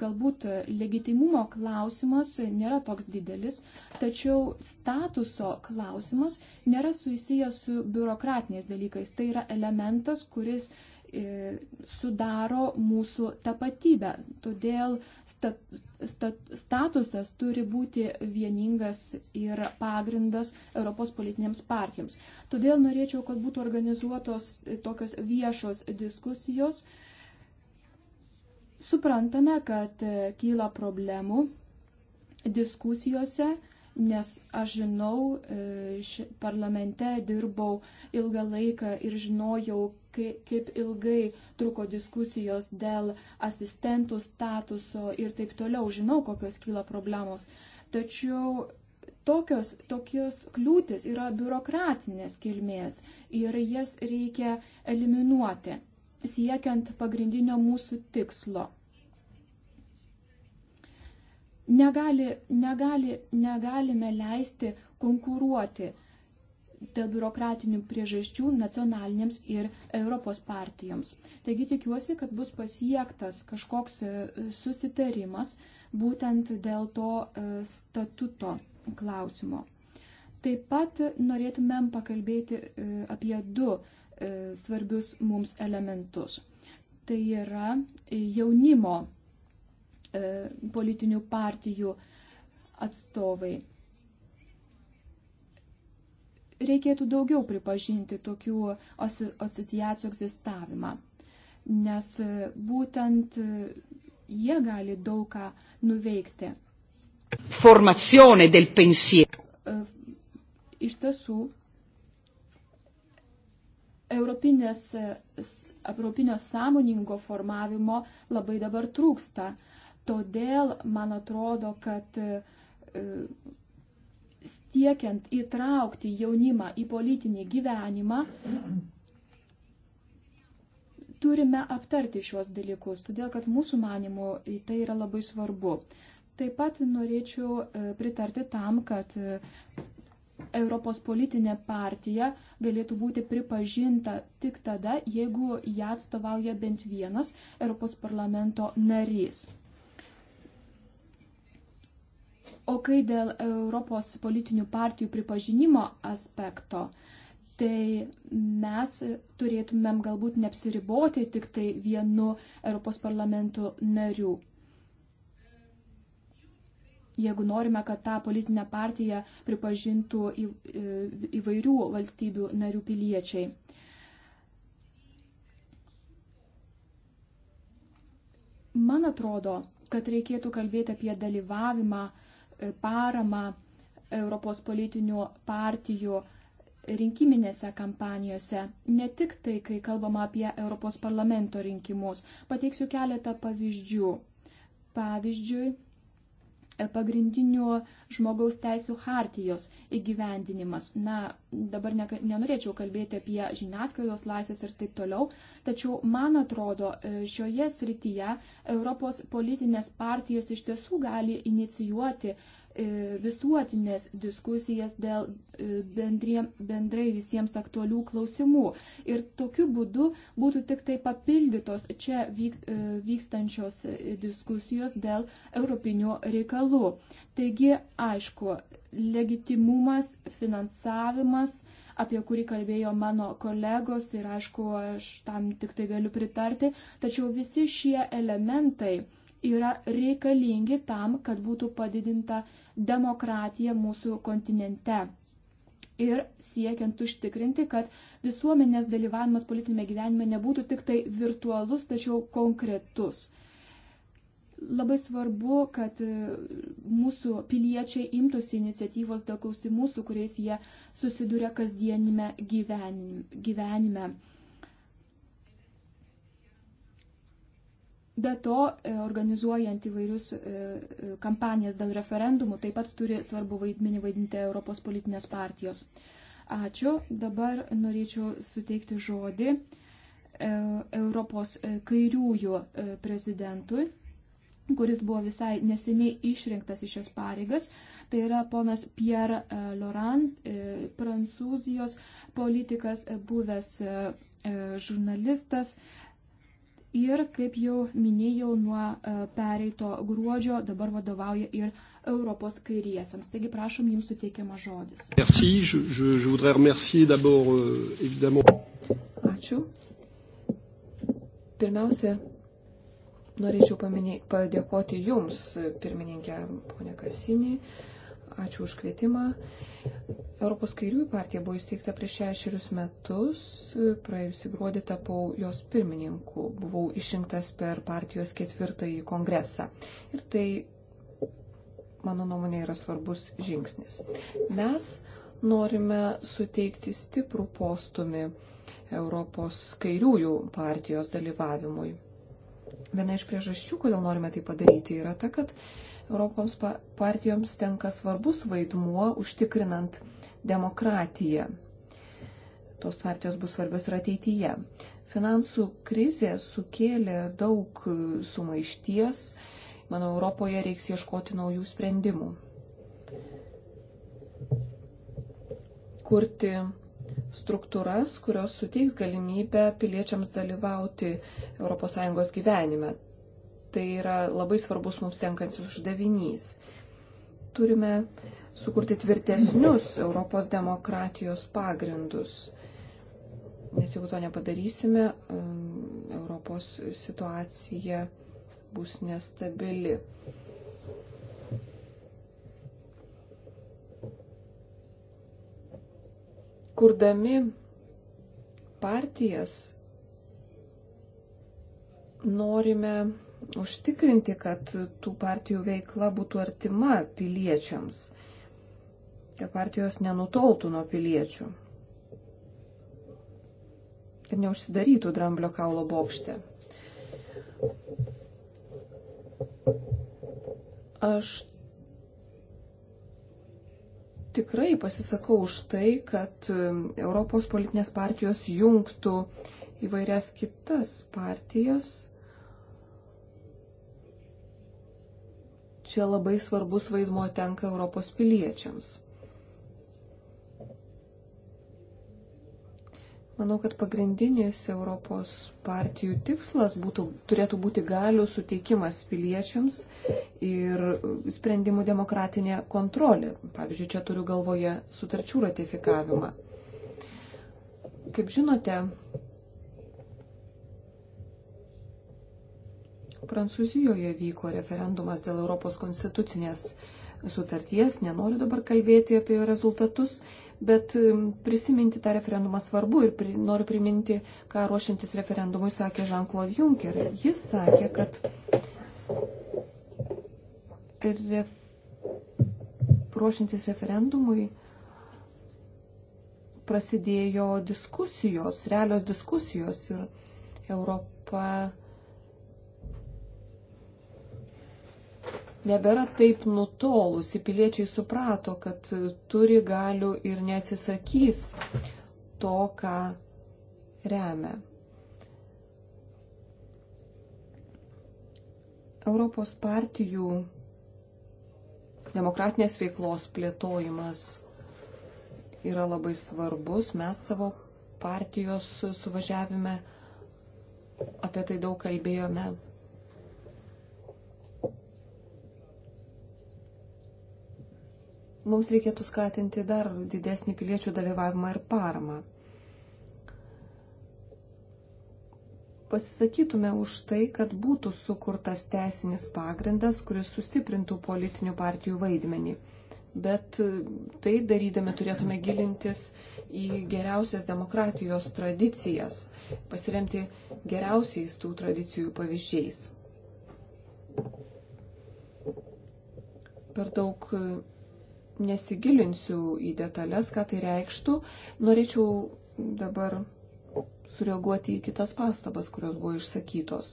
galbūt legitimumo klausimas nėra toks didelis, tačiau statuso klausimas nėra susijęs su biurokratiniais dalykais. Tai yra elementas, kuris e, sudaro mūsų tapatybę. Todėl stat, stat, statusas turi būti vieningas ir pagrindas Europos politinėms partijoms. Todėl norėčiau, kad būtų organizuotos tokios viešos diskusijos, uh, Suprantame, kad e, kyla problemų diskusijose, nes aš žinau, e, parlamente dirbau ilgą laiką ir žinojau, kaip ilgai truko diskusijos dėl asistentų statuso ir taip toliau. Žinau, kokios kyla problemos. Tačiau tokios, tokios kliūtis yra biurokratinės kilmės ir jas reikia eliminuoti siekiant pagrindinio mūsų tikslo. Negali, negali, negalime leisti konkuruoti dėl biurokratinių priežasčių nacionalinėms ir Europos partijoms. Taigi tikiuosi, kad bus pasiektas kažkoks e, susitarimas būtent dėl to e, statuto klausimo. Taip pat norėtumėm pakalbėti e, apie du E, svarbius mums elementus. Tai yra e, jaunimo e, politinių partijų atstovai. Reikėtų daugiau pripažinti tokių asociacijų egzistavimą, nes būtent jie gali daug ką nuveikti. Formazione del pensiero. Iš tiesų, europinės, europinio sąmoningo formavimo labai dabar trūksta. Todėl, man atrodo, kad e, siekiant įtraukti jaunimą į politinį gyvenimą, turime aptarti šios dalykus, todėl kad mūsų manimų tai yra labai svarbu. Taip pat norėčiau e, pritarti tam, kad Europos politinė partija galėtų būti pripažinta tik tada, jeigu ją atstovauja bent vienas Europos parlamento narys. O kai dėl Europos politinių partijų pripažinimo aspekto, tai mes turėtumėm galbūt neapsiriboti tik tai vienu Europos parlamento nariu jeigu norime, kad tą politinę partiją pripažintų į, įvairių valstybių narių piliečiai. Man atrodo, kad reikėtų kalbėti apie dalyvavimą, e, paramą Europos politinių partijų rinkiminėse kampanijose, ne tik tai, kai kalbama apie Europos parlamento rinkimus. Pateiksiu keletą pavyzdžių. Pavyzdžiui, pagrindinių žmogaus teisų hartijos įgyvendinimas. Na, dabar ne, nenorėčiau kalbėti apie žiniasklaidos laisvės ir taip toliau, tačiau man atrodo, e, šioje srityje Europos politinės partijos iš tiesų gali inicijuoti E, visuotinės diskusijas dėl e, bendrie, bendrai visiems aktualių klausimų. Ir tokiu būdu būtų tik tai papildytos čia vyk, e, vykstančios diskusijos dėl europinio reikalų. Taigi, aišku, legitimumas, finansavimas, apie kurį kalbėjo mano kolegos ir aišku, aš tam tik tai galiu pritarti, tačiau visi šie elementai yra reikalingi tam, kad būtų padidinta demokratiją mūsų kontinente. Ir siekiant užtikrinti, kad visuomenės dalyvavimas politinėme gyvenime nebūtų tik tai virtualus, tačiau konkretus. Labai svarbu, kad e, mūsų piliečiai imtųsi iniciatyvos dėl klausimų, su kuriais jie susiduria kasdienime gyvenime. gyvenime Be to, e, organizuojant įvairius e, e, kampanijas dėl referendumų, taip pat turi svarbu vaidmenį vaidinti Europos politinės partijos. Ačiū. Dabar norėčiau suteikti žodį Europos kairiųjų prezidentui, kuris buvo visai neseniai išrinktas į šias pareigas. Tai yra ponas Pierre Laurent, prancūzijos politikas, buvęs žurnalistas, ir, kaip jau minėjau, nuo e, pereito gruodžio dabar vadovauja ir Europos kairiesiams. Taigi prašom jums suteikiama žodis. Merci, je, je, je voudrais remercier d'abord, euh, évidemment. Ačiū. Pirmiausia, norėčiau paminė, padėkoti Jums, pirmininkė ponė Kasinį, Ačiū už kvietimą. Europos kairiųjų partija buvo įsteigta prieš šešerius metus. Praėjusį gruodį tapau jos pirmininku. Buvau išrinktas per partijos ketvirtąjį kongresą. Ir tai, mano nuomonė, yra svarbus žingsnis. Mes norime suteikti stiprų postumį Europos kairiųjų partijos dalyvavimui. Viena iš priežasčių, kodėl norime tai padaryti, yra ta, kad Europos partijoms tenka svarbus vaidmuo užtikrinant demokratiją. Tos partijos bus svarbios ir ateityje. Finansų krizė sukėlė daug sumaišties. Manau, Europoje reiks ieškoti naujų sprendimų. Kurti struktūras, kurios suteiks galimybę piliečiams dalyvauti ES gyvenime tai yra labai svarbus mums tenkantis uždavinys. Turime sukurti tvirtesnius Europos demokratijos pagrindus. Nes jeigu to nepadarysime, Europos situacija bus nestabili. Kurdami partijas norime užtikrinti, kad tų partijų veikla būtų artima piliečiams, kad partijos nenutoltų nuo piliečių, kad neužsidarytų dramblio kaulo bokšte. Aš tikrai pasisakau už tai, kad Europos politinės partijos jungtų įvairias kitas partijas Čia labai svarbus vaidmuo tenka Europos piliečiams. Manau, kad pagrindinis Europos partijų tikslas būtų, turėtų būti galių suteikimas piliečiams ir sprendimų demokratinė kontrolė. Pavyzdžiui, čia turiu galvoje sutarčių ratifikavimą. Kaip žinote, Prancūzijoje vyko referendumas dėl Europos konstitucinės sutarties, nenoriu dabar kalbėti apie jo rezultatus, bet um, prisiminti tą referendumą svarbu ir pri, noriu priminti, ką ruošiantis referendumui sakė Jean-Claude Juncker. Jis sakė, kad ref, ruošiantis referendumui prasidėjo diskusijos, realios diskusijos ir Europa nebėra taip nutolusi. Piliečiai suprato, kad turi galių ir neatsisakys to, ką remia. Europos partijų demokratinės veiklos plėtojimas yra labai svarbus. Mes savo partijos suvažiavime apie tai daug kalbėjome. mums reikėtų skatinti dar didesnį piliečių dalyvavimą ir paramą. Pasisakytume už tai, kad būtų sukurtas teisinis pagrindas, kuris sustiprintų politinių partijų vaidmenį. Bet tai darydami turėtume gilintis į geriausias demokratijos tradicijas, pasiremti geriausiais tų tradicijų pavyzdžiais. Per daug nesigilinsiu į detalės, ką tai reikštų. Norėčiau dabar sureaguoti į kitas pastabas, kurios buvo išsakytos.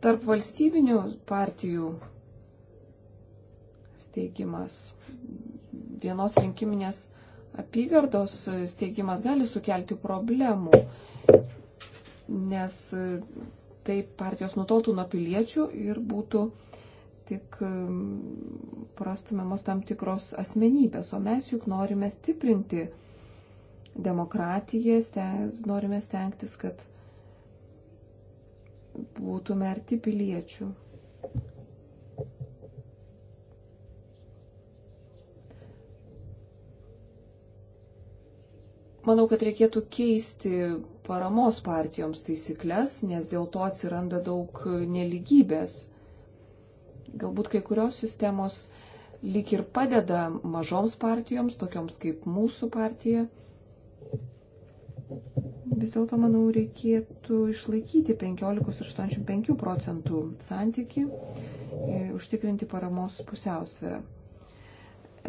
Tarp valstybinių partijų steigimas, vienos rinkiminės apygardos steigimas gali sukelti problemų nes e, taip partijos nutoltų nuo piliečių ir būtų tik e, prastumiamos tam tikros asmenybės, o mes juk norime stiprinti demokratiją, steng, norime stengtis, kad būtume arti piliečių. Manau, kad reikėtų keisti paramos partijoms taisyklės, nes dėl to atsiranda daug neligybės. Galbūt kai kurios sistemos lyg ir padeda mažoms partijoms, tokioms kaip mūsų partija. Vis dėlto, manau, reikėtų išlaikyti 15 ir 85 procentų santyki, e, užtikrinti paramos pusiausvyrą.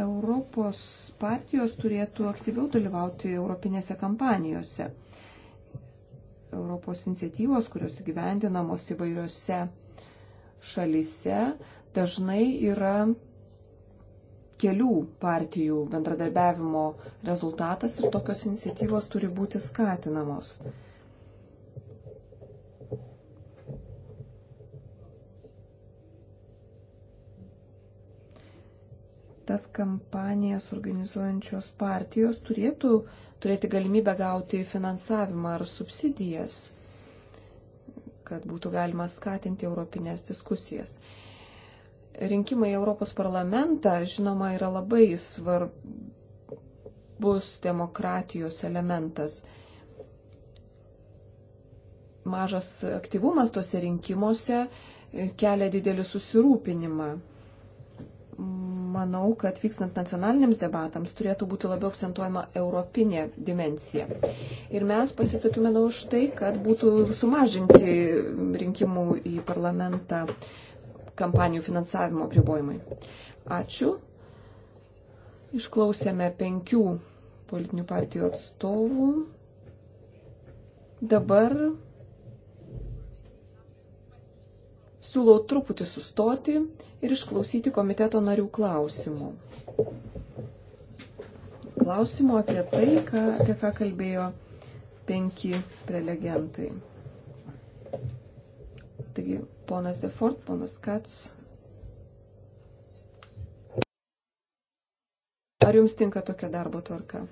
Europos partijos turėtų aktyviau dalyvauti europinėse kampanijose. Europos iniciatyvos, kurios gyvendinamos įvairiose šalise, dažnai yra kelių partijų bendradarbiavimo rezultatas ir tokios iniciatyvos turi būti skatinamos. Tas kampanijas organizuojančios partijos turėtų turėti galimybę gauti finansavimą ar subsidijas, kad būtų galima skatinti europinės diskusijas. Rinkimai Europos parlamentą, žinoma, yra labai svarbus demokratijos elementas. Mažas aktyvumas tose rinkimuose kelia didelį susirūpinimą manau, kad vykstant nacionaliniams debatams turėtų būti labiau akcentuojama europinė dimensija. Ir mes pasitikime už tai, kad būtų sumažinti rinkimų į parlamentą kampanijų finansavimo pribojimai. Ačiū. Išklausėme penkių politinių partijų atstovų. Dabar siūlau truputį sustoti ir išklausyti komiteto narių klausimų. Klausimų apie tai, ką, apie ką kalbėjo penki prelegentai. Taigi, ponas Defort, ponas Kats. Ar jums tinka tokia darbo tvarka?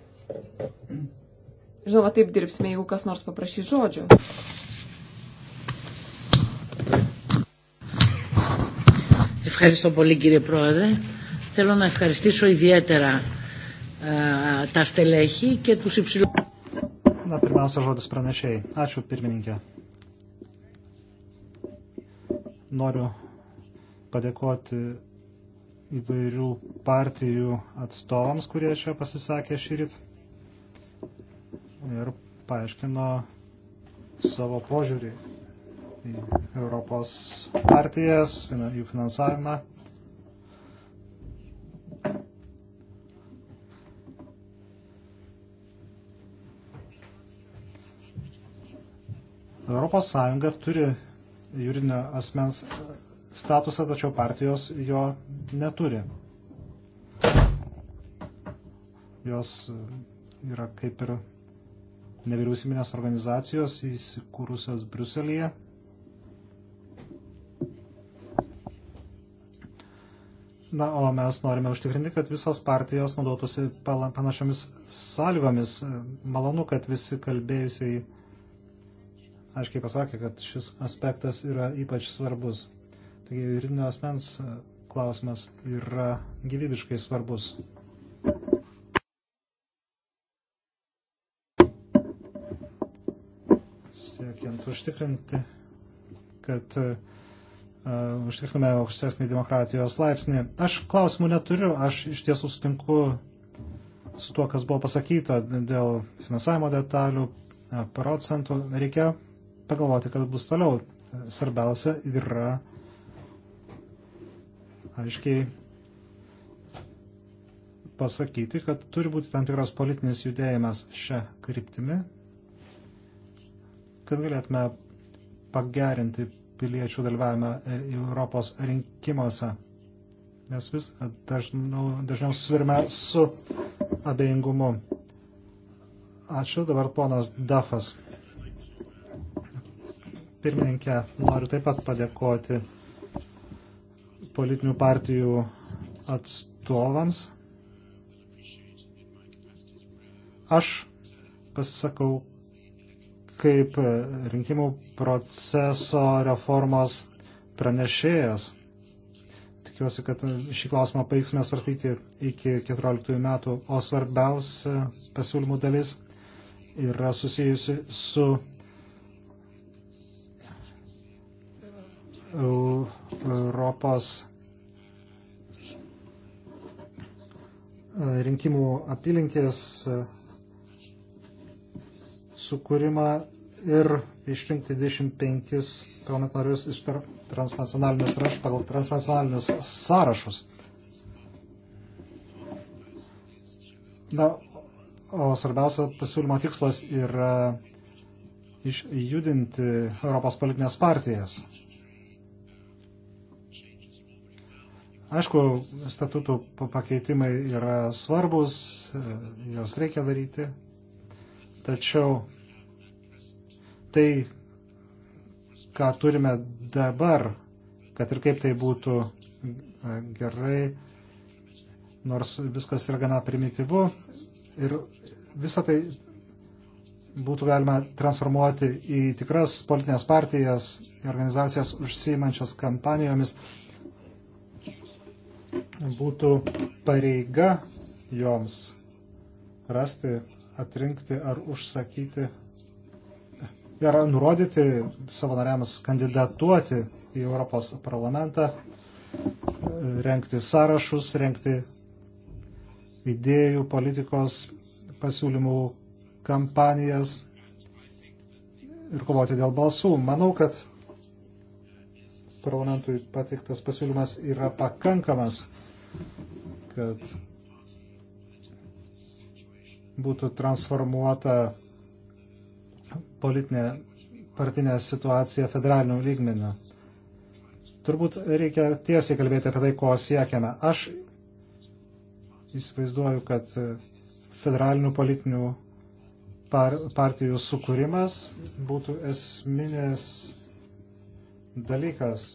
Žinoma, taip dirbsime, jeigu kas nors paprašys žodžio. Ευχαριστώ πολύ κύριε Πρόεδρε. Θέλω να ευχαριστήσω ιδιαίτερα uh, τα στελέχη και τους υψηλούς... Na, pirmiausia, žodis pranešėjai. Ačiū, pirmininkė. Noriu padėkoti įvairių partijų atstovams, kurie čia pasisakė šį rytą ir paaiškino savo požiūrį Europos partijas, jų finansavimą. Europos Sąjunga turi juridinio asmens statusą, tačiau partijos jo neturi. Jos yra kaip ir nevyriausybinės organizacijos įsikūrusios Bruselėje. Na, o mes norime užtikrinti, kad visos partijos naudotųsi panašiomis sąlygomis. Malonu, kad visi kalbėjusiai aiškiai pasakė, kad šis aspektas yra ypač svarbus. Taigi juridinio asmens klausimas yra gyvybiškai svarbus. Siekiant užtikrinti, kad uh, E, užtikrintume aukštesnį demokratijos laipsnį. Aš klausimų neturiu, aš iš tiesų sutinku su tuo, kas buvo pasakyta dėl finansavimo detalių, e, procentų. Reikia pagalvoti, kas bus toliau. Svarbiausia yra aiškiai pasakyti, kad turi būti tam tikras politinis judėjimas šią kryptimį, kad galėtume pagerinti piliečių dalyvavimą e, Europos rinkimuose. Nes vis dažniau, dažniau susidurime su abejingumu. Ačiū, dabar ponas Dafas. Pirmininkė, noriu taip pat padėkoti politinių partijų atstovams. Aš pasisakau kaip e, rinkimų proceso reformos pranešėjas. Tikiuosi, kad šį klausimą paiksime svartyti iki 14 metų, o svarbiausia pasiūlymų dalis yra susijusi su e, Europos e, rinkimų apylinkės sukūrimą ir išrinkti 25 parlamento narius iš transnacionalinius rašus pagal transnacionalinius sąrašus. Na, o svarbiausia pasiūlymo tikslas yra išjudinti Europos politinės partijas. Aišku, statutų pakeitimai yra svarbus, e, jos reikia daryti, tačiau tai, ką turime dabar, kad ir kaip tai būtų e, gerai, nors viskas yra gana primityvu ir visą tai būtų galima transformuoti į tikras politinės partijas, organizacijas užsiimančias kampanijomis, būtų pareiga joms rasti, atrinkti ar užsakyti yra nurodyti savo nariams kandidatuoti į Europos parlamentą, renkti sąrašus, renkti idėjų, politikos pasiūlymų kampanijas ir kovoti dėl balsų. Manau, kad parlamentui pateiktas pasiūlymas yra pakankamas, kad būtų transformuota politinė partinė situacija federalinių lygmenių. Turbūt reikia tiesiai kalbėti apie tai, ko siekiame. Aš įsivaizduoju, kad federalinių politinių par, partijų sukūrimas būtų esminės dalykas,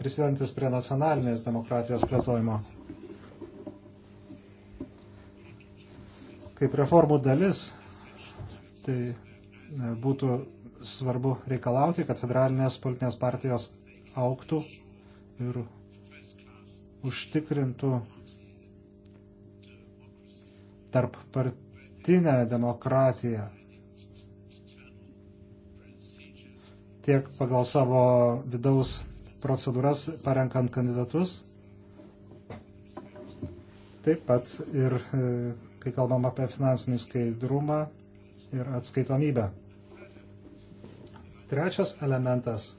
prisidantis prie nacionalinės demokratijos plėtojimo. Kaip reformų dalis, tai būtų svarbu reikalauti, kad federalinės politinės partijos auktų ir užtikrintų tarp partinę demokratiją tiek pagal savo vidaus procedūras parenkant kandidatus, taip pat ir e, kai kalbam apie finansinį skaidrumą ir atskaitomybę. Trečias elementas,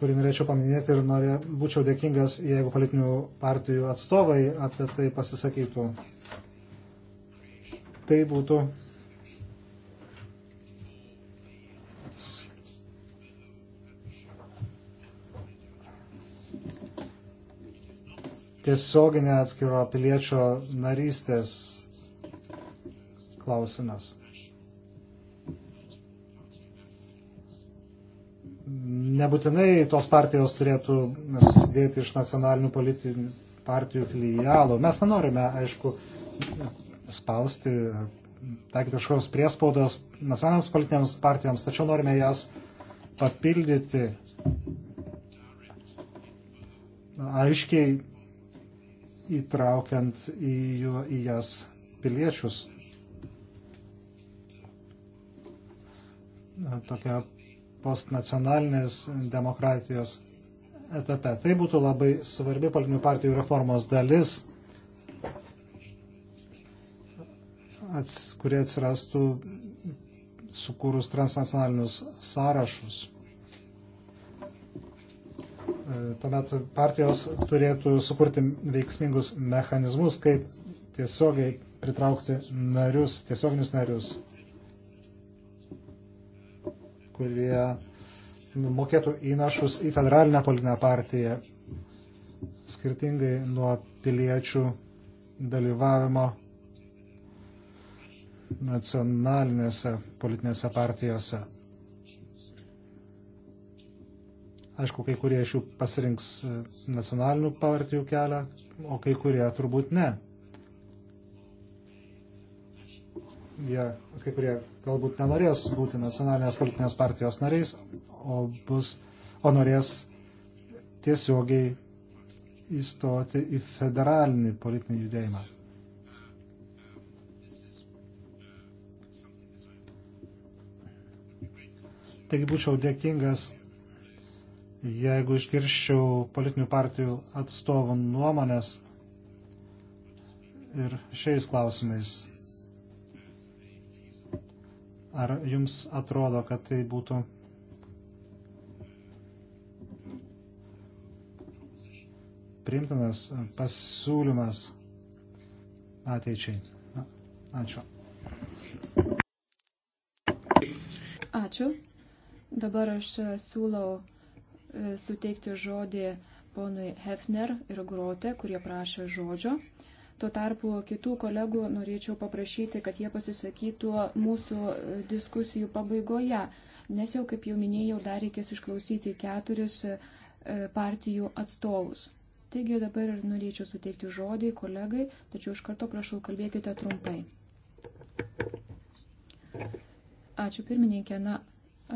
kurį norėčiau paminėti ir norė, būčiau dėkingas, jeigu politinių partijų atstovai apie tai pasisakytų, tai būtų tiesioginė atskiro piliečio narystės klausimas. Nebūtinai tos partijos turėtų susidėti iš nacionalinių politinių partijų filialų. Mes nenorime, aišku, spausti, taikyti kažkokios priespaudos nacionaliniams politinėms partijoms, tačiau norime jas papildyti aiškiai įtraukiant į, jų, į jas piliečius. tokia postnacionalinės demokratijos etape. Tai būtų labai svarbi politinių partijų reformos dalis, ats, kurie atsirastų sukūrus transnacionalinius sąrašus. E, tuomet partijos turėtų sukurti veiksmingus mechanizmus, kaip tiesiogiai pritraukti narius, tiesioginius narius kurie mokėtų įnašus į federalinę politinę partiją, skirtingai nuo piliečių dalyvavimo nacionalinėse politinėse partijose. Aišku, kai kurie iš jų pasirinks nacionalinių partijų kelią, o kai kurie turbūt ne. jie, kai kurie galbūt nenorės būti nacionalinės politinės partijos nariais, o, bus, o norės tiesiogiai įstoti į federalinį politinį judėjimą. Taigi būčiau dėkingas, jeigu išgirščiau politinių partijų atstovų nuomonės ir šiais klausimais. Ar jums atrodo, kad tai būtų priimtinas pasiūlymas ateičiai? Ačiū. Ačiū. Dabar aš e, siūlau e, suteikti žodį ponui Hefner ir Grote, kurie prašė žodžio. Tuo tarpu kitų kolegų norėčiau paprašyti, kad jie pasisakytų mūsų e, diskusijų pabaigoje, nes jau, kaip jau minėjau, dar reikės išklausyti keturis e, partijų atstovus. Taigi dabar ir norėčiau suteikti žodį kolegai, tačiau iš karto prašau, kalbėkite trumpai. Ačiū pirmininkė. Na,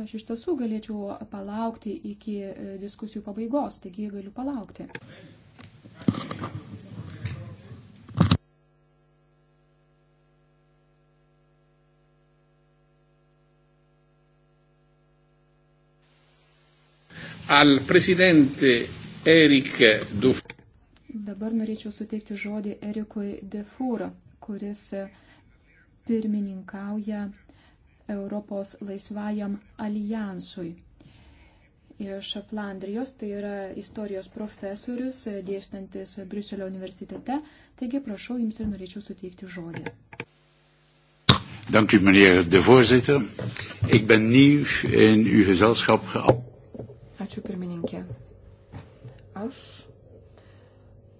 aš iš tiesų galėčiau palaukti iki e, diskusijų pabaigos, taigi galiu palaukti. al presidente Erik Dufour. Dabar norėčiau suteikti žodį Erikui Defūro, kuris pirmininkauja Europos laisvajam alijansui. Iš Flandrijos, tai yra istorijos profesorius, dėstantis Briuselio universitete. Taigi, prašau, jums ir norėčiau suteikti žodį. Dank u, meneer de voorzitter. Ik ben nieuw in uw gezelschap. Ačiū pirmininkė. Aš,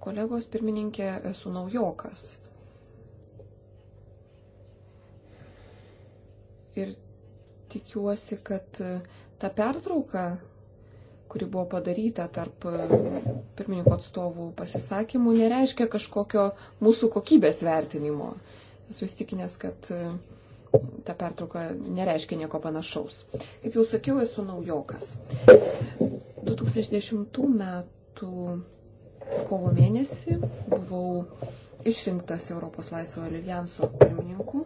kolegos pirmininkė, esu naujokas. Ir tikiuosi, kad ta pertrauka, kuri buvo padaryta tarp pirmininko atstovų pasisakymų, nereiškia kažkokio mūsų kokybės vertinimo. Esu įstikinęs, kad ta pertrauka nereiškia nieko panašaus. Kaip jau sakiau, esu naujokas. 2010 metų kovo mėnesį buvau išrinktas Europos Laisvojo alijanso pirmininku.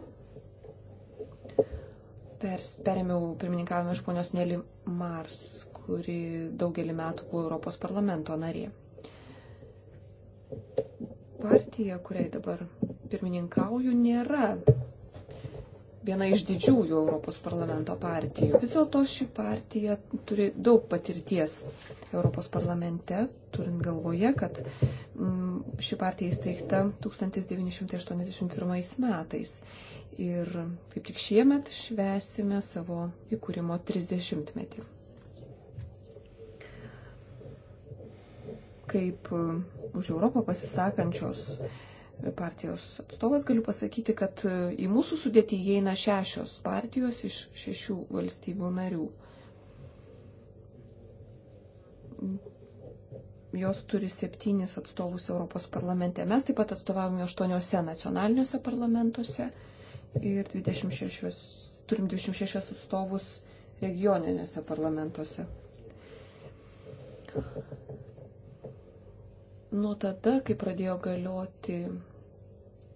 Perėmiau pirmininkavimą iš ponios Neli Mars, kuri daugelį metų buvo Europos parlamento narė. Partija, kuriai dabar pirmininkauju, nėra viena iš didžiųjų Europos parlamento partijų. Vis dėlto ši partija turi daug patirties Europos parlamente, turint galvoje, kad mm, ši partija įsteigta 1981 metais. Ir kaip tik šiemet švesime savo įkūrimo 30-metį. Kaip mm, už Europą pasisakančios partijos atstovas, galiu pasakyti, kad e, į mūsų sudėtį įeina šešios partijos iš šešių valstybių narių. Jos turi septynis atstovus Europos parlamente. Mes taip pat atstovavome aštuoniuose nacionaliniuose parlamentuose ir 26, turim 26 atstovus regioniniuose parlamentuose. Nuo tada, kai pradėjo galioti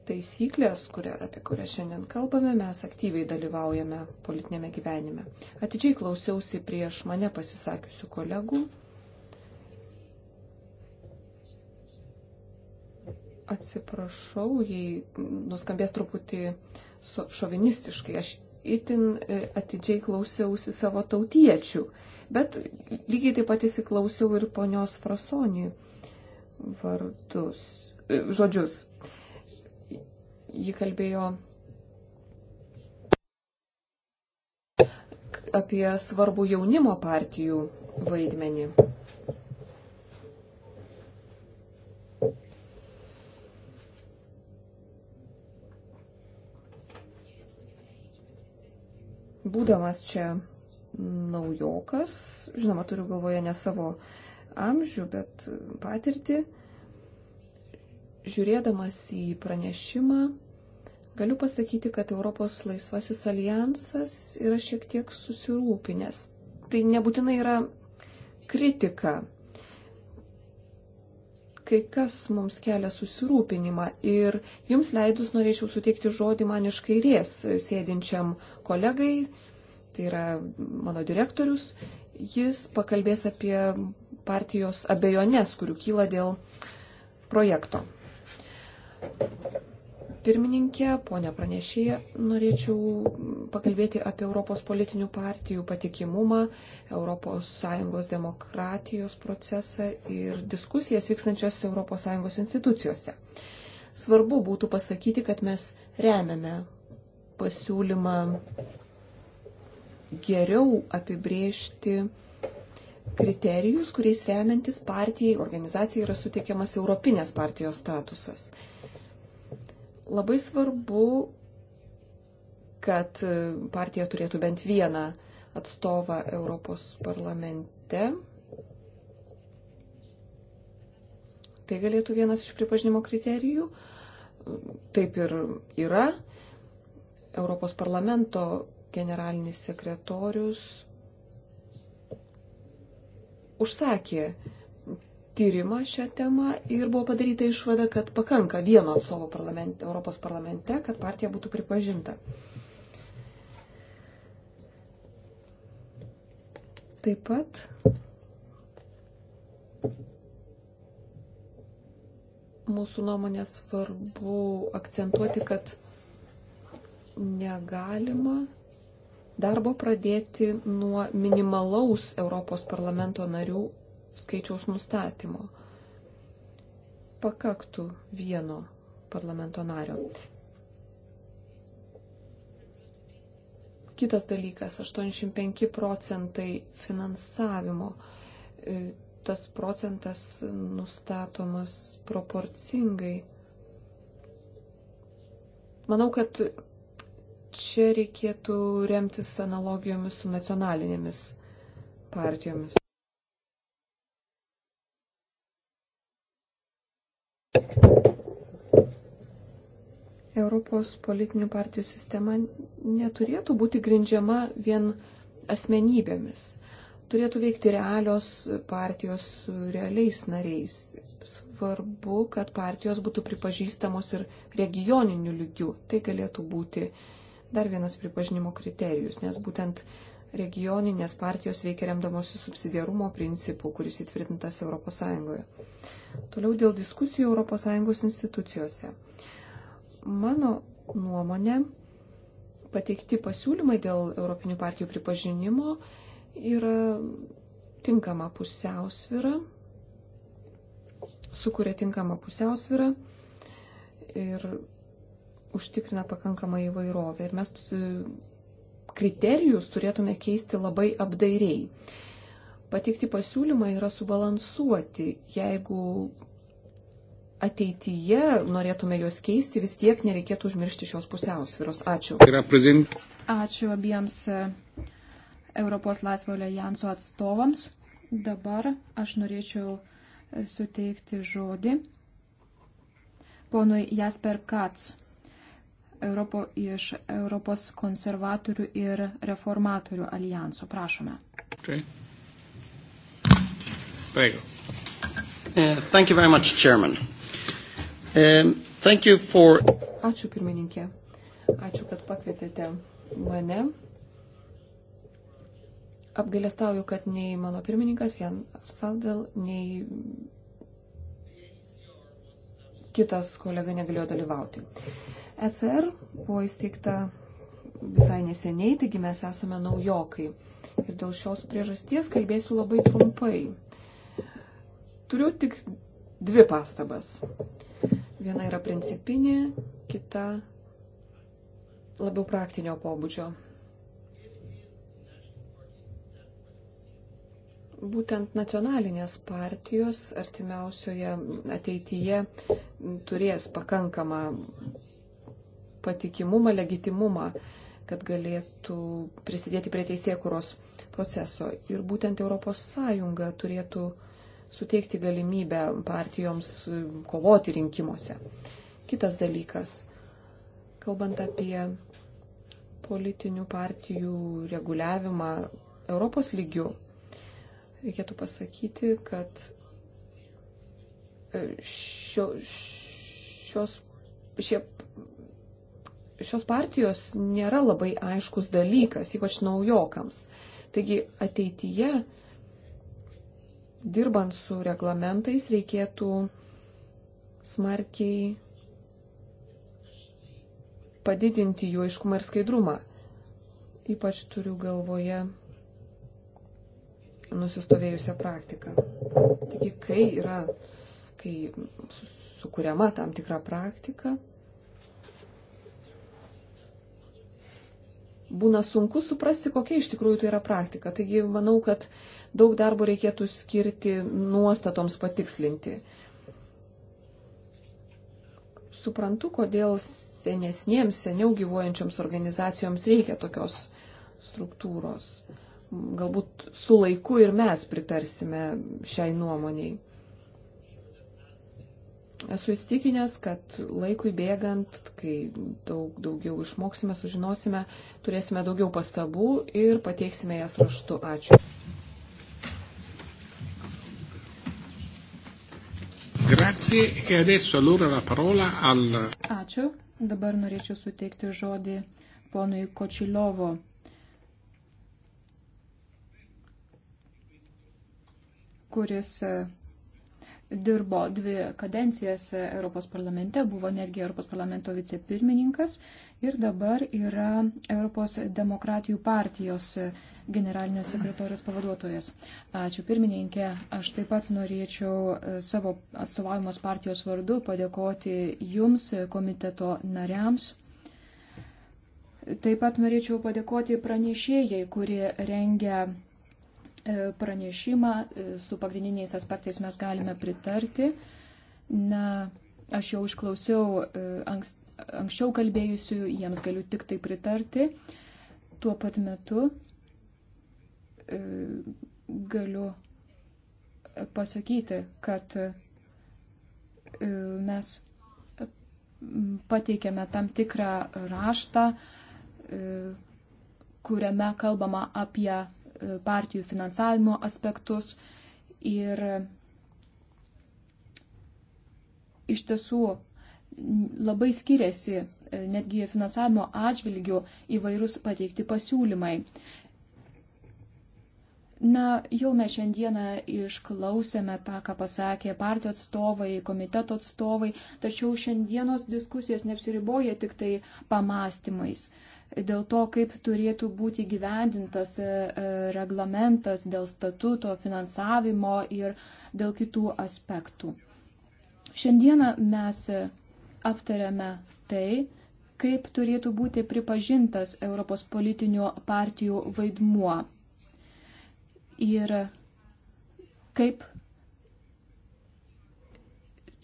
taisyklės, kuria, apie kurias šiandien kalbame, mes aktyviai dalyvaujame politinėme gyvenime. Atidžiai klausiausi prieš mane pasisakiusių kolegų. Atsiprašau, jei nuskambės truputį šovinistiškai. Aš itin e, atidžiai klausiausi savo tautiečių, bet lygiai taip pat įsiklausiau ir ponios Frasonį vardus, e, žodžius. Ji kalbėjo apie svarbų jaunimo partijų vaidmenį. Būdamas čia naujokas, žinoma, turiu galvoje ne savo uh, amžių, bet patirtį, žiūrėdamas į pranešimą, galiu pasakyti, kad Europos laisvasis alijansas yra šiek tiek susirūpinęs. Tai nebūtinai yra kritika. Kai kas mums kelia susirūpinimą ir jums leidus norėčiau suteikti žodį man iš kairės sėdinčiam kolegai, tai yra mano direktorius, jis pakalbės apie partijos abejonės, kurių kyla dėl projekto. Pirmininkė, ponė pranešėja, norėčiau pakalbėti apie Europos politinių partijų patikimumą, ES demokratijos procesą ir diskusijas vykstančias ES institucijose. Svarbu būtų pasakyti, kad mes remiame pasiūlymą geriau apibriežti kriterijus, kuriais remiantis partijai, organizacijai yra suteikiamas Europinės partijos statusas. Labai svarbu, kad partija turėtų bent vieną atstovą Europos parlamente. Tai galėtų vienas iš pripažinimo kriterijų. Taip ir yra. Europos parlamento generalinis sekretorius užsakė tyrimą šią temą ir buvo padaryta išvada, kad pakanka vieno atstovo parlamente, Europos parlamente, kad partija būtų pripažinta. Taip pat mūsų nuomonė svarbu akcentuoti, kad negalima darbo pradėti nuo minimalaus Europos parlamento narių skaičiaus nustatymo. Pakaktų vieno parlamento nario. Kitas dalykas - 85 procentai finansavimo. E, tas procentas nustatomas proporcingai. Manau, kad čia reikėtų remtis analogijomis su nacionalinėmis partijomis. Europos politinių partijų sistema neturėtų būti grindžiama vien asmenybėmis. Turėtų veikti realios partijos su realiais nariais. Svarbu, kad partijos būtų pripažįstamos ir regioniniu lygiu. Tai galėtų būti uh, dar vienas pripažinimo kriterijus, nes būtent regioninės partijos veikia remdamosi subsidiarumo principų, kuris įtvirtintas ES. Toliau dėl diskusijų ES institucijose. Mano nuomonė, pateikti pasiūlymai dėl Europinių partijų pripažinimo yra tinkama pusiausvyra, sukuria tinkamą pusiausvyrą ir užtikrina pakankamą įvairovę ir mes e, kriterijus turėtume keisti labai apdairiai. Pateikti pasiūlymai yra subalansuoti, jeigu ateityje norėtume juos keisti, vis tiek nereikėtų užmiršti šios pusiausviros. Ačiū. Ačiū abiems e, Europos Laisvo alijanso atstovams. Dabar aš norėčiau e, suteikti žodį ponui Jasper Kats. Europo, iš Europos konservatorių ir reformatorių alijanso. Prašome. Okay. Prego. Uh, thank you very much, Chairman. Um, thank you for... Ačiū pirmininkė. Ačiū, kad pakvietėte mane. Apgailestauju, kad nei mano pirmininkas Jan Saldel, nei kitas kolega negalėjo dalyvauti. Uh, ECR buvo įsteigta visai neseniai, taigi mes esame naujokai. Ir dėl šios priežasties kalbėsiu labai trumpai. Turiu tik dvi pastabas. Viena yra principinė, kita labiau praktinio pobūdžio. būtent nacionalinės partijos artimiausioje ateityje turės pakankamą patikimumą, legitimumą, kad galėtų prisidėti prie teisėkuros proceso. Ir būtent ES turėtų suteikti galimybę partijoms kovoti rinkimuose. Kitas dalykas, kalbant apie politinių partijų reguliavimą Europos lygių, reikėtų pasakyti, kad e, šio, šios, šie šios partijos nėra labai aiškus dalykas, ypač naujokams. Taigi ateityje, dirbant su reglamentais, reikėtų smarkiai padidinti jų aiškumą ir skaidrumą. Ypač turiu galvoje nusistovėjusią praktiką. Taigi, kai yra, kai sukuriama tam tikra praktika, būna sunku suprasti, kokia iš tikrųjų tai yra praktika. Taigi manau, kad daug darbo reikėtų skirti nuostatoms patikslinti. Suprantu, kodėl senesniems, seniau gyvuojančioms organizacijoms reikia tokios struktūros. Galbūt su laiku ir mes pritarsime šiai nuomoniai. Esu įstikinęs, kad laikui bėgant, kai daug daugiau išmoksime, sužinosime, turėsime daugiau pastabų ir pateiksime jas raštu. Ačiū. Grazie. E adesso allora la parola al... Ačiū. Dabar norėčiau suteikti žodį ponui Kočilovo. kuris dirbo dvi kadencijas Europos parlamente, buvo netgi Europos parlamento vicepirmininkas ir dabar yra Europos demokratijų partijos generalinio sekretorijos pavaduotojas. Ačiū pirmininkė, aš taip pat norėčiau savo atstovavimas partijos vardu padėkoti Jums, komiteto nariams. Taip pat norėčiau padėkoti pranešėjai, kurie rengia E, pranešimą e, su pagrindiniais aspektais mes galime pritarti. Na, aš jau išklausiau e, anks, anksčiau kalbėjusių, jiems galiu tik tai pritarti. Tuo pat metu galiu pasakyti, kad mes pateikėme tam tikrą raštą, kuriame kalbama apie partijų finansavimo aspektus. Ir iš tiesų labai skiriasi e, netgi finansavimo atžvilgių įvairūs pateikti pasiūlymai. Na, jau mes šiandieną išklausėme tą, ką pasakė partijų atstovai, komiteto atstovai, tačiau šiandienos diskusijos neapsiriboja tik tai pamastymais. Uh, dėl to, kaip turėtų būti gyvendintas e, e, reglamentas dėl statuto, finansavimo ir dėl kitų aspektų. Šiandieną mes aptarėme tai, kaip turėtų būti pripažintas Europos politinių partijų vaidmuo ir kaip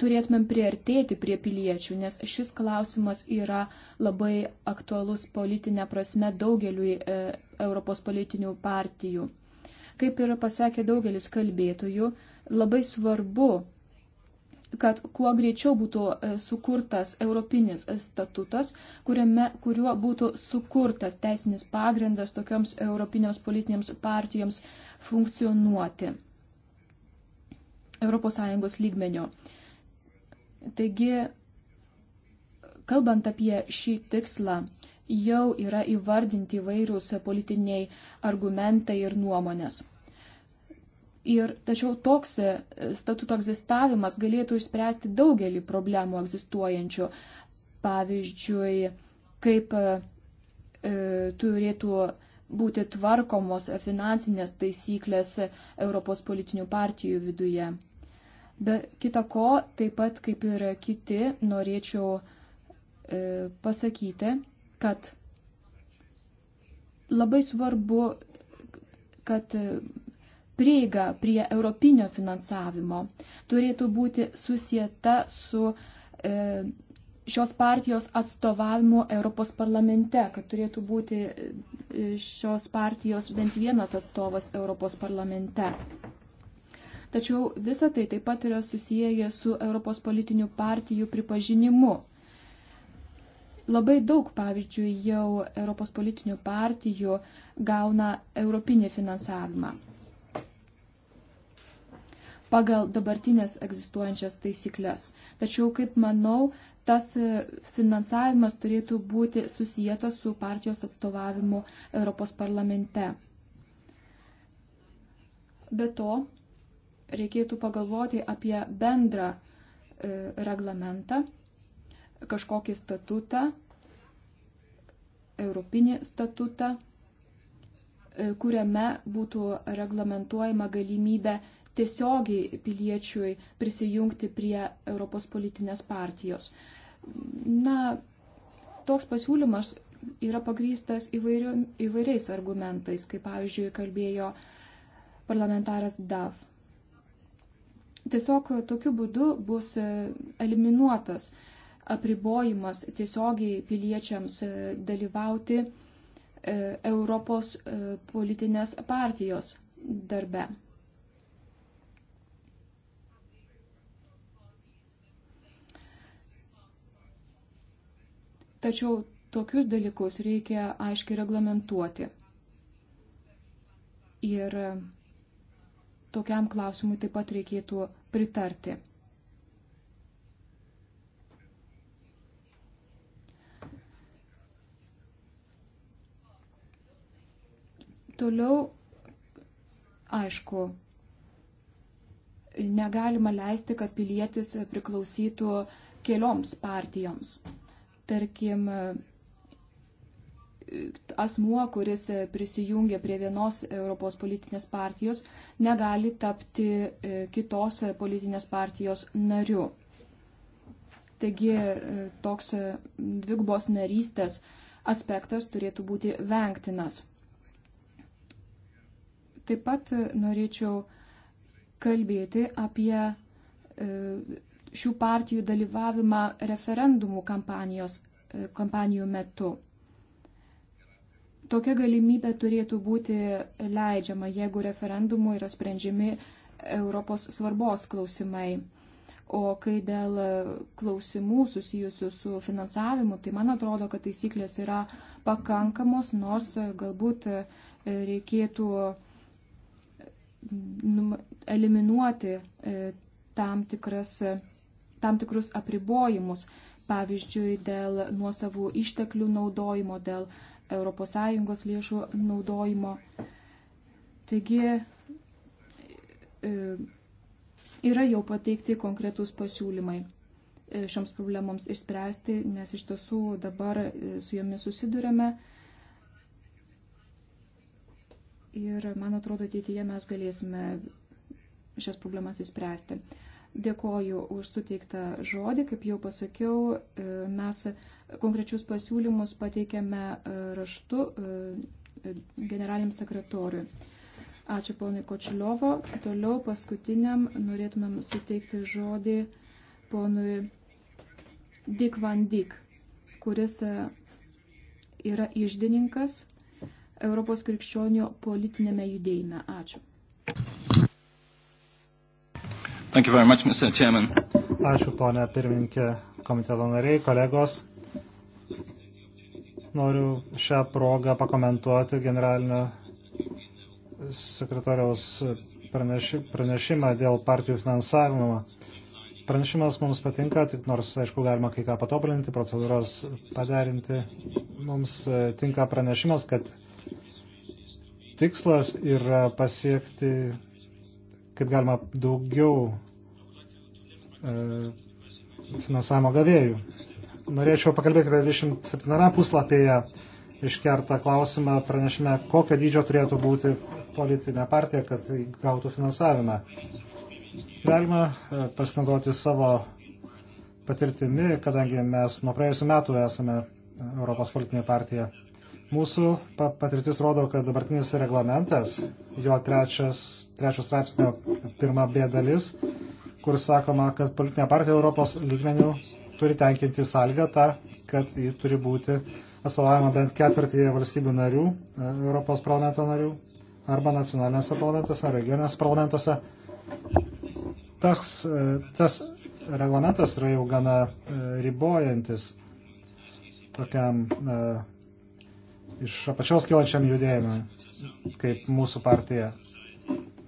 turėtumėm priartėti prie piliečių, nes šis klausimas yra labai aktualus politinė prasme daugeliui e, Europos politinių partijų. Kaip ir pasakė daugelis kalbėtojų, labai svarbu, kad kuo greičiau būtų e, sukurtas europinis statutas, kuriame, kuriuo būtų sukurtas teisinis pagrindas tokioms europinėms politinėms partijoms funkcionuoti. ES lygmenio. Taigi, kalbant apie šį tikslą, jau yra įvardinti įvairūs politiniai argumentai ir nuomonės. Ir tačiau toks statuto egzistavimas galėtų išspręsti daugelį problemų egzistuojančių. Pavyzdžiui, kaip e, turėtų būti tvarkomos finansinės taisyklės Europos politinių partijų viduje. Be kita ko, taip pat kaip ir kiti, norėčiau e, pasakyti, kad labai svarbu, kad prieiga prie europinio finansavimo turėtų būti susieta su e, šios partijos atstovavimu Europos parlamente, kad turėtų būti e, šios partijos bent vienas atstovas Europos parlamente. Tačiau visa tai taip pat yra susiję su Europos politinių partijų pripažinimu. Labai daug, pavyzdžiui, jau Europos politinių partijų gauna europinį finansavimą. Pagal dabartinės egzistuojančias taisyklės. Tačiau, kaip manau, tas finansavimas turėtų būti susijęs su partijos atstovavimu Europos parlamente. Be to, reikėtų pagalvoti apie bendrą e, reglamentą, kažkokį statutą, europinį statutą, e, kuriame būtų reglamentuojama galimybė tiesiogiai piliečiui prisijungti prie Europos politinės partijos. Na, toks pasiūlymas yra pagrystas įvairių, įvairiais argumentais, kaip pavyzdžiui kalbėjo parlamentaras DAV. Tiesiog tokiu būdu bus e, eliminuotas apribojimas tiesiogiai piliečiams e, dalyvauti e, Europos politinės partijos darbe. Tačiau tokius dalykus reikia aiškiai reglamentuoti. Ir tokiam klausimui taip pat reikėtų pritarti. Toliau, aišku, negalima leisti, kad pilietis priklausytų kelioms partijoms. Tarkim, asmuo, kuris e, prisijungia prie vienos Europos politinės partijos, negali tapti e, kitos e, politinės partijos nariu. Taigi toks dvigubos narystės aspektas turėtų būti vengtinas. Taip pat norėčiau kalbėti apie šių partijų dalyvavimą referendumų kampanijos kampanijų metu. Tokia galimybė turėtų būti leidžiama, jeigu referendumu yra sprendžiami Europos svarbos klausimai. O kai dėl klausimų susijusių su finansavimu, tai man atrodo, kad taisyklės yra pakankamos, nors galbūt reikėtų eliminuoti e, tam, tikras, tam tikrus apribojimus, pavyzdžiui, dėl nuosavų išteklių naudojimo, dėl uh, ES lėšų naudojimo. Taigi e, yra jau pateikti konkretus pasiūlymai e, šioms problemoms išspręsti, nes iš tiesų dabar e, su jomis susidurėme. Ir man atrodo, ateityje mes galėsime šias problemas įspręsti. Dėkoju už suteiktą žodį. Kaip jau pasakiau, e, mes konkrečius pasiūlymus pateikėme e, raštu e, generaliniam sekretoriui. Ačiū ponui Kočiliovo. Toliau paskutiniam norėtumėm suteikti žodį ponui Dik Van Dik, kuris yra išdininkas Europos krikščionių politinėme judėjime. Ačiū. Thank you very much, Mr. Chairman. Ačiū, ponė pirmininkė, komiteto nariai, kolegos. Noriu šią progą pakomentuoti generalinio sekretoriaus praneši, pranešimą dėl partijų finansavimo. Pranešimas mums patinka, tik nors, aišku, galima kai ką patobulinti, procedūras padarinti. Mums tinka pranešimas, kad tikslas yra pasiekti kaip galima daugiau e, finansavimo gavėjų. Norėčiau pakalbėti apie 27 puslapyje iškertą klausimą pranešime, kokio dydžio turėtų būti politinė partija, kad gautų finansavimą. Galima e, pasinaudoti savo patirtimi, kadangi mes nuo praėjusių metų esame Europos politinė partija. Mūsų patirtis rodo, kad dabartinis reglamentas, jo trečias, trečias straipsnio pirma B dalis, kur sakoma, kad politinė partija Europos lygmenių turi tenkinti sąlygą tą, kad ji turi būti atstovaujama bent ketvirtyje valstybių narių, e, Europos parlamento narių, arba nacionalinėse parlamentuose, ar regioninėse parlamentuose. Tas, e, tas reglamentas yra jau gana e, ribojantis tokiam iš apačios kilančiam judėjimui, kaip mūsų partija.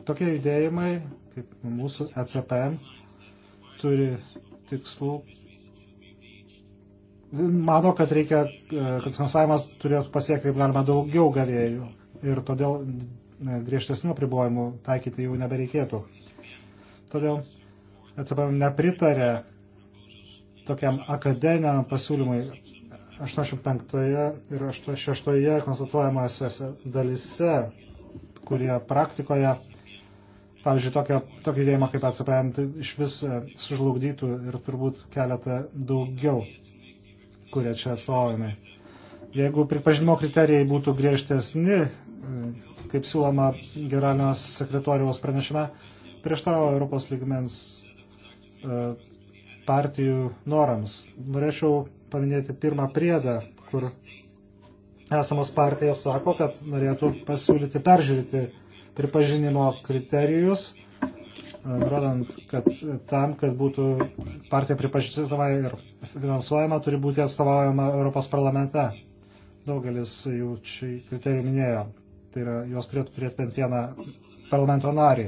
Tokie judėjimai, kaip mūsų ECPM, turi tikslų. Mano, kad reikia, kad finansavimas turėtų pasiekti kaip galima daugiau gavėjų ir todėl e, griežtesnių apribojimų taikyti jau nebereikėtų. Todėl ECPM nepritarė tokiam akademiniam pasiūlymui 85 ir 86 konstatuojamosiose dalise, kurie praktikoje, pavyzdžiui, tokia, tokį judėjimą kaip ACPM tai iš vis e, sužlugdytų ir turbūt keletą daugiau, kurie čia atstovaujami. Jeigu pripažinimo kriterijai būtų griežtesni, e, kaip siūloma generalinio sekretoriaus pranešime, prieštaravo Europos lygmens e, partijų norams. Norėčiau paminėti pirmą priedą, kur esamos partijos sako, kad norėtų pasiūlyti peržiūrėti pripažinimo kriterijus, e, rodant, kad tam, kad būtų partija pripažįstama ir finansuojama, turi būti atstovaujama Europos parlamente. Daugelis jų šį kriterijų minėjo. Tai yra, jos turėtų turėti bent vieną parlamento narį.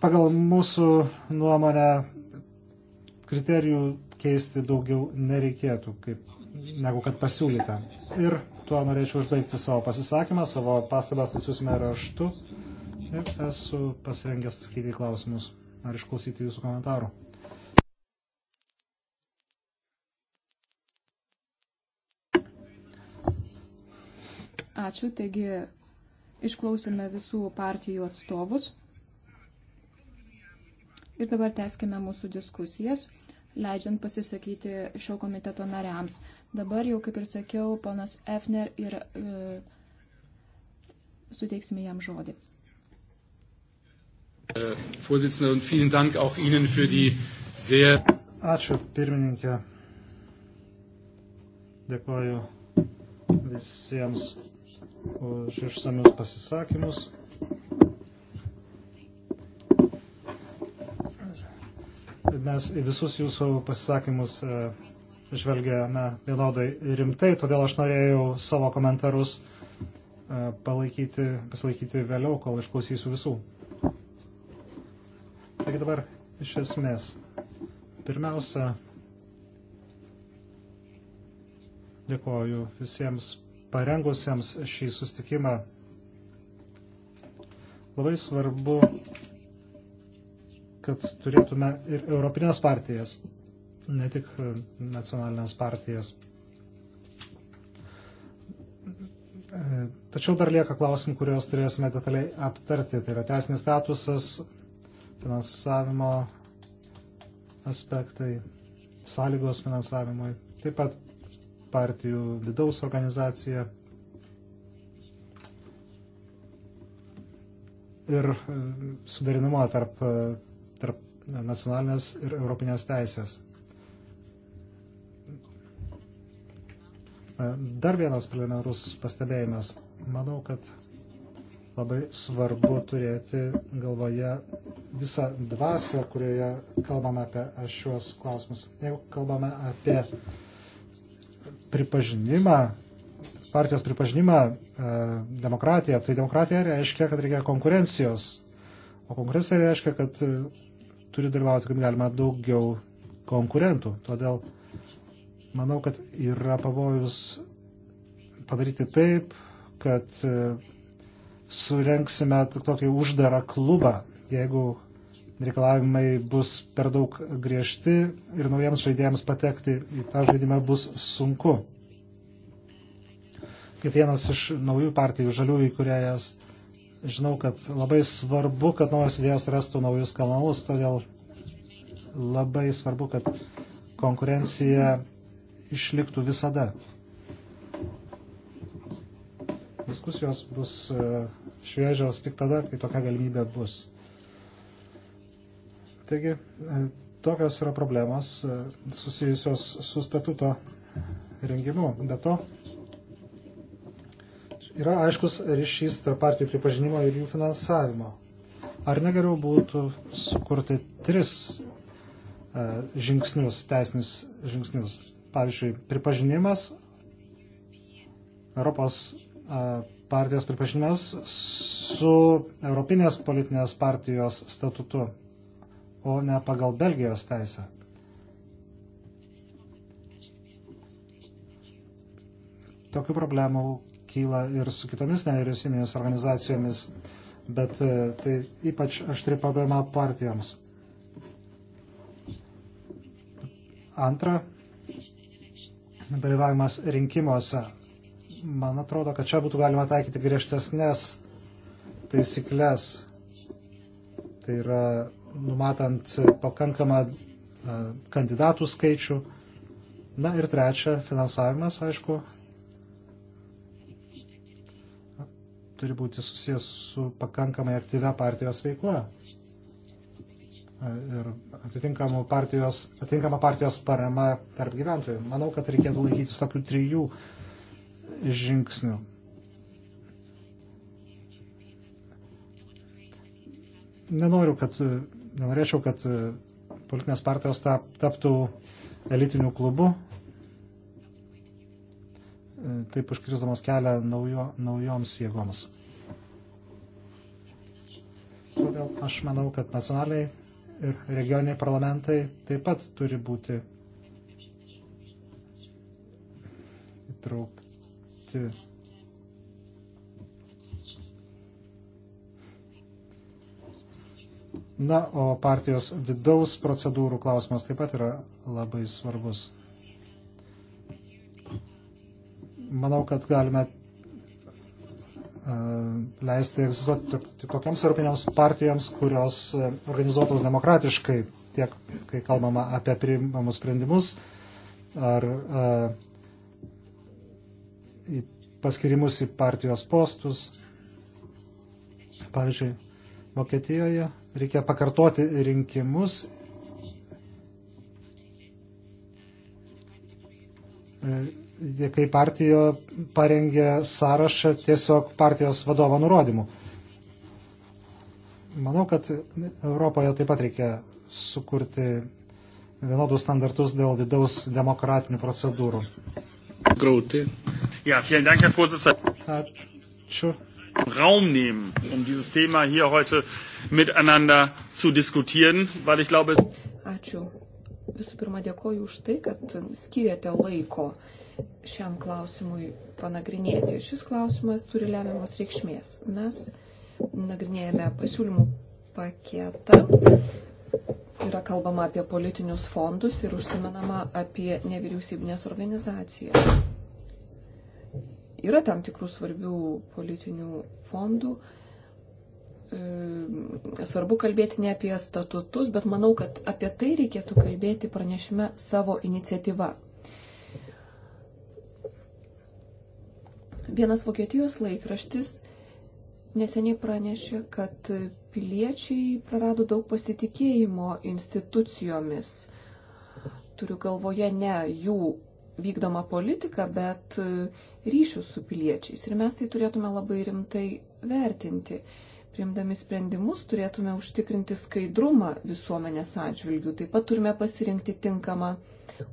Pagal mūsų nuomonę kriterijų keisti daugiau nereikėtų, kaip, negu kad pasiūlyta. Ir tuo norėčiau užbaigti savo pasisakymą, savo pastabas atsiusime raštu ir esu pasirengęs atsakyti klausimus ar išklausyti jūsų komentarų. Ačiū, taigi išklausėme visų partijų atstovus. Ir dabar teskime mūsų diskusijas leidžiant pasisakyti šio komiteto nariams. Dabar jau, kaip ir sakiau, ponas Efner ir e, suteiksime jam žodį. Ačiū pirmininkė. Dėkoju visiems už išsamius pasisakymus. mes į visus jūsų pasisakymus e, žvelgėme vienodai rimtai, todėl aš norėjau savo komentarus e, palaikyti, pasilaikyti vėliau, kol išklausysiu visų. Taigi dabar iš esmės. Pirmiausia, dėkoju visiems parengusiems šį sustikimą. Labai svarbu kad turėtume ir europinės partijas, ne tik nacionalinės partijas. Tačiau dar lieka klausimų, kuriuos turėsime detaliai aptarti. Tai yra teisinis statusas, finansavimo aspektai, sąlygos finansavimui, taip pat partijų vidaus organizacija ir sudarinimo tarp tarp nacionalinės ir europinės teisės. Dar vienas preliminarus pastebėjimas. Manau, kad labai svarbu turėti galvoje visą dvasę, kurioje kalbame apie šiuos klausimus. Jeigu kalbame apie pripažinimą, partijos pripažinimą e, demokratiją, tai demokratija reiškia, kad reikia konkurencijos. O konkurencija reiškia, kad turi dalyvauti, kaip galima, daugiau konkurentų. Todėl manau, kad yra pavojus padaryti taip, kad e, surenksime tokį uždarą klubą, jeigu reikalavimai bus per daug griežti ir naujiems žaidėjams patekti į tą žaidimą bus sunku. Kaip vienas iš naujų partijų žaliųjų, kuriejas žinau, kad labai svarbu, kad naujos idėjos rastų naujus kanalus, todėl labai svarbu, kad konkurencija išliktų visada. Diskusijos bus e, šviežios tik tada, kai tokia galimybė bus. Taigi, e, tokios yra problemos e, susijusios su statuto rengimu. Be to, yra aiškus ryšys tarp partijų pripažinimo ir jų finansavimo. Ar negeriau būtų sukurti tris e, žingsnius, teisinius žingsnius? Pavyzdžiui, pripažinimas, Europos e, partijos pripažinimas su Europinės politinės partijos statutu, o ne pagal Belgijos teisę. Tokių problemų kyla ir su kitomis nevyriausybinėmis organizacijomis, bet e, tai ypač aštri problema partijoms. Antra, dalyvavimas rinkimuose. Man atrodo, kad čia būtų galima taikyti griežtesnės taisyklės. Tai yra numatant pakankamą e, kandidatų skaičių. Na ir trečia, finansavimas, aišku, turi būti susijęs su pakankamai aktyvia partijos veikla ir atitinkamą partijos, atitinkamą partijos parama tarp gyventojų. Manau, kad reikėtų laikytis tokių trijų žingsnių. Nenoriu, kad, nenorėčiau, kad politinės partijos taptų elitiniu klubu, taip užkrisdamas kelią naujo, naujoms jėgoms. Todėl aš manau, kad nacionaliai ir regioniniai parlamentai taip pat turi būti įtraukti. Na, o partijos vidaus procedūrų klausimas taip pat yra labai svarbus. manau, kad galime e, leisti egzistuoti tokiams europinėms partijoms, kurios e, organizuotos demokratiškai, tiek kai kalbama apie priimamus sprendimus ar e, į paskirimus į partijos postus. Pavyzdžiui, Vokietijoje reikia pakartoti rinkimus e, kai partija parengė sąrašą tiesiog partijos vadovo nurodymų. Manau, kad Europoje taip pat reikia sukurti vienodus standartus dėl vidaus demokratinių procedūrų. Grauti. Ja, vielen Dank, Herr Vorsitzender. Ačiū. Raum nehmen, um dieses Thema hier heute miteinander zu diskutieren, weil ich glaube. Ačiū. Visų pirma, dėkoju už tai, kad skiriate laiko šiam klausimui panagrinėti. Šis klausimas turi lemiamos reikšmės. Mes nagrinėjame pasiūlymų paketą. Yra kalbama apie politinius fondus ir užsimenama apie nevyriausybinės organizacijas. Yra tam tikrų svarbių politinių fondų, e, svarbu kalbėti ne apie statutus, bet manau, kad apie tai reikėtų kalbėti pranešime savo iniciatyva. Vienas Vokietijos laikraštis neseniai pranešė, kad piliečiai prarado daug pasitikėjimo institucijomis. Turiu galvoje ne jų vykdomą politiką, bet e, ryšius su piliečiais. Ir mes tai turėtume labai rimtai vertinti. Priimdami sprendimus turėtume užtikrinti skaidrumą visuomenės atžvilgių. Taip pat turime pasirinkti tinkamą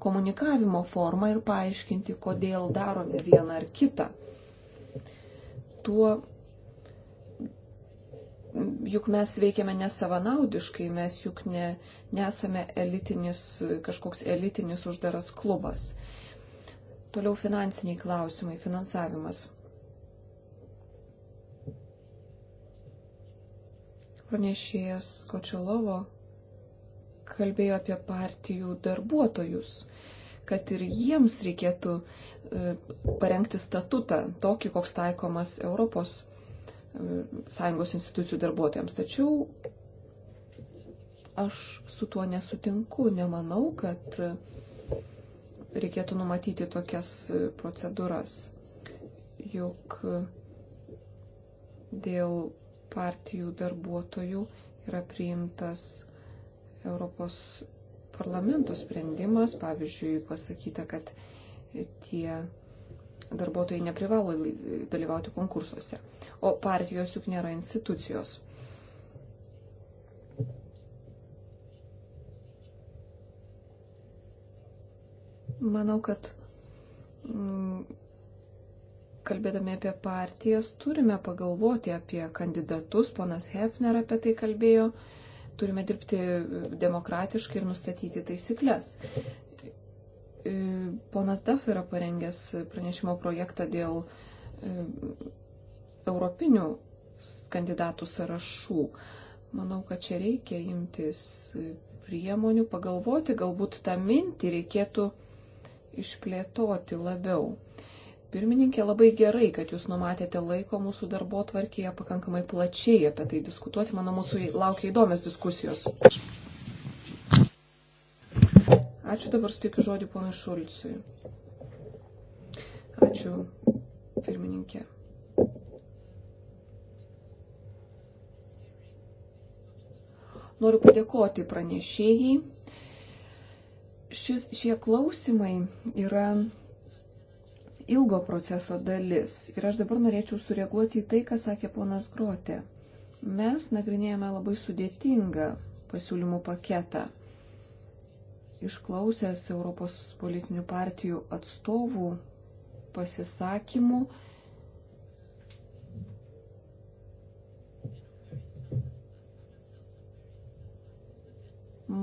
komunikavimo formą ir paaiškinti, kodėl darome vieną ar kitą tuo juk mes veikiame nesavanaudiškai, mes juk ne, nesame elitinis, kažkoks elitinis uždaras klubas. Toliau finansiniai klausimai, finansavimas. Pranešėjas Kočiolovo kalbėjo apie partijų darbuotojus, kad ir jiems reikėtų E, parengti statutą, tokį, koks taikomas Europos e, Sąjungos institucijų darbuotojams. Tačiau aš su tuo nesutinku, nemanau, kad e, reikėtų numatyti tokias procedūras. Juk dėl partijų darbuotojų yra priimtas Europos parlamento sprendimas, pavyzdžiui, pasakyta, kad tie darbuotojai neprivalo dalyvauti konkursuose. O partijos juk nėra institucijos. Manau, kad mm, kalbėdami apie partijas turime pagalvoti apie kandidatus. Ponas Hefner apie tai kalbėjo. Turime dirbti demokratiškai ir nustatyti taisyklės. E, ponas Daf yra parengęs pranešimo projektą dėl e, europinių kandidatų sąrašų. Manau, kad čia reikia imtis priemonių, pagalvoti, galbūt tą mintį reikėtų išplėtoti labiau. Pirmininkė, labai gerai, kad jūs numatėte laiko mūsų darbo tvarkėje pakankamai plačiai apie tai diskutuoti. Manau, mūsų laukia įdomios diskusijos. Ačiū dabar suteikiu žodį ponui Šulcui. Ačiū, pirmininkė. Noriu padėkoti pranešėjai. Šis, šie klausimai yra ilgo proceso dalis. Ir aš dabar norėčiau sureaguoti į tai, ką sakė ponas Grote. Mes nagrinėjame labai sudėtingą pasiūlymų paketą išklausęs Europos politinių partijų atstovų pasisakymų,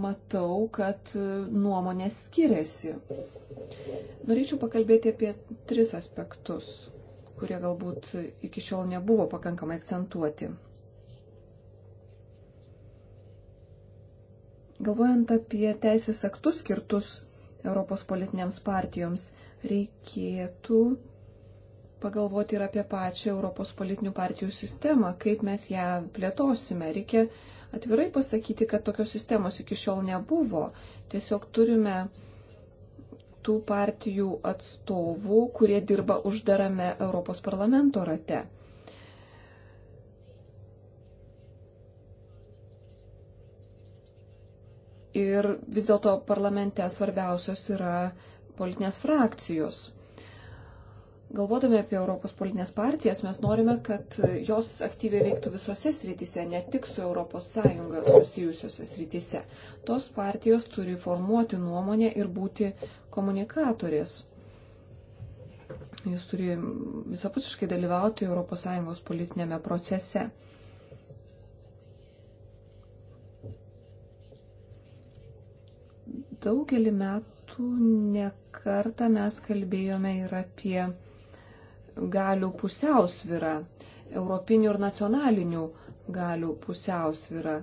matau, kad nuomonės skiriasi. Norėčiau pakalbėti apie tris aspektus, kurie galbūt iki šiol nebuvo pakankamai akcentuoti. Galvojant apie teisės aktus skirtus Europos politinėms partijoms, reikėtų pagalvoti ir apie pačią Europos politinių partijų sistemą, kaip mes ją plėtosime. Reikia atvirai pasakyti, kad tokios sistemos iki šiol nebuvo. Tiesiog turime tų partijų atstovų, kurie dirba uždarame Europos parlamento rate. ir vis dėlto parlamente svarbiausios yra politinės frakcijos. Galvodami apie Europos politinės partijas, mes norime, kad jos aktyviai veiktų visose srityse, ne tik su ES susijusiose srityse. Tos partijos turi formuoti nuomonę ir būti komunikatorės. Jis turi visapusiškai dalyvauti ES politinėme procese. daugelį metų nekartą mes kalbėjome ir apie galių pusiausvyrą, europinių ir nacionalinių galių pusiausvyrą.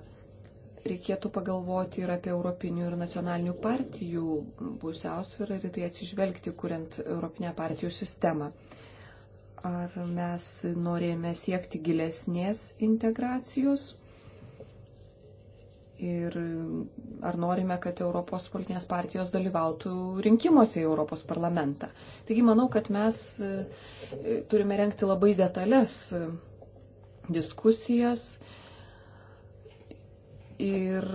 Reikėtų pagalvoti ir apie europinių ir nacionalinių partijų pusiausvyrą ir tai atsižvelgti, kuriant europinę partijų sistemą. Ar mes norėjome siekti gilesnės integracijos? Ir e, ar norime, kad Europos politinės partijos dalyvautų rinkimuose į Europos parlamentą. Taigi manau, kad mes e, turime renkti labai detales e, diskusijas ir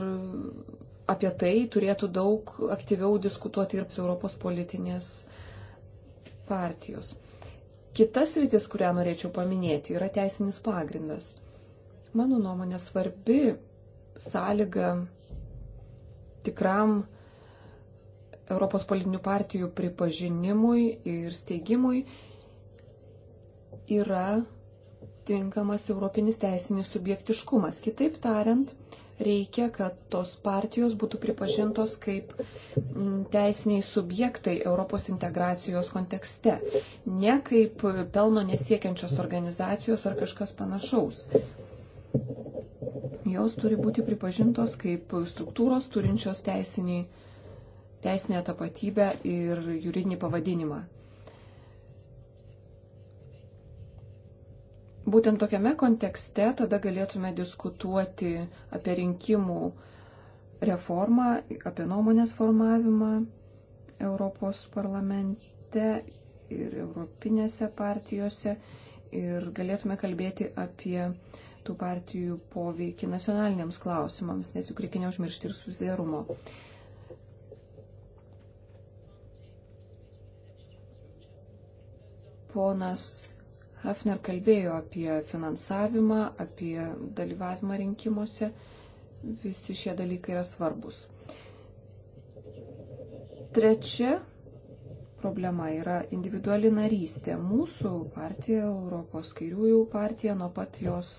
apie tai turėtų daug aktyviau diskutuoti ir Europos politinės partijos. Kitas rytis, kurią norėčiau paminėti, yra teisinis pagrindas. Mano nuomonė svarbi sąlyga tikram Europos politinių partijų pripažinimui ir steigimui yra tinkamas europinis teisinis subjektiškumas. Kitaip tariant, reikia, kad tos partijos būtų pripažintos kaip mm, teisiniai subjektai Europos integracijos kontekste, ne kaip pelno nesiekiančios organizacijos ar kažkas panašaus jos turi būti pripažintos kaip struktūros turinčios teisinį, teisinę tapatybę ir juridinį pavadinimą. Būtent tokiame kontekste tada galėtume diskutuoti apie rinkimų reformą, apie nuomonės formavimą Europos parlamente ir Europinėse partijose ir galėtume kalbėti apie tų partijų poveikį nacionaliniams klausimams, nes juk reikia neužmiršti ir susidarumo. Ponas Hafner kalbėjo apie finansavimą, apie dalyvavimą rinkimuose. Visi šie dalykai yra svarbus. Trečia problema yra individuali narystė. Mūsų partija, Europos kairiųjų partija, nuo pat jos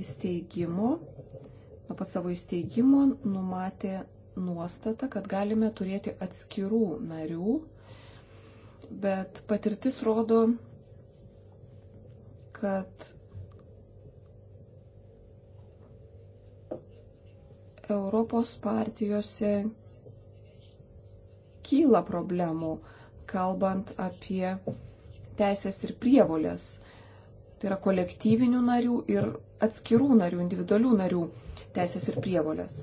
įsteigimo, nuo pat savo įsteigimo numatė nuostatą, kad galime turėti atskirų narių, bet patirtis rodo, kad Europos partijose kyla problemų, kalbant apie teisės ir prievolės. Tai yra kolektyvinių narių ir atskirų narių, individualių narių teisės ir prievolės.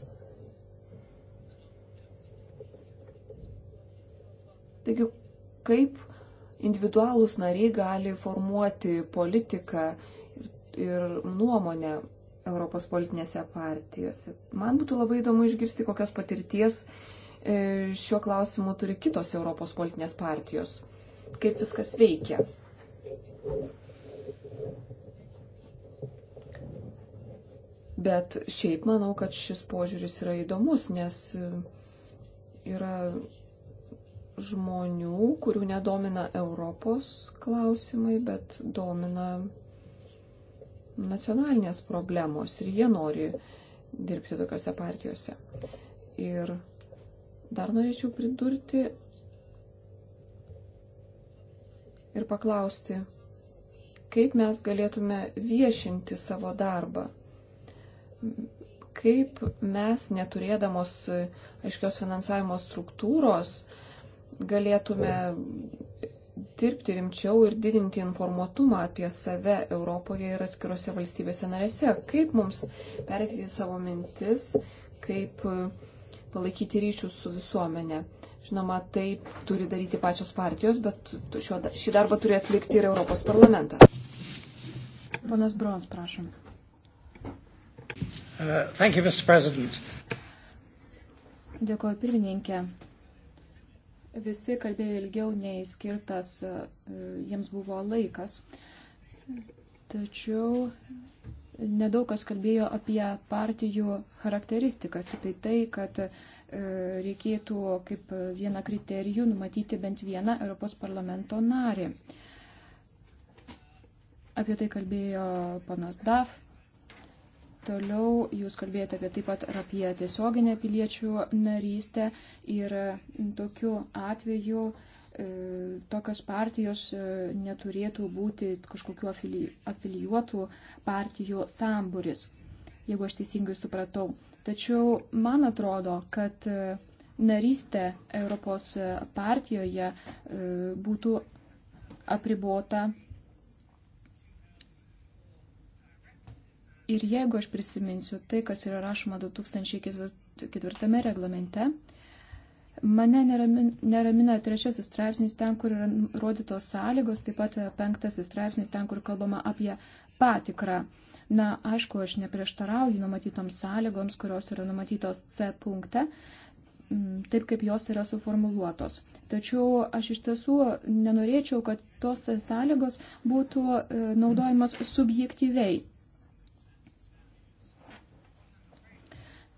Taigi, kaip individualūs nariai gali formuoti politiką ir, ir nuomonę Europos politinėse partijose. Man būtų labai įdomu išgirsti, kokias patirties e, šiuo klausimu turi kitos Europos politinės partijos, kaip viskas veikia. Bet šiaip manau, kad šis požiūris yra įdomus, nes yra žmonių, kurių nedomina Europos klausimai, bet domina nacionalinės problemos ir jie nori dirbti tokiuose partijose. Ir dar norėčiau pridurti ir paklausti, kaip mes galėtume viešinti savo darbą kaip mes, neturėdamos aiškios finansavimo struktūros, galėtume dirbti rimčiau ir didinti informuotumą apie save Europoje ir atskirose valstybėse narėse. Kaip mums perteikti savo mintis, kaip palaikyti ryšius su visuomenė. Žinoma, tai turi daryti pačios partijos, bet šio, šį darbą turi atlikti ir Europos parlamentas. Ponas Brons, prašom. Uh, thank you, Mr. President. Dėkuoju, pirmininkė. Visi kalbėjo ilgiau nei skirtas uh, jiems buvo laikas. Tačiau nedaug kas kalbėjo apie partijų charakteristikas, tik tai tai, kad uh, reikėtų kaip vieną kriterijų numatyti bent vieną Europos parlamento narį. Apie tai kalbėjo panas DAF, Toliau jūs kalbėjote apie taip pat ir apie tiesioginę piliečių narystę ir tokiu atveju e, tokios partijos e, neturėtų būti kažkokiu afilijuotų partijų samburis, jeigu aš teisingai supratau. Tačiau man atrodo, kad e, narystė Europos partijoje būtų apribota Ir jeigu aš prisiminsiu tai, kas yra rašoma 2004 reglamente, mane neramina trečiasis straipsnis ten, kur yra rodytos sąlygos, taip pat penktasis straipsnis ten, kur kalbama apie patikrą. Na, aišku, aš neprieštarauju numatytoms sąlygoms, kurios yra numatytos C punkte, taip kaip jos yra suformuluotos. Tačiau aš iš tiesų nenorėčiau, kad tos sąlygos būtų e, naudojamos subjektyviai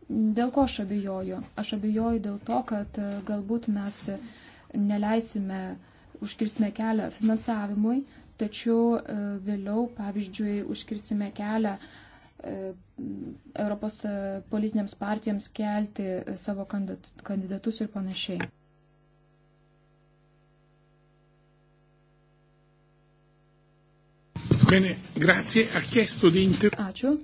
Dėl ko aš abejoju? Aš abejoju dėl to, kad e, galbūt mes neleisime, užkirsime kelią finansavimui, tačiau e, vėliau, pavyzdžiui, užkirsime kelią e, Europos politinėms partijams kelti savo kandidatus ir panašiai. Bene, grazie. Ha chiesto di inter... Ačiū.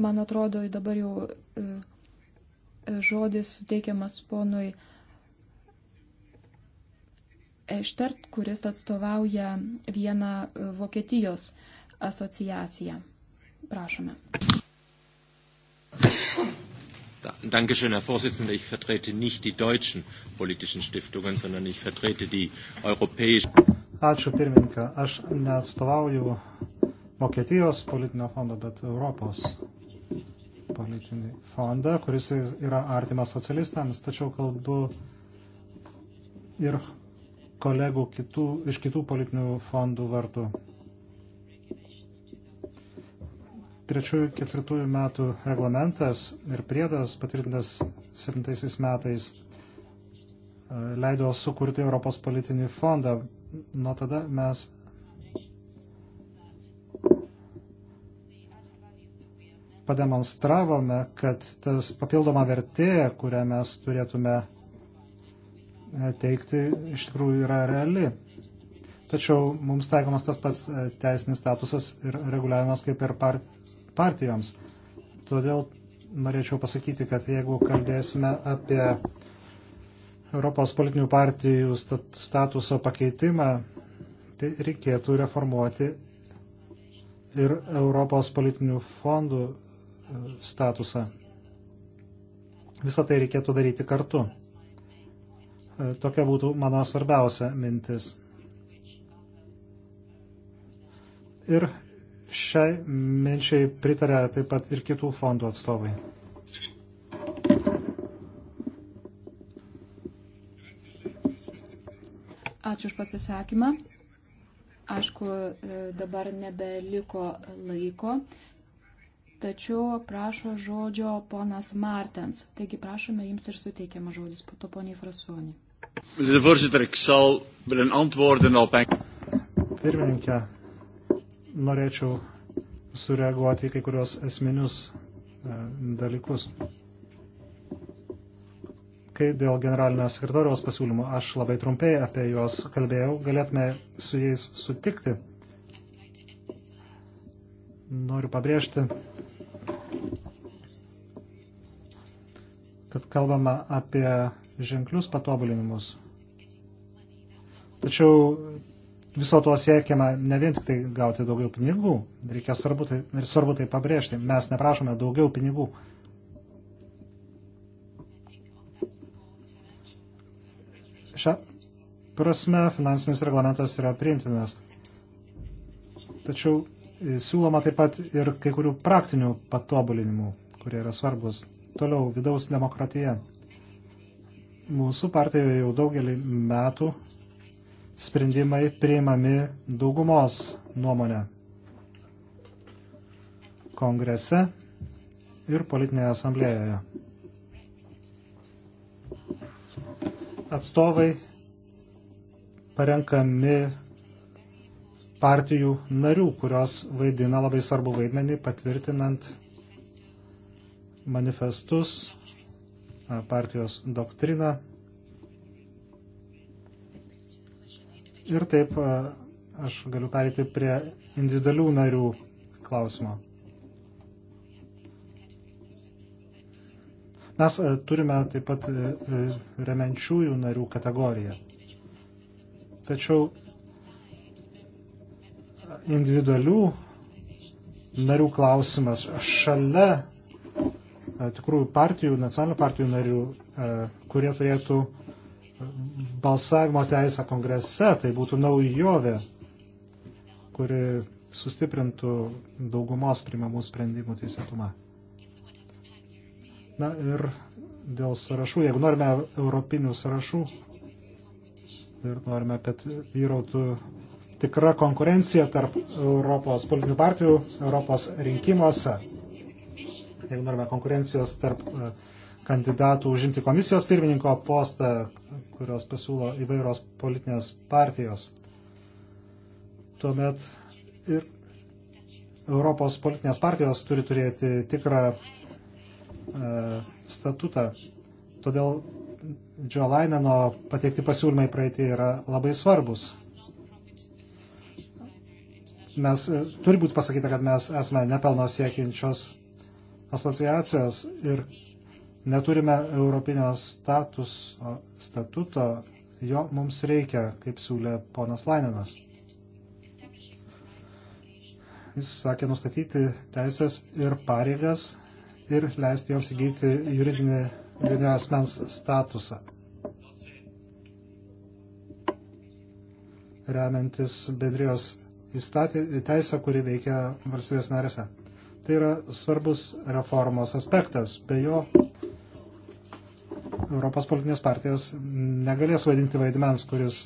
Man atrodo, dabar jau e, e, žodis suteikiamas ponui Eštert, kuris atstovauja vieną e, Vokietijos asociaciją. Prašome. Dankeschön, Herr Vorsitzender. Ich vertrete nicht die deutschen politischen Stiftungen, sondern ich vertrete die europäischen. Ačiū pirmininką. Aš neatstovauju Vokietijos politinio fondo, bet Europos politinį fondą, kuris yra artimas socialistams, tačiau kalbu ir kolegų kitų, iš kitų politinių fondų vartų. Trečiųjų ketvirtųjų metų reglamentas ir priedas patvirtintas 7 metais e, leido sukurti Europos politinį fondą. Nuo tada mes pademonstravome, kad tas papildoma vertė, kurią mes turėtume e, teikti, iš tikrųjų yra reali. Tačiau mums taikomas tas pats e, teisinis statusas ir reguliavimas kaip ir partijoms. Todėl norėčiau pasakyti, kad jeigu kalbėsime apie Europos politinių partijų statuso pakeitimą, tai reikėtų reformuoti ir Europos politinių fondų statusą. Visą tai reikėtų daryti kartu. E, tokia būtų mano svarbiausia mintis. Ir šiai minčiai pritarė taip pat ir kitų fondų atstovai. Ačiū už pasisakymą. Aišku, e, dabar nebeliko laiko tačiau prašo žodžio ponas Martens. Taigi prašome jums ir suteikiamas žodis, po to poniai Frasonį. Pirmininkė, norėčiau sureaguoti į kai kurios esminius e, dalykus. Kai dėl generalinio sekretoriaus pasiūlymų aš labai trumpai apie juos kalbėjau, galėtume su jais sutikti. Noriu pabrėžti, kalbama apie ženklius patobulinimus. Tačiau viso to siekiama ne vien tik tai gauti daugiau pinigų, reikia svarbu tai, ir svarbu tai pabrėžti, mes neprašome daugiau pinigų. Šią prasme finansinis reglamentas yra priimtinas. Tačiau siūloma taip pat ir kai kurių praktinių patobulinimų, kurie yra svarbus. Toliau, vidaus demokratija. Mūsų partijoje jau daugelį metų sprendimai priimami daugumos nuomonę kongrese ir politinėje asamblėjoje. Atstovai parenkami partijų narių, kurios vaidina labai svarbu vaidmenį patvirtinant manifestus, partijos doktriną ir taip aš galiu pereiti prie individualių narių klausimo. Mes turime taip pat e, e, remiančiųjų narių kategoriją. Tačiau individualių narių klausimas šalia tikrų partijų, nacionalinių partijų narių, kurie turėtų balsavimo teisę kongrese. Tai būtų naujovė, kuri sustiprintų daugumos primamų sprendimų teisėtumą. Na ir dėl sąrašų, jeigu norime europinių sąrašų ir norime, kad vyrautų tikra konkurencija tarp Europos politinių partijų Europos rinkimuose jeigu norime konkurencijos tarp e, kandidatų užimti komisijos pirmininko postą, kurios pasiūlo įvairios politinės partijos. Tuomet ir Europos politinės partijos turi turėti tikrą e, statutą. Todėl Džio Laineno pateikti pasiūlymai praeitį yra labai svarbus mes, e, turi būti pasakyta, kad mes esame nepelno siekiančios asociacijos ir neturime europinio status, statuto, jo mums reikia, kaip siūlė ponas Laininas. Jis sakė nustatyti teisės ir pareigas ir leisti joms įgyti juridinį, juridinio asmens statusą. Remiantis bendrijos įstatymą, teisę, kuri veikia valstybės narėse. Tai yra svarbus reformos aspektas. Be jo Europos politinės partijos negalės vaidinti vaidmens, kuris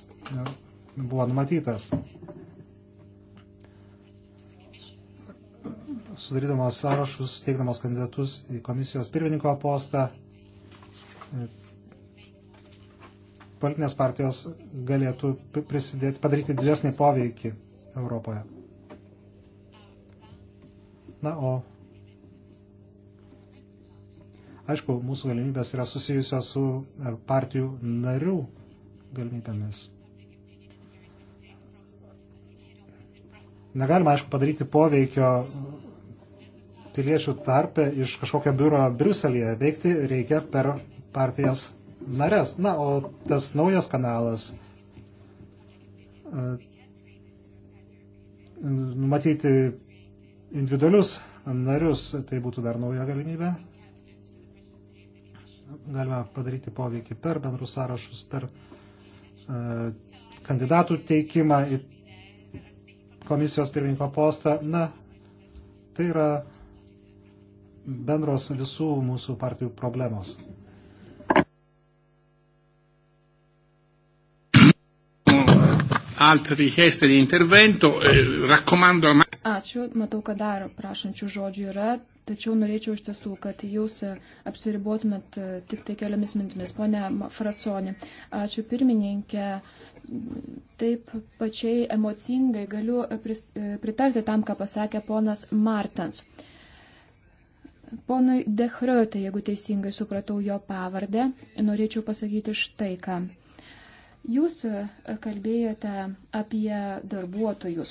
buvo numatytas. Sudarydamas sąrašus, teikdamas kandidatus į komisijos pirmininko postą, politinės partijos galėtų prisidėti, padaryti didesnį poveikį Europoje. Na, o aišku, mūsų galimybės yra susijusios su e, partijų narių galimybėmis. Negalima, aišku, padaryti poveikio piliečių tarpe iš kažkokio biuro Briuselėje. Veikti reikia per partijas narės. Na, o tas naujas kanalas e, numatyti individualius narius, tai būtų dar nauja galimybė. Galime padaryti poveikį per bendrus sąrašus, per uh, kandidatų teikimą į komisijos pirmininko postą. Na, tai yra bendros visų mūsų partijų problemos. altre richieste di intervento, eh, raccomando a... Ačiū, matau, kad dar prašančių žodžių yra, tačiau norėčiau iš tiesų, kad jūs apsiribotumėt e, tik tai keliomis mintimis. Pone Frasonė, ačiū pirmininkė, taip pačiai emocingai galiu e, pritarti tam, ką pasakė ponas Martens. Ponui Dehriote, jeigu teisingai supratau jo pavardę, norėčiau pasakyti štai ką. Jūs e, kalbėjote apie darbuotojus.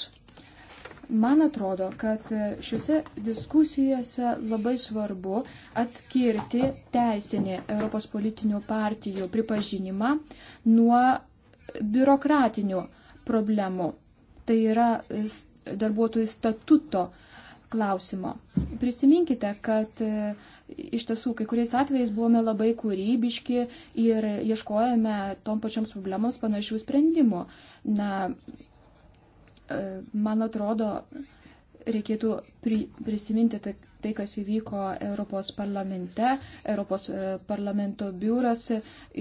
Man atrodo, kad e, šiuose diskusijose labai svarbu atskirti teisinį Europos politinių partijų pripažinimą nuo biurokratinių problemų. Tai yra darbuotojų statuto klausimo. Prisiminkite, kad e, iš tiesų kai kuriais atvejais buvome labai kūrybiški ir ieškojame tom pačioms problemams panašių sprendimų. Na, e, man atrodo, reikėtų pri, prisiminti tai, tai, kas įvyko Europos parlamente. Europos e, parlamento biuras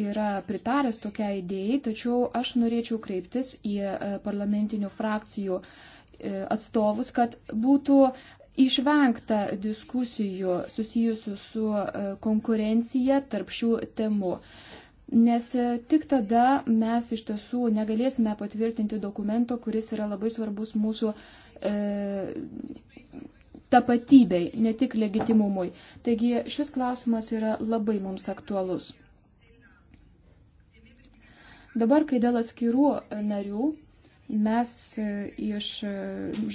yra pritaręs tokia idėjai, tačiau aš norėčiau kreiptis į parlamentinių frakcijų atstovus, kad būtų išvengta diskusijų susijusių su e, konkurencija tarp šių temų. Nes e, tik tada mes iš tiesų negalėsime patvirtinti dokumento, kuris yra labai svarbus mūsų e, tapatybei, ne tik legitimumui. Taigi šis klausimas yra labai mums aktualus. Dabar, kai dėl atskirų e, narių Mes iš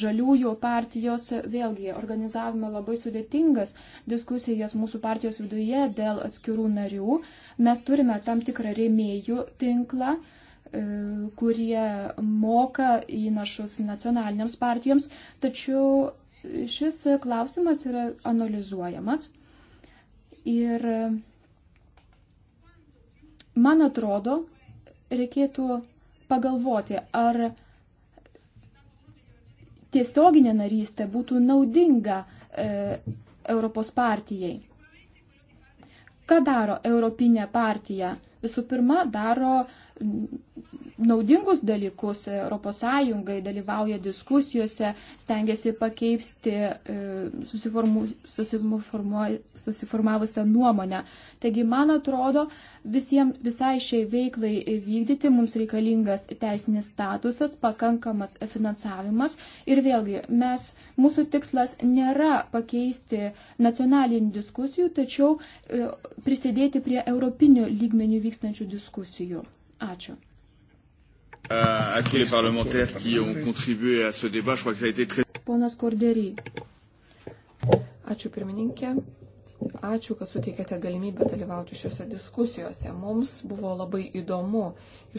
žaliųjų partijos vėlgi organizavome labai sudėtingas diskusijas mūsų partijos viduje dėl atskirų narių. Mes turime tam tikrą rėmėjų tinklą e, kurie moka įnašus nacionaliniams partijoms, tačiau šis klausimas yra analizuojamas. Ir man atrodo, reikėtų pagalvoti, ar tiesioginė narystė būtų naudinga e, Europos partijai. Ką daro Europinė partija? Visų pirma, daro e, naudingus dalykus ES, dalyvauja diskusijose, stengiasi pakeisti e, susiformavusią nuomonę. Taigi, man atrodo, visiems, visai šiai veiklai vykdyti mums reikalingas teisinis statusas, pakankamas finansavimas ir vėlgi mes, mūsų tikslas nėra pakeisti nacionalinių diskusijų, tačiau e, prisidėti prie europinių lygmenių vykstančių diskusijų. Ačiū. Euh, Ponas Kordery. Ačiū pirmininkė. Ačiū, kad suteikėte galimybę dalyvauti šiuose diskusijose. Mums buvo labai įdomu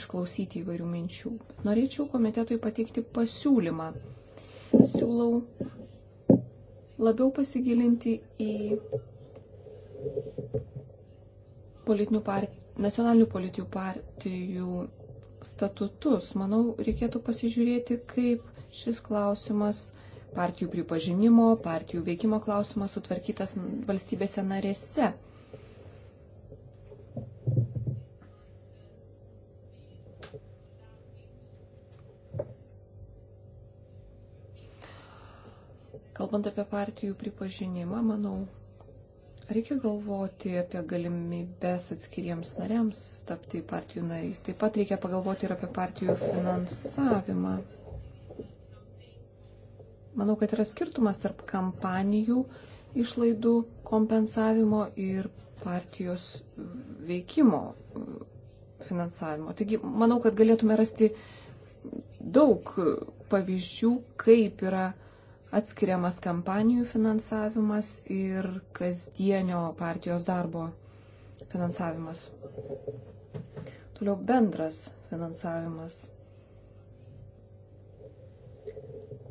išklausyti įvairių minčių. Norėčiau komitetui pateikti pasiūlymą. Siūlau labiau pasigilinti į politinių partijų nacionalinių politijų partijų statutus, manau, reikėtų pasižiūrėti, kaip šis klausimas, partijų pripažinimo, partijų veikimo klausimas sutvarkytas valstybėse narėse. Kalbant apie partijų pripažinimą, manau, Reikia galvoti apie galimybės atskiriems nariams tapti partijų nariais. Taip pat reikia pagalvoti ir apie partijų finansavimą. Manau, kad yra skirtumas tarp kampanijų išlaidų kompensavimo ir partijos veikimo e, finansavimo. Taigi, manau, kad galėtume rasti daug pavyzdžių, kaip yra atskiriamas kampanijų finansavimas ir kasdienio partijos darbo finansavimas. Toliau bendras finansavimas.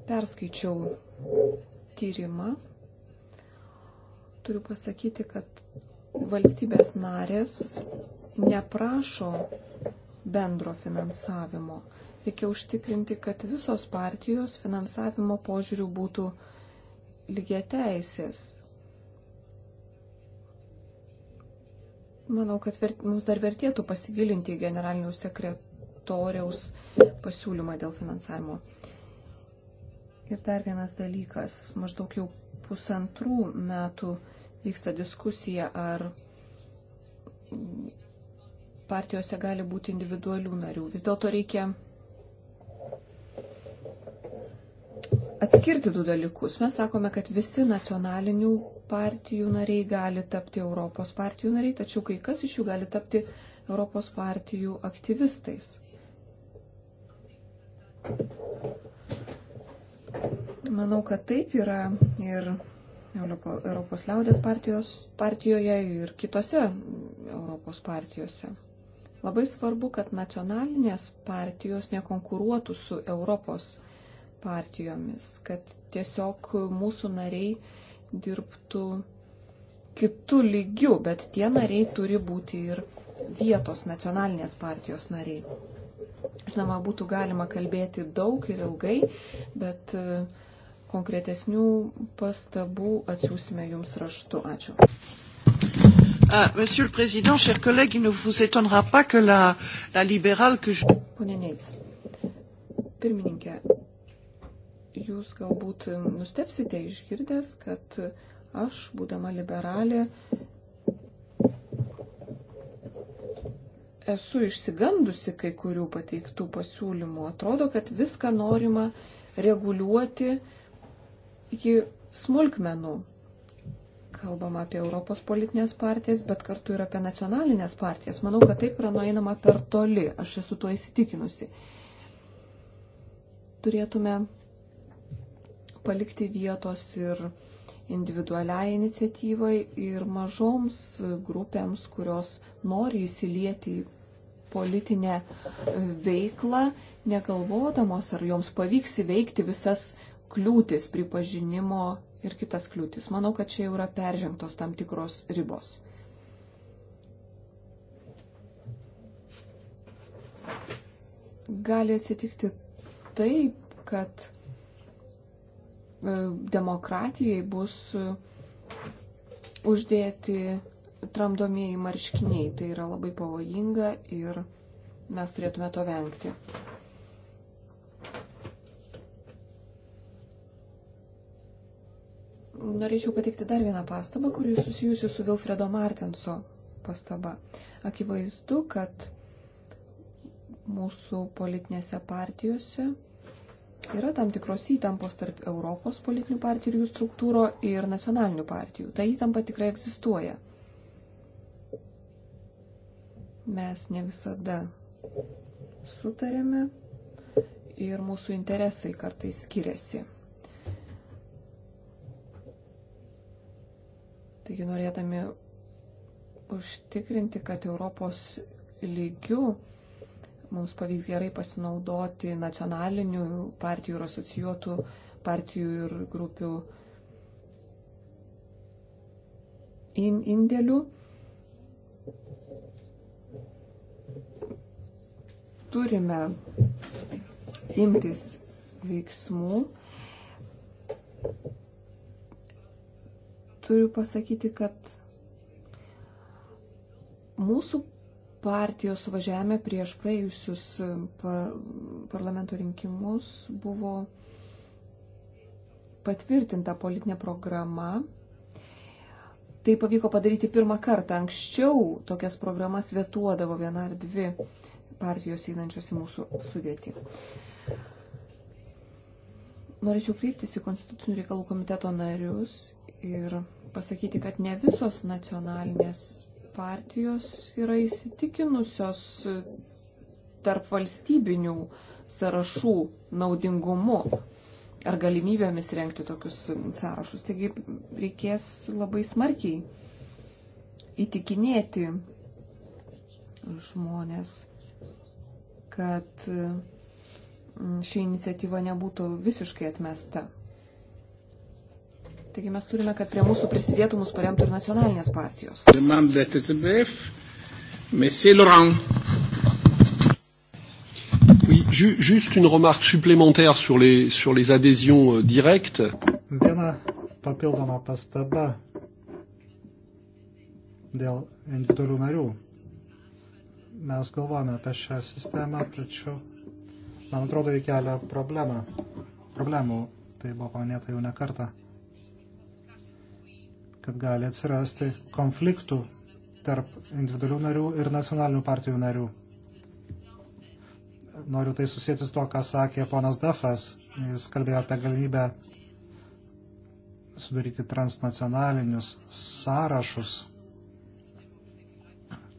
Perskaičiau tyrimą. Turiu pasakyti, kad valstybės narės neprašo bendro finansavimo. Reikia užtikrinti, kad visos partijos finansavimo požiūrių būtų lygiai teisės. Manau, kad vert, mums dar vertėtų pasigilinti į generalinio sekretoriaus pasiūlymą dėl finansavimo. Ir dar vienas dalykas, maždaug jau pusantrų metų vyksta diskusija, ar partijose gali būti individualių narių. Vis dėlto reikia atskirti du dalykus. Mes sakome, kad visi nacionalinių partijų nariai gali tapti Europos partijų nariai, tačiau kai kas iš jų gali tapti Europos partijų aktyvistais. Manau, kad taip yra ir Europos liaudės partijos, partijoje ir kitose Europos partijose. Labai svarbu, kad nacionalinės partijos nekonkuruotų su Europos partijos partijomis, kad tiesiog mūsų nariai dirbtų kitų lygių, bet tie nariai turi būti ir vietos nacionalinės partijos nariai. Žinoma, būtų galima kalbėti daug ir ilgai, bet e, konkretesnių pastabų atsiūsime jums raštu. Ačiū. Uh, Monsieur le Président, chers collègues, il ne vous étonnera pas que la, la libérale que je. Pone Neitz, pirmininkė, jūs galbūt nustepsite išgirdęs, kad aš, būdama liberalė, esu išsigandusi kai kurių pateiktų pasiūlymų. Atrodo, kad viską norima reguliuoti iki smulkmenų. Kalbama apie Europos politinės partijas, bet kartu ir apie nacionalinės partijas. Manau, kad taip yra nueinama per toli. Aš esu tuo įsitikinusi. Turėtume palikti vietos ir individualiai iniciatyvai, ir mažoms grupėms, kurios nori įsilieti į politinę e, veiklą, negalvodamos, ar joms pavyks įveikti visas kliūtis pripažinimo ir kitas kliūtis. Manau, kad čia jau yra peržengtos tam tikros ribos. Gali atsitikti taip, kad E, demokratijai bus e, uždėti tramdomieji marškiniai. Tai yra labai pavojinga ir mes turėtume to vengti. Norėčiau pateikti dar vieną pastabą, kuri susijusi su Vilfredo Martenso pastaba. Akivaizdu, kad mūsų politinėse partijose Yra tam tikros įtampos tarp Europos politinių partijų ir jų struktūro ir nacionalinių partijų. Ta įtampa tikrai egzistuoja. Mes ne visada sutarėme ir mūsų interesai kartais skiriasi. Taigi norėdami užtikrinti, kad Europos lygių mums pavyks gerai pasinaudoti nacionalinių partijų ir asocijuotų partijų ir grupių in indėlių. Turime imtis veiksmų. Turiu pasakyti, kad mūsų partijos suvažiavime prieš praėjusius um, par parlamento rinkimus buvo patvirtinta politinė programa. Tai pavyko padaryti pirmą kartą. Anksčiau tokias programas vietuodavo viena ar dvi partijos einančios į mūsų sudėtį. Norėčiau kreiptis į Konstitucinių reikalų komiteto narius ir pasakyti, kad ne visos nacionalinės partijos yra įsitikinusios tarp valstybinių sąrašų naudingumu ar galimybėmis renkti tokius sąrašus. Taigi reikės labai smarkiai įtikinėti žmonės, kad mm, ši iniciatyva nebūtų visiškai atmesta. Taigi mes turime, kad prie mūsų prisidėtų, mūsų paremtų ir nacionalinės partijos concernant le TTBF. Monsieur Laurent. Oui, ju juste une remarque supplémentaire sur les, sur les adhésions euh, directes. Viena papildoma pastaba dėl individualių narių. Mes galvojame apie šią sistemą, tačiau, man atrodo, ji kelia problemą. problemų. Tai buvo paminėta jau ne kartą kad gali atsirasti konfliktų tarp individualių narių ir nacionalinių partijų narių. Noriu tai susijęti su to, ką sakė ponas Dafas. Jis kalbėjo apie galimybę sudaryti transnacionalinius sąrašus,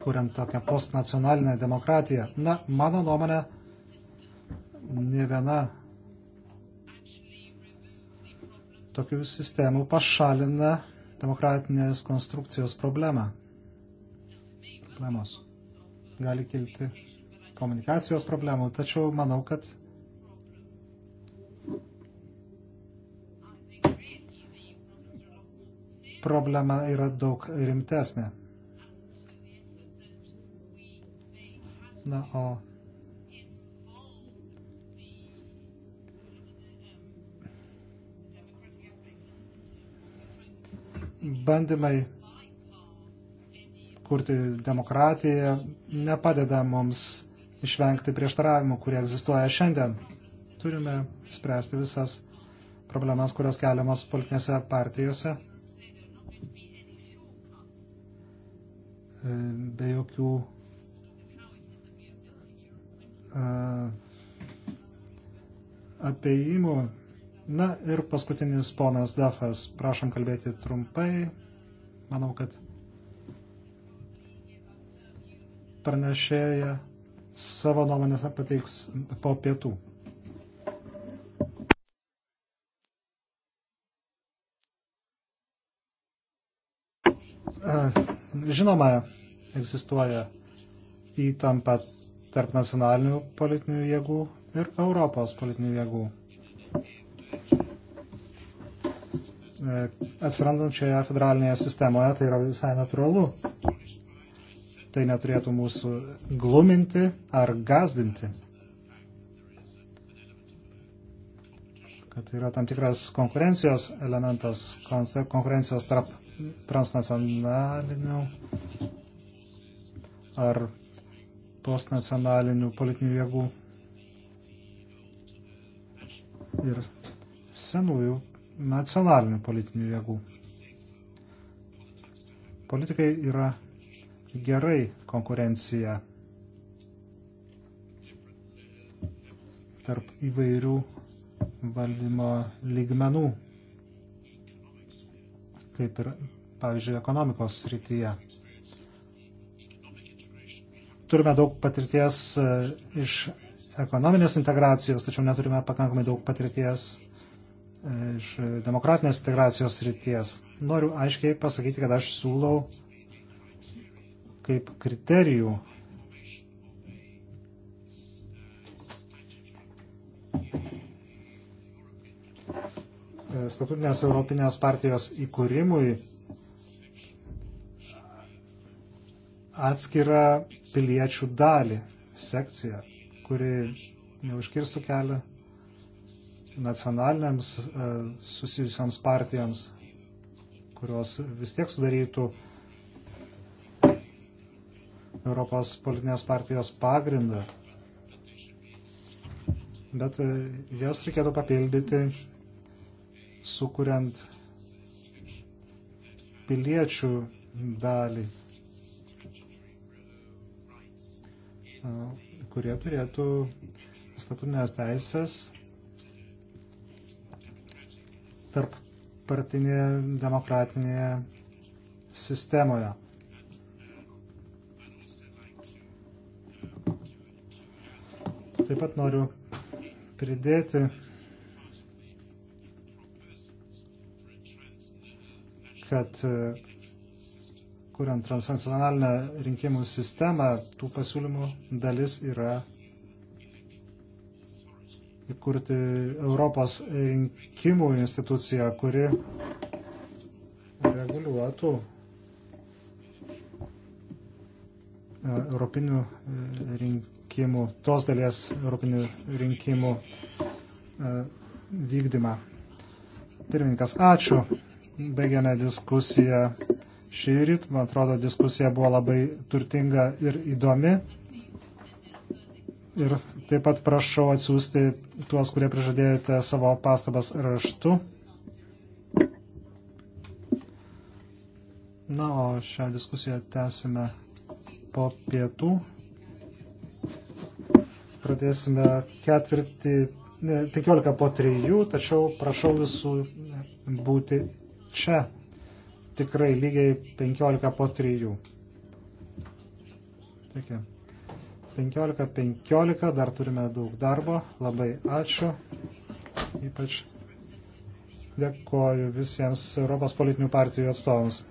kuriant tokią postnacionalinę demokratiją. Na, mano nuomonė, ne viena tokių sistemų pašalina demokratinės konstrukcijos problemą. Problemos. Gali kilti komunikacijos problemų, tačiau manau, kad problema yra daug rimtesnė. Na, o bandymai kurti demokratiją nepadeda mums išvengti prieštaravimų, kurie egzistuoja šiandien. Turime spręsti visas problemas, kurios keliamos politinėse partijose be jokių apėjimų Na ir paskutinis ponas Dafas, prašom kalbėti trumpai. Manau, kad pranešėja savo nuomonę pateiks po pietų. E, žinoma, egzistuoja įtampa tarp nacionalinių politinių jėgų ir Europos politinių jėgų. E, atsirandančioje federalinėje sistemoje, tai yra visai natūralu. Tai neturėtų mūsų gluminti ar gazdinti. Kad tai yra tam tikras konkurencijos elementas, konkurencijos tarp transnacionalinių ar postnacionalinių politinių jėgų ir senųjų nacionalinių politinių jėgų. Politikai yra gerai konkurencija tarp įvairių valdymo lygmenų, kaip ir, pavyzdžiui, ekonomikos srityje. Turime daug patirties e, iš ekonominės integracijos, tačiau neturime pakankamai daug patirties iš demokratinės integracijos ryties. Noriu aiškiai pasakyti, kad aš siūlau kaip kriterijų statutinės Europinės partijos įkūrimui atskirą piliečių dalį, sekciją, kuri neužkirstų kelią nacionaliniams e, susijusiams partijoms, kurios vis tiek sudarytų Europos politinės partijos pagrindą. Bet e, jas reikėtų papildyti, sukuriant piliečių dalį, e, kurie turėtų statutinės teisės tarp partinėje demokratinėje sistemoje. Taip pat noriu pridėti, kad e, kuriant transnacionalinę rinkimų sistemą, tų pasiūlymų dalis yra įkurti Europos rinkimų instituciją, kuri reguliuotų e, europinių e, rinkimų, tos dalies europinių rinkimų e, vykdymą. Pirmininkas, ačiū. Baigiame diskusiją šį rytą. Man atrodo, diskusija buvo labai turtinga ir įdomi. Ir Taip pat prašau atsiųsti tuos, kurie prižadėjote savo pastabas raštu. Na, o šią diskusiją tęsime po pietų. Pradėsime ketvirtį, ne, 15 po 3, tačiau prašau visų būti čia. Tikrai lygiai 15 po 3. Tikia. 15.15, 15, dar turime daug darbo, labai ačiū, ypač dėkoju visiems Europos politinių partijų atstovams.